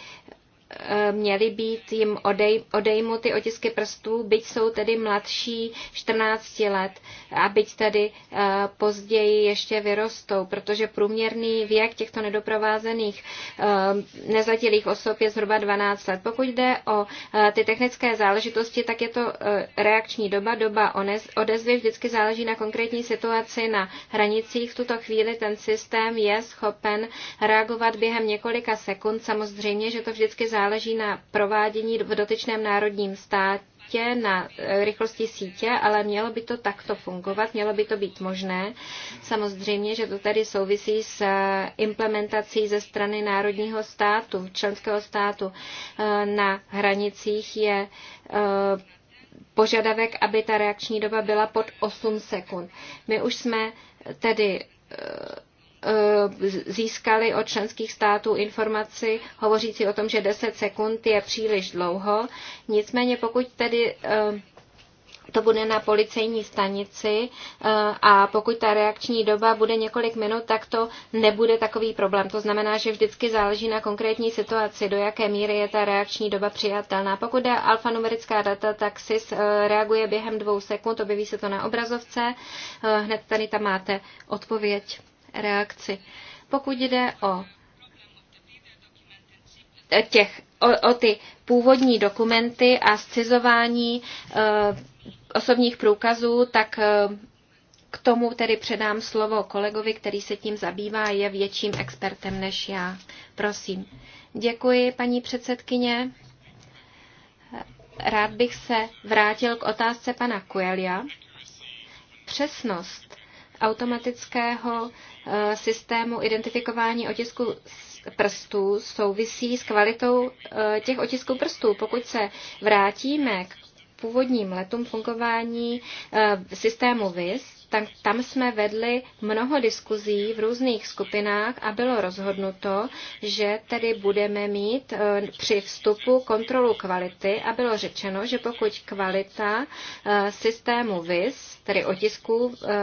měly být jim odej, odejmuty otisky prstů, byť jsou tedy mladší 14 let a byť tedy eh, později ještě vyrostou, protože průměrný věk těchto nedoprovázených eh, nezletilých osob je zhruba 12 let. Pokud jde o eh, ty technické záležitosti, tak je to reakční doba, doba odezvy, vždycky záleží na konkrétní situaci na hranicích. V tuto chvíli ten systém je schopen reagovat během několika sekund. Samozřejmě, že to vždycky záleží záleží na provádění v dotyčném národním státě na eh, rychlosti sítě, ale mělo by to takto fungovat, mělo by to být možné. Samozřejmě, že to tady souvisí s eh, implementací ze strany národního státu, členského státu. Eh, na hranicích je požadavek, aby ta reakční doba byla pod 8 sekund. My už jsme tedy Eh, získali od členských států informaci hovořící o tom, že 10 sekund je příliš dlouho. Nicméně pokud tedy eh, to bude na policejní stanici eh, a pokud ta reakční doba bude několik minut, tak to nebude takový problém. To znamená, že vždycky záleží na konkrétní situaci, do jaké míry je ta reakční doba přijatelná. Pokud je alfanumerická data, tak SIS reaguje během dvou sekund, objeví se to na obrazovce. Hned tady tam máte odpověď reakci. Pokud jde o těch, o, o ty původní dokumenty a scizování e, osobních průkazů, tak e, k tomu tedy předám slovo kolegovi, který se tím zabývá je větším expertem než já. Prosím. Děkuji, paní předsedkyně. Rád bych se vrátil k otázce pana Kuelia. Přesnost automatického eh, systému identifikování otisku prstů souvisí s kvalitou eh, těch otisků prstů. Pokud se vrátíme k původním letům fungování eh, systému VIS, tak tam jsme vedli mnoho diskuzí v různých skupinách a bylo rozhodnuto, že tedy budeme mít e, při vstupu kontrolu kvality a bylo řečeno, že pokud kvalita e, systému VIS, tedy otisků e,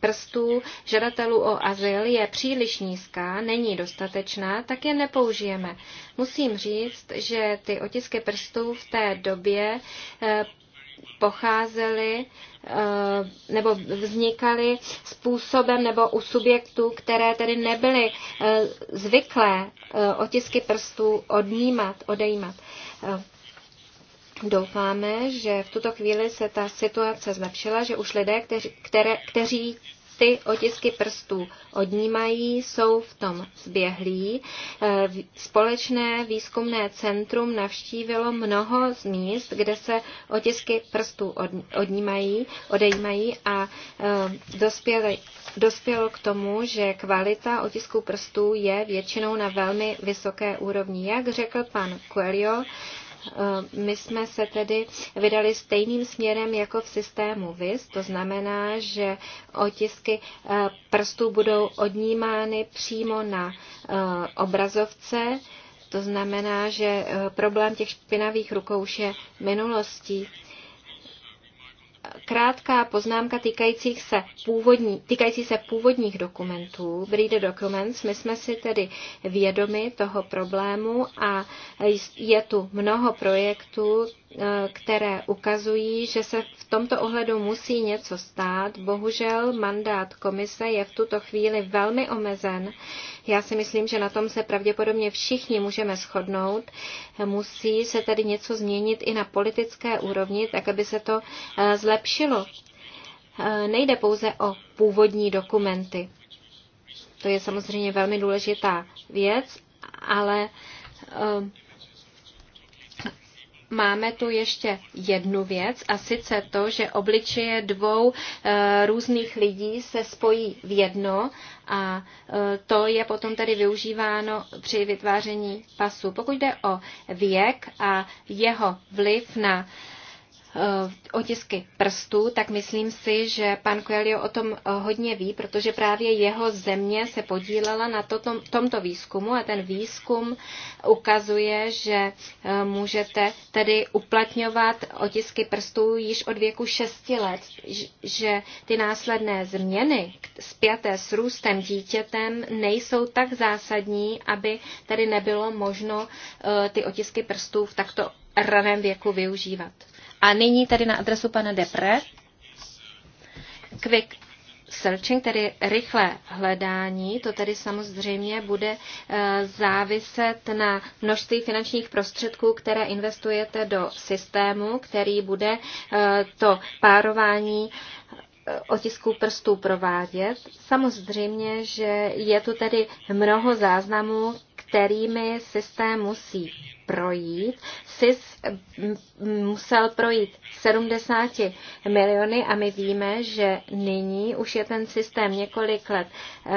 prstů žadatelů o azyl je příliš nízká, není dostatečná, tak je nepoužijeme. Musím říct, že ty otisky prstů v té době pocházely eh, nebo vznikaly způsobem nebo u subjektů, které tedy nebyly eh, zvyklé eh, otisky prstů odnímat, odejímat. Doufáme, že v tuto chvíli se ta situace zlepšila, že už lidé, kteři, které, kteří ty otisky prstů odnímají, jsou v tom zběhlí. Eh, společné výzkumné centrum navštívilo mnoho z míst, kde se otisky prstů odnímají, odejímají a eh, dospěli dospělo k tomu, že kvalita otisků prstů je většinou na velmi vysoké úrovni. Jak řekl pan Coelho, Eh, my jsme se tedy vydali stejným směrem jako v systému VIS, to znamená, že otisky eh, prstů budou odnímány přímo na eh, obrazovce, to znamená, že problém těch špinavých rukou už je minulostí krátká poznámka týkající se, původní, týkající se původních dokumentů, Breeder Documents. My jsme si tedy vědomi toho problému a je tu mnoho projektů, E, které ukazují, že se v tomto ohledu musí něco stát. Bohužel mandát komise je v tuto chvíli velmi omezen. Já si myslím, že na tom se pravděpodobně všichni můžeme shodnout. Musí se tedy něco změnit i na politické úrovni, tak aby se to e, zlepšilo. E, nejde pouze o původní dokumenty. To je samozřejmě velmi důležitá věc, ale máme tu ještě jednu věc a sice to, že obličeje dvou eh, různých lidí se spojí v jedno a eh, to je potom tady využíváno při vytváření pasu. Pokud jde o věk a jeho vliv na e, Eh, otisky prstů, tak myslím si, že pan Coelho o tom eh, hodně ví, protože právě jeho země se podílela na to, tom, tomto výzkumu a ten výzkum ukazuje, že eh, můžete tedy uplatňovat otisky prstů již od věku 6 let, že ty následné změny zpěté s růstem dítětem nejsou tak zásadní, aby tedy nebylo možno ty otisky prstů v takto raném věku využívat. A nyní tady na adresu pana Depre. Quick searching, tedy rychlé hledání, to tedy samozřejmě bude eh, záviset na množství finančních prostředků, které investujete do systému, který bude eh, to párování eh, otisků prstů provádět. Samozřejmě, že je tu tedy mnoho záznamů, kterými systém musí projít. SIS musel projít 70 miliony a my víme, že nyní už je ten systém několik let eh,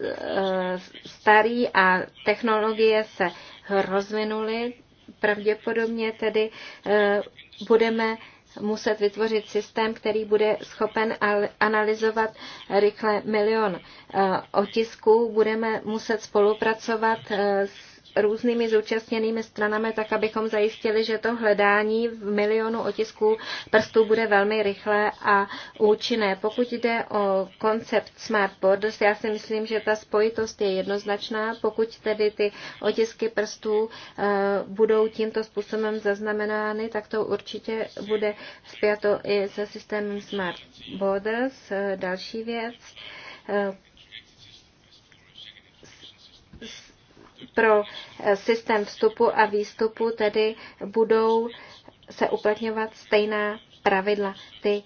eh, starý a technologie se rozvinuly. Pravděpodobně tedy eh, budeme muset vytvořit systém, který bude schopen analyzovat rychle milion eh, otisků. Budeme muset spolupracovat eh, s různými zúčastněnými stranami, tak abychom zajistili, že to hledání v milionu otisků prstů bude velmi rychlé a účinné. Pokud jde o koncept Smart Borders, já si myslím, že ta spojitost je jednoznačná. Pokud tedy ty otisky prstů eh, budou tímto způsobem zaznamenány, tak to určitě bude spjato i se systémem Smart Borders. Eh, další věc eh, pro eh, systém vstupu a výstupu tedy budou se uplatňovat stejná pravidla. Ty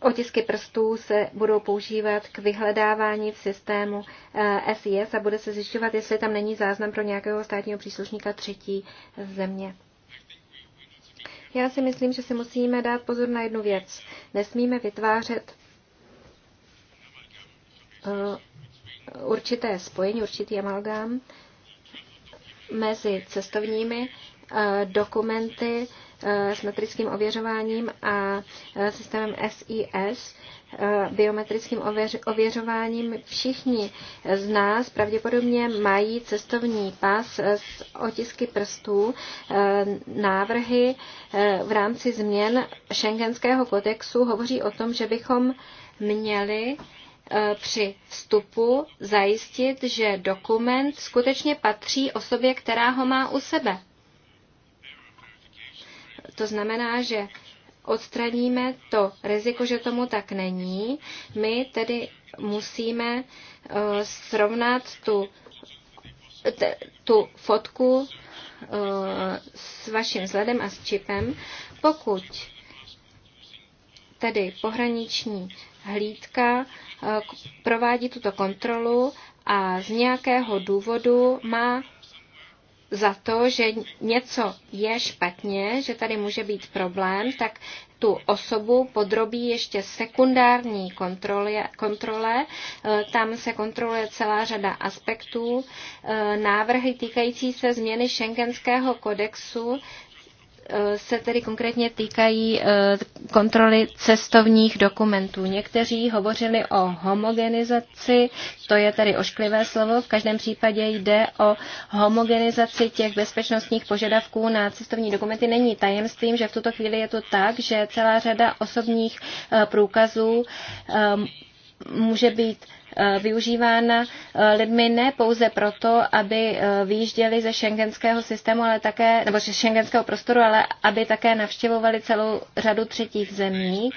Otisky prstů se budou používat k vyhledávání v systému SIS eh, a bude se zjišťovat, jestli tam není záznam pro nějakého státního příslušníka třetí země. Já si myslím, že si musíme dát pozor na jednu věc. Nesmíme vytvářet eh, určité spojení, určitý amalgám mezi cestovními eh, dokumenty eh, s metrickým ověřováním a eh, systémem SIS, biometrickým ověřováním. Všichni z nás pravděpodobně mají cestovní pas s otisky prstů, návrhy v rámci změn šengenského kodexu hovoří o tom, že bychom měli E, při vstupu zajistit, že dokument skutečně patří osobě, která ho má u sebe. To znamená, že odstraníme to riziko, že tomu tak není. My tedy musíme e, srovnat tu, tu fotku e, s vaším vzhledem a s čipem. Pokud tedy pohraniční hlídka eh, provádí tuto kontrolu a z nějakého důvodu má za to, že něco je špatně, že tady může být problém, tak tu osobu podrobí ještě sekundární kontrole, kontrole. Eh, tam se kontroluje celá řada aspektů. Eh, návrhy týkající se změny šengenského kodexu se tedy konkrétně týkají eh, kontroly cestovních dokumentů. Někteří hovořili o homogenizaci, to je tedy ošklivé slovo, v každém případě jde o homogenizaci těch bezpečnostních požadavků na cestovní dokumenty. Není tajemstvím, že v tuto chvíli je to tak, že celá řada osobních eh, průkazů eh, může být Eh, využívána eh, lidmi ne pouze proto, aby eh, vyjížděli ze šengenského systému, ale také, nebo ze šengenského prostoru, ale aby také navštěvovali celou řadu třetích zemí.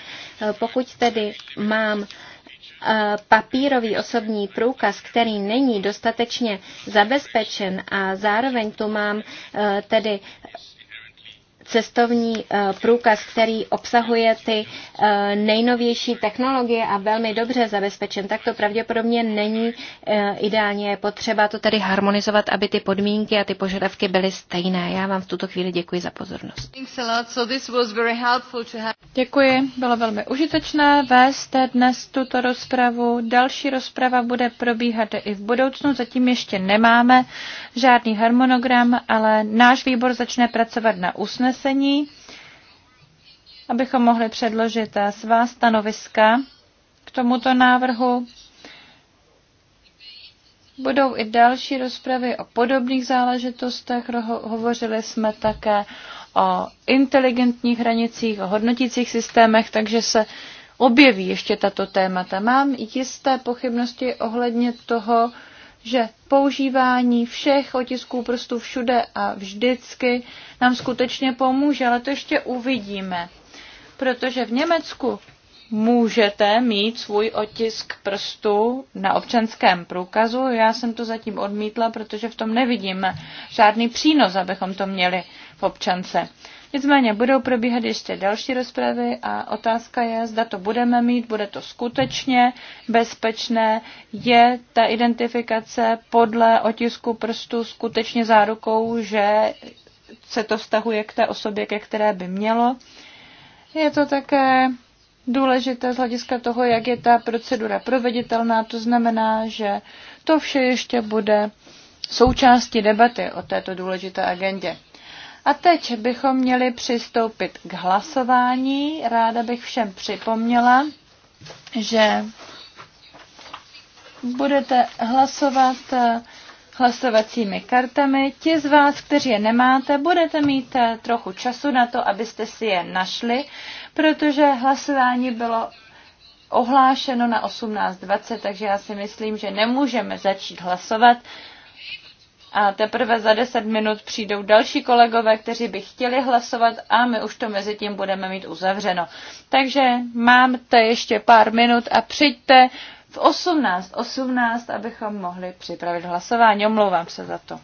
Pokud tedy mám papírový osobní průkaz, který není dostatečně zabezpečen a zároveň tu mám tedy cestovní eh, průkaz, který obsahuje ty eh, nejnovější technologie a velmi dobře zabezpečen, tak to pravděpodobně není eh, ideálně. Je potřeba to tedy harmonizovat, aby ty podmínky a ty požadavky byly stejné. Já vám v tuto chvíli děkuji za pozornost. Děkuji, bylo velmi užitečné vést dnes tuto rozpravu. Další rozprava bude probíhat i v budoucnu. Zatím ještě nemáme žádný harmonogram, ale náš výbor začne pracovat na usnesení usnesení, abychom mohli předložit eh, svá stanoviska k tomuto návrhu. Budou i další rozpravy o podobných záležitostech. Hovořili jsme také o inteligentních hranicích, o hodnotících systémech, takže se objeví ještě tato témata. Mám jisté pochybnosti ohledně toho, že používání všech otisků prstů všude a vždycky nám skutečně pomůže, ale to ještě uvidíme. Protože v Německu můžete mít svůj otisk prstu na občanském průkazu. Já jsem to zatím odmítla, protože v tom nevidím žádný přínos, abychom to měli v občance. Nicméně budou probíhat ještě další rozpravy a otázka je, zda to budeme mít, bude to skutečně bezpečné, je ta identifikace podle otisku prstu skutečně zárukou, že se to vztahuje k té osobě, ke které by mělo. Je to také důležité z hlediska toho, jak je ta procedura proveditelná. To znamená, že to vše ještě bude součástí debaty o této důležité agendě. A teď bychom měli přistoupit k hlasování. Ráda bych všem připomněla, že budete hlasovat eh, hlasovacími kartami. Ti z vás, kteří je nemáte, budete mít eh, trochu času na to, abyste si je našli, protože hlasování bylo ohlášeno na 18.20, takže já si myslím, že nemůžeme začít hlasovat, a teprve za 10 minut přijdou další kolegové, kteří by chtěli hlasovat a my už to mezi tím budeme mít uzavřeno. Takže mám te ještě pár minut a přijďte v 18.18, 18, abychom mohli připravit hlasování. Omlouvám se za to.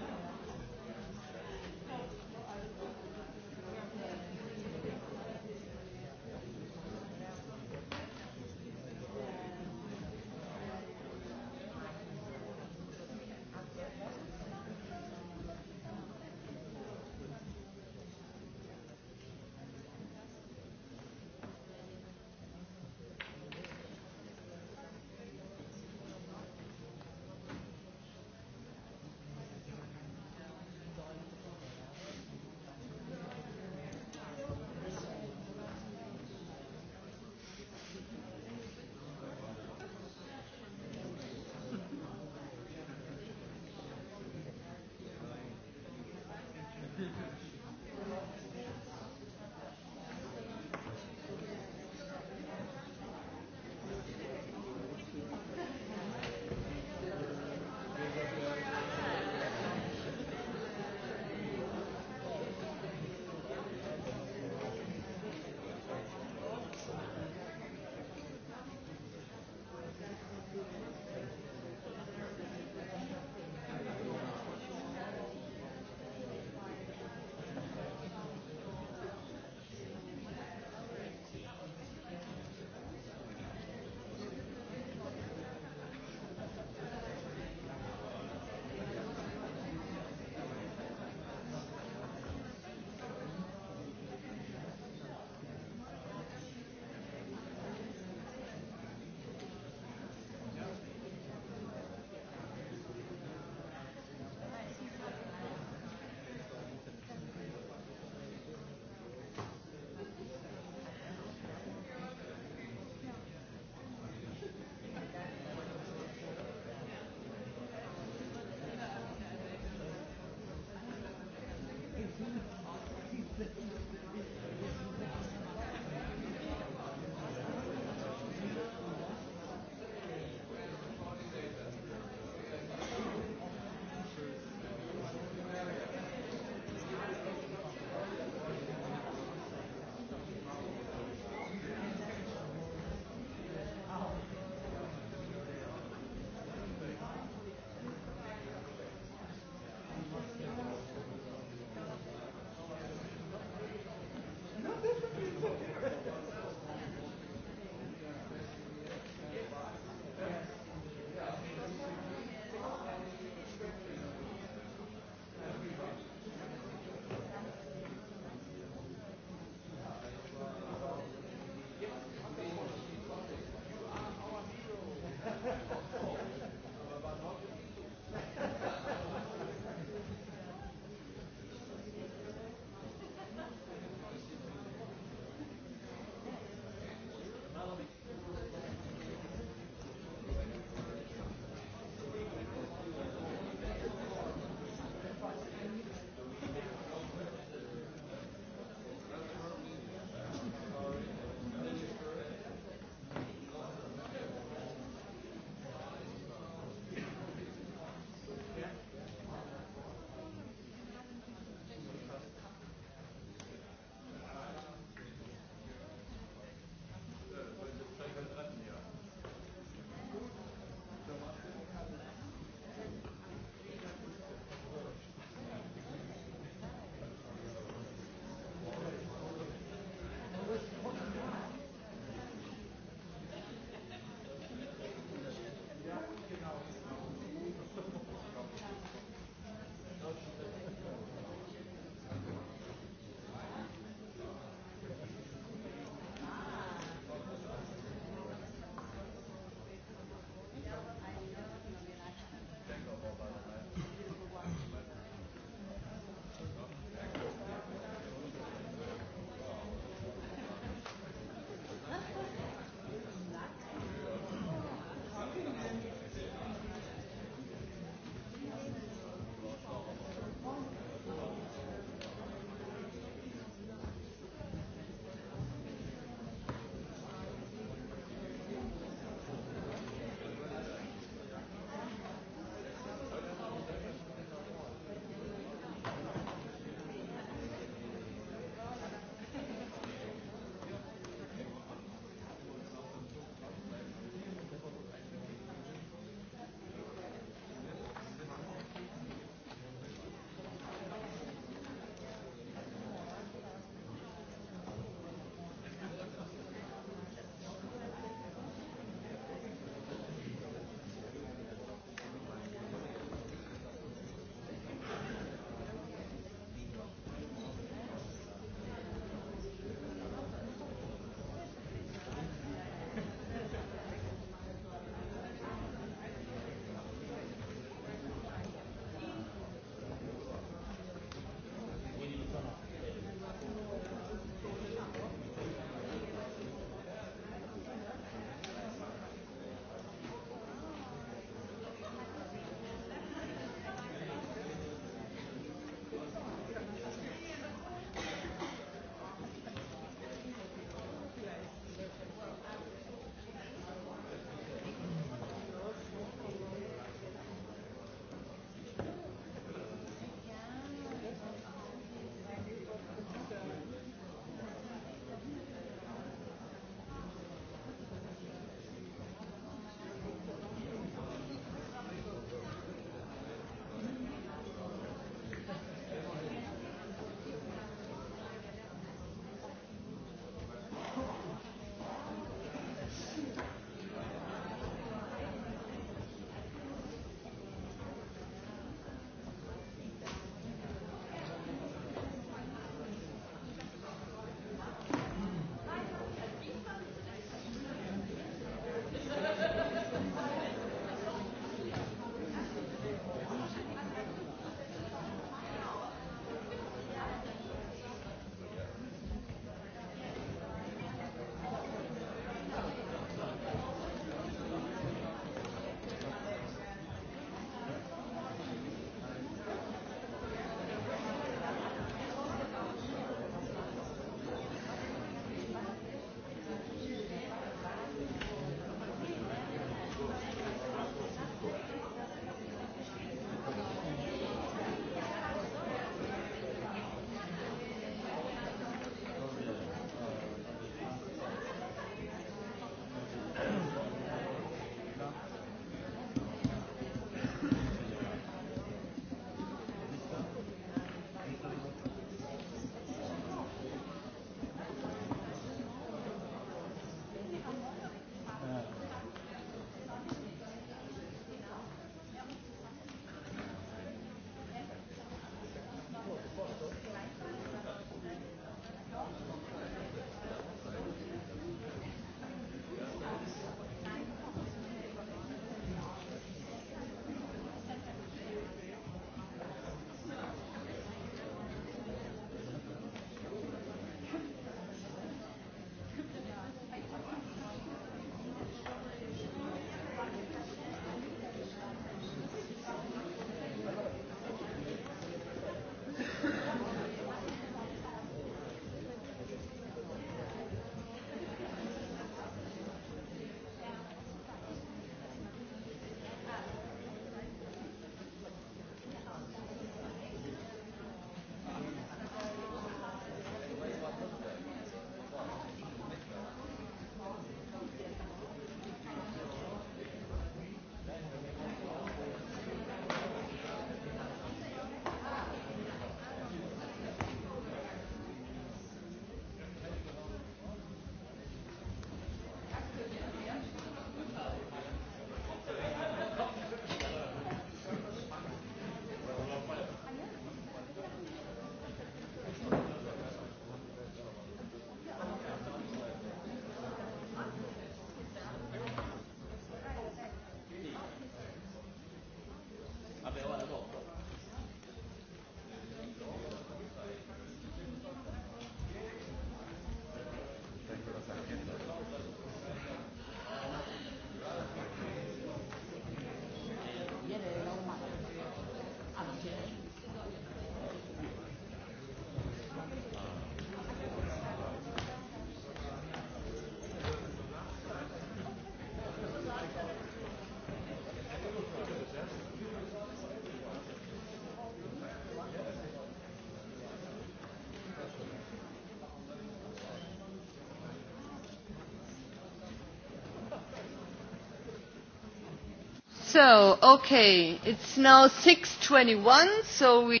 So, okay, it's now 6.21, so we...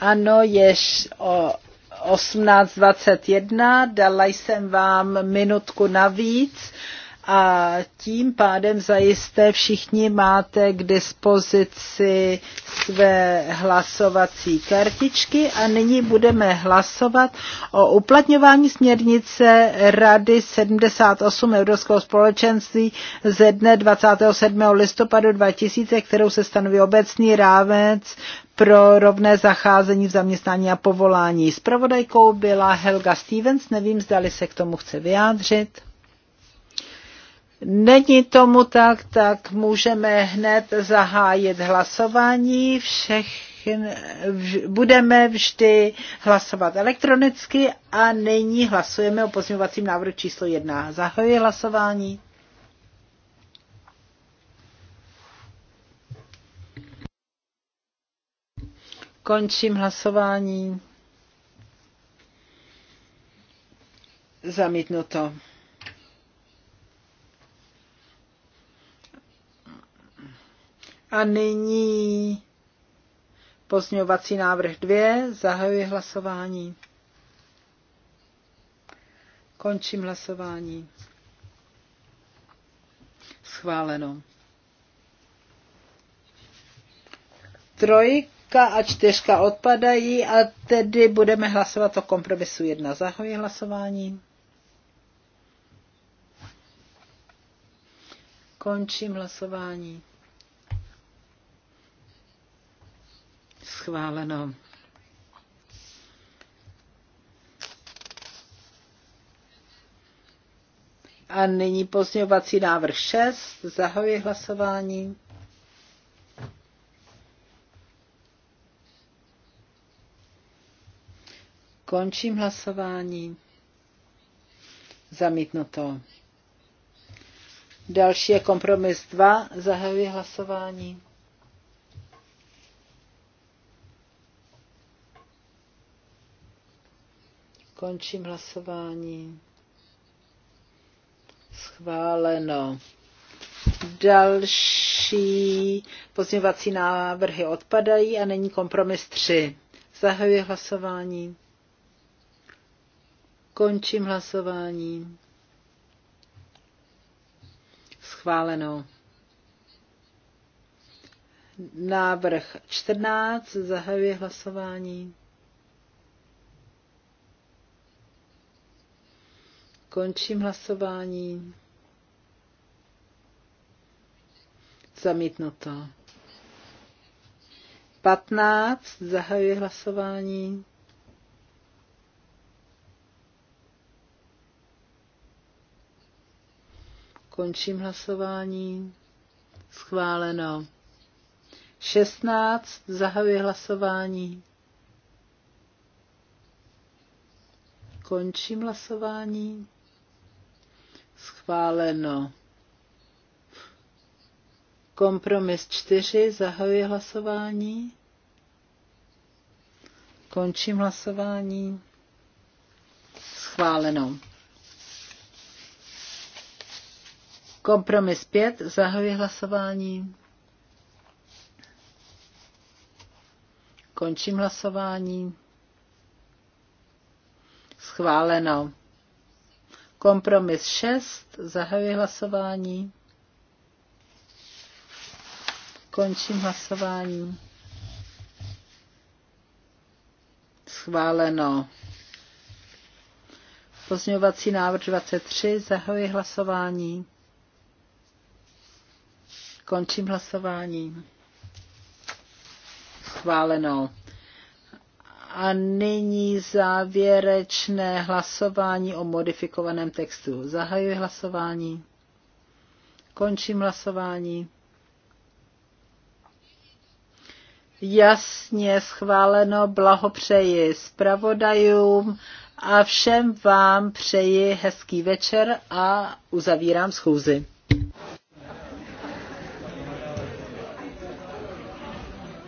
Ano, o 18.21, dala jsem vám minutku navíc a tím pádem zajisté všichni máte k dispozici své hlasovací kartičky a nyní budeme hlasovat o uplatňování směrnice Rady 78 Evropského společenství ze dne 27. listopadu 2000, kterou se stanoví obecný rámec pro rovné zacházení v zaměstnání a povolání. Spravodajkou byla Helga Stevens, nevím, zdali se k tomu chce vyjádřit. Není tomu tak, tak můžeme hned zahájit hlasování. Všech, budeme vždy hlasovat elektronicky a nyní hlasujeme o pozměňovacím návrhu číslo 1. Zahajuji hlasování. Končím hlasování. Zamítnuto. A nyní pozňovací návrh 2. Zahajuji hlasování. Končím hlasování. Schváleno. Trojka a čtyřka odpadají a tedy budeme hlasovat o kompromisu 1. Zahajuji hlasování. Končím hlasování. Schváleno. A nyní pozměňovací návrh 6. Zahajuji hlasování. Končím hlasování. Zamítnuto. Další je kompromis 2. Zahajuji hlasování. Končím hlasování. Schváleno. Další pozměvací návrhy odpadají a není kompromis 3. Zahajuji hlasování. Končím hlasování. Schváleno. Návrh 14. Zahajuji hlasování. Končím hlasování. Zamítnuto. 15. Zahajuji hlasování. Končím hlasování. Schváleno. 16. Zahajuji hlasování. Končím hlasování. Schváleno. Kompromis 4. zahajuje hlasování. Končím hlasování. Schváleno. Kompromis 5. zahajuje hlasování. Končím hlasování. Schváleno. Kompromis 6. Zahajuji hlasování. Končím hlasování. Schváleno. Pozměňovací návrh 23. Zahajuji hlasování. Končím hlasování. Schváleno a nyní závěrečné hlasování o modifikovaném textu. Zahajuji hlasování. Končím hlasování. Jasně schváleno, blahopřeji zpravodajům a všem vám přeji hezký večer a uzavírám schůzi.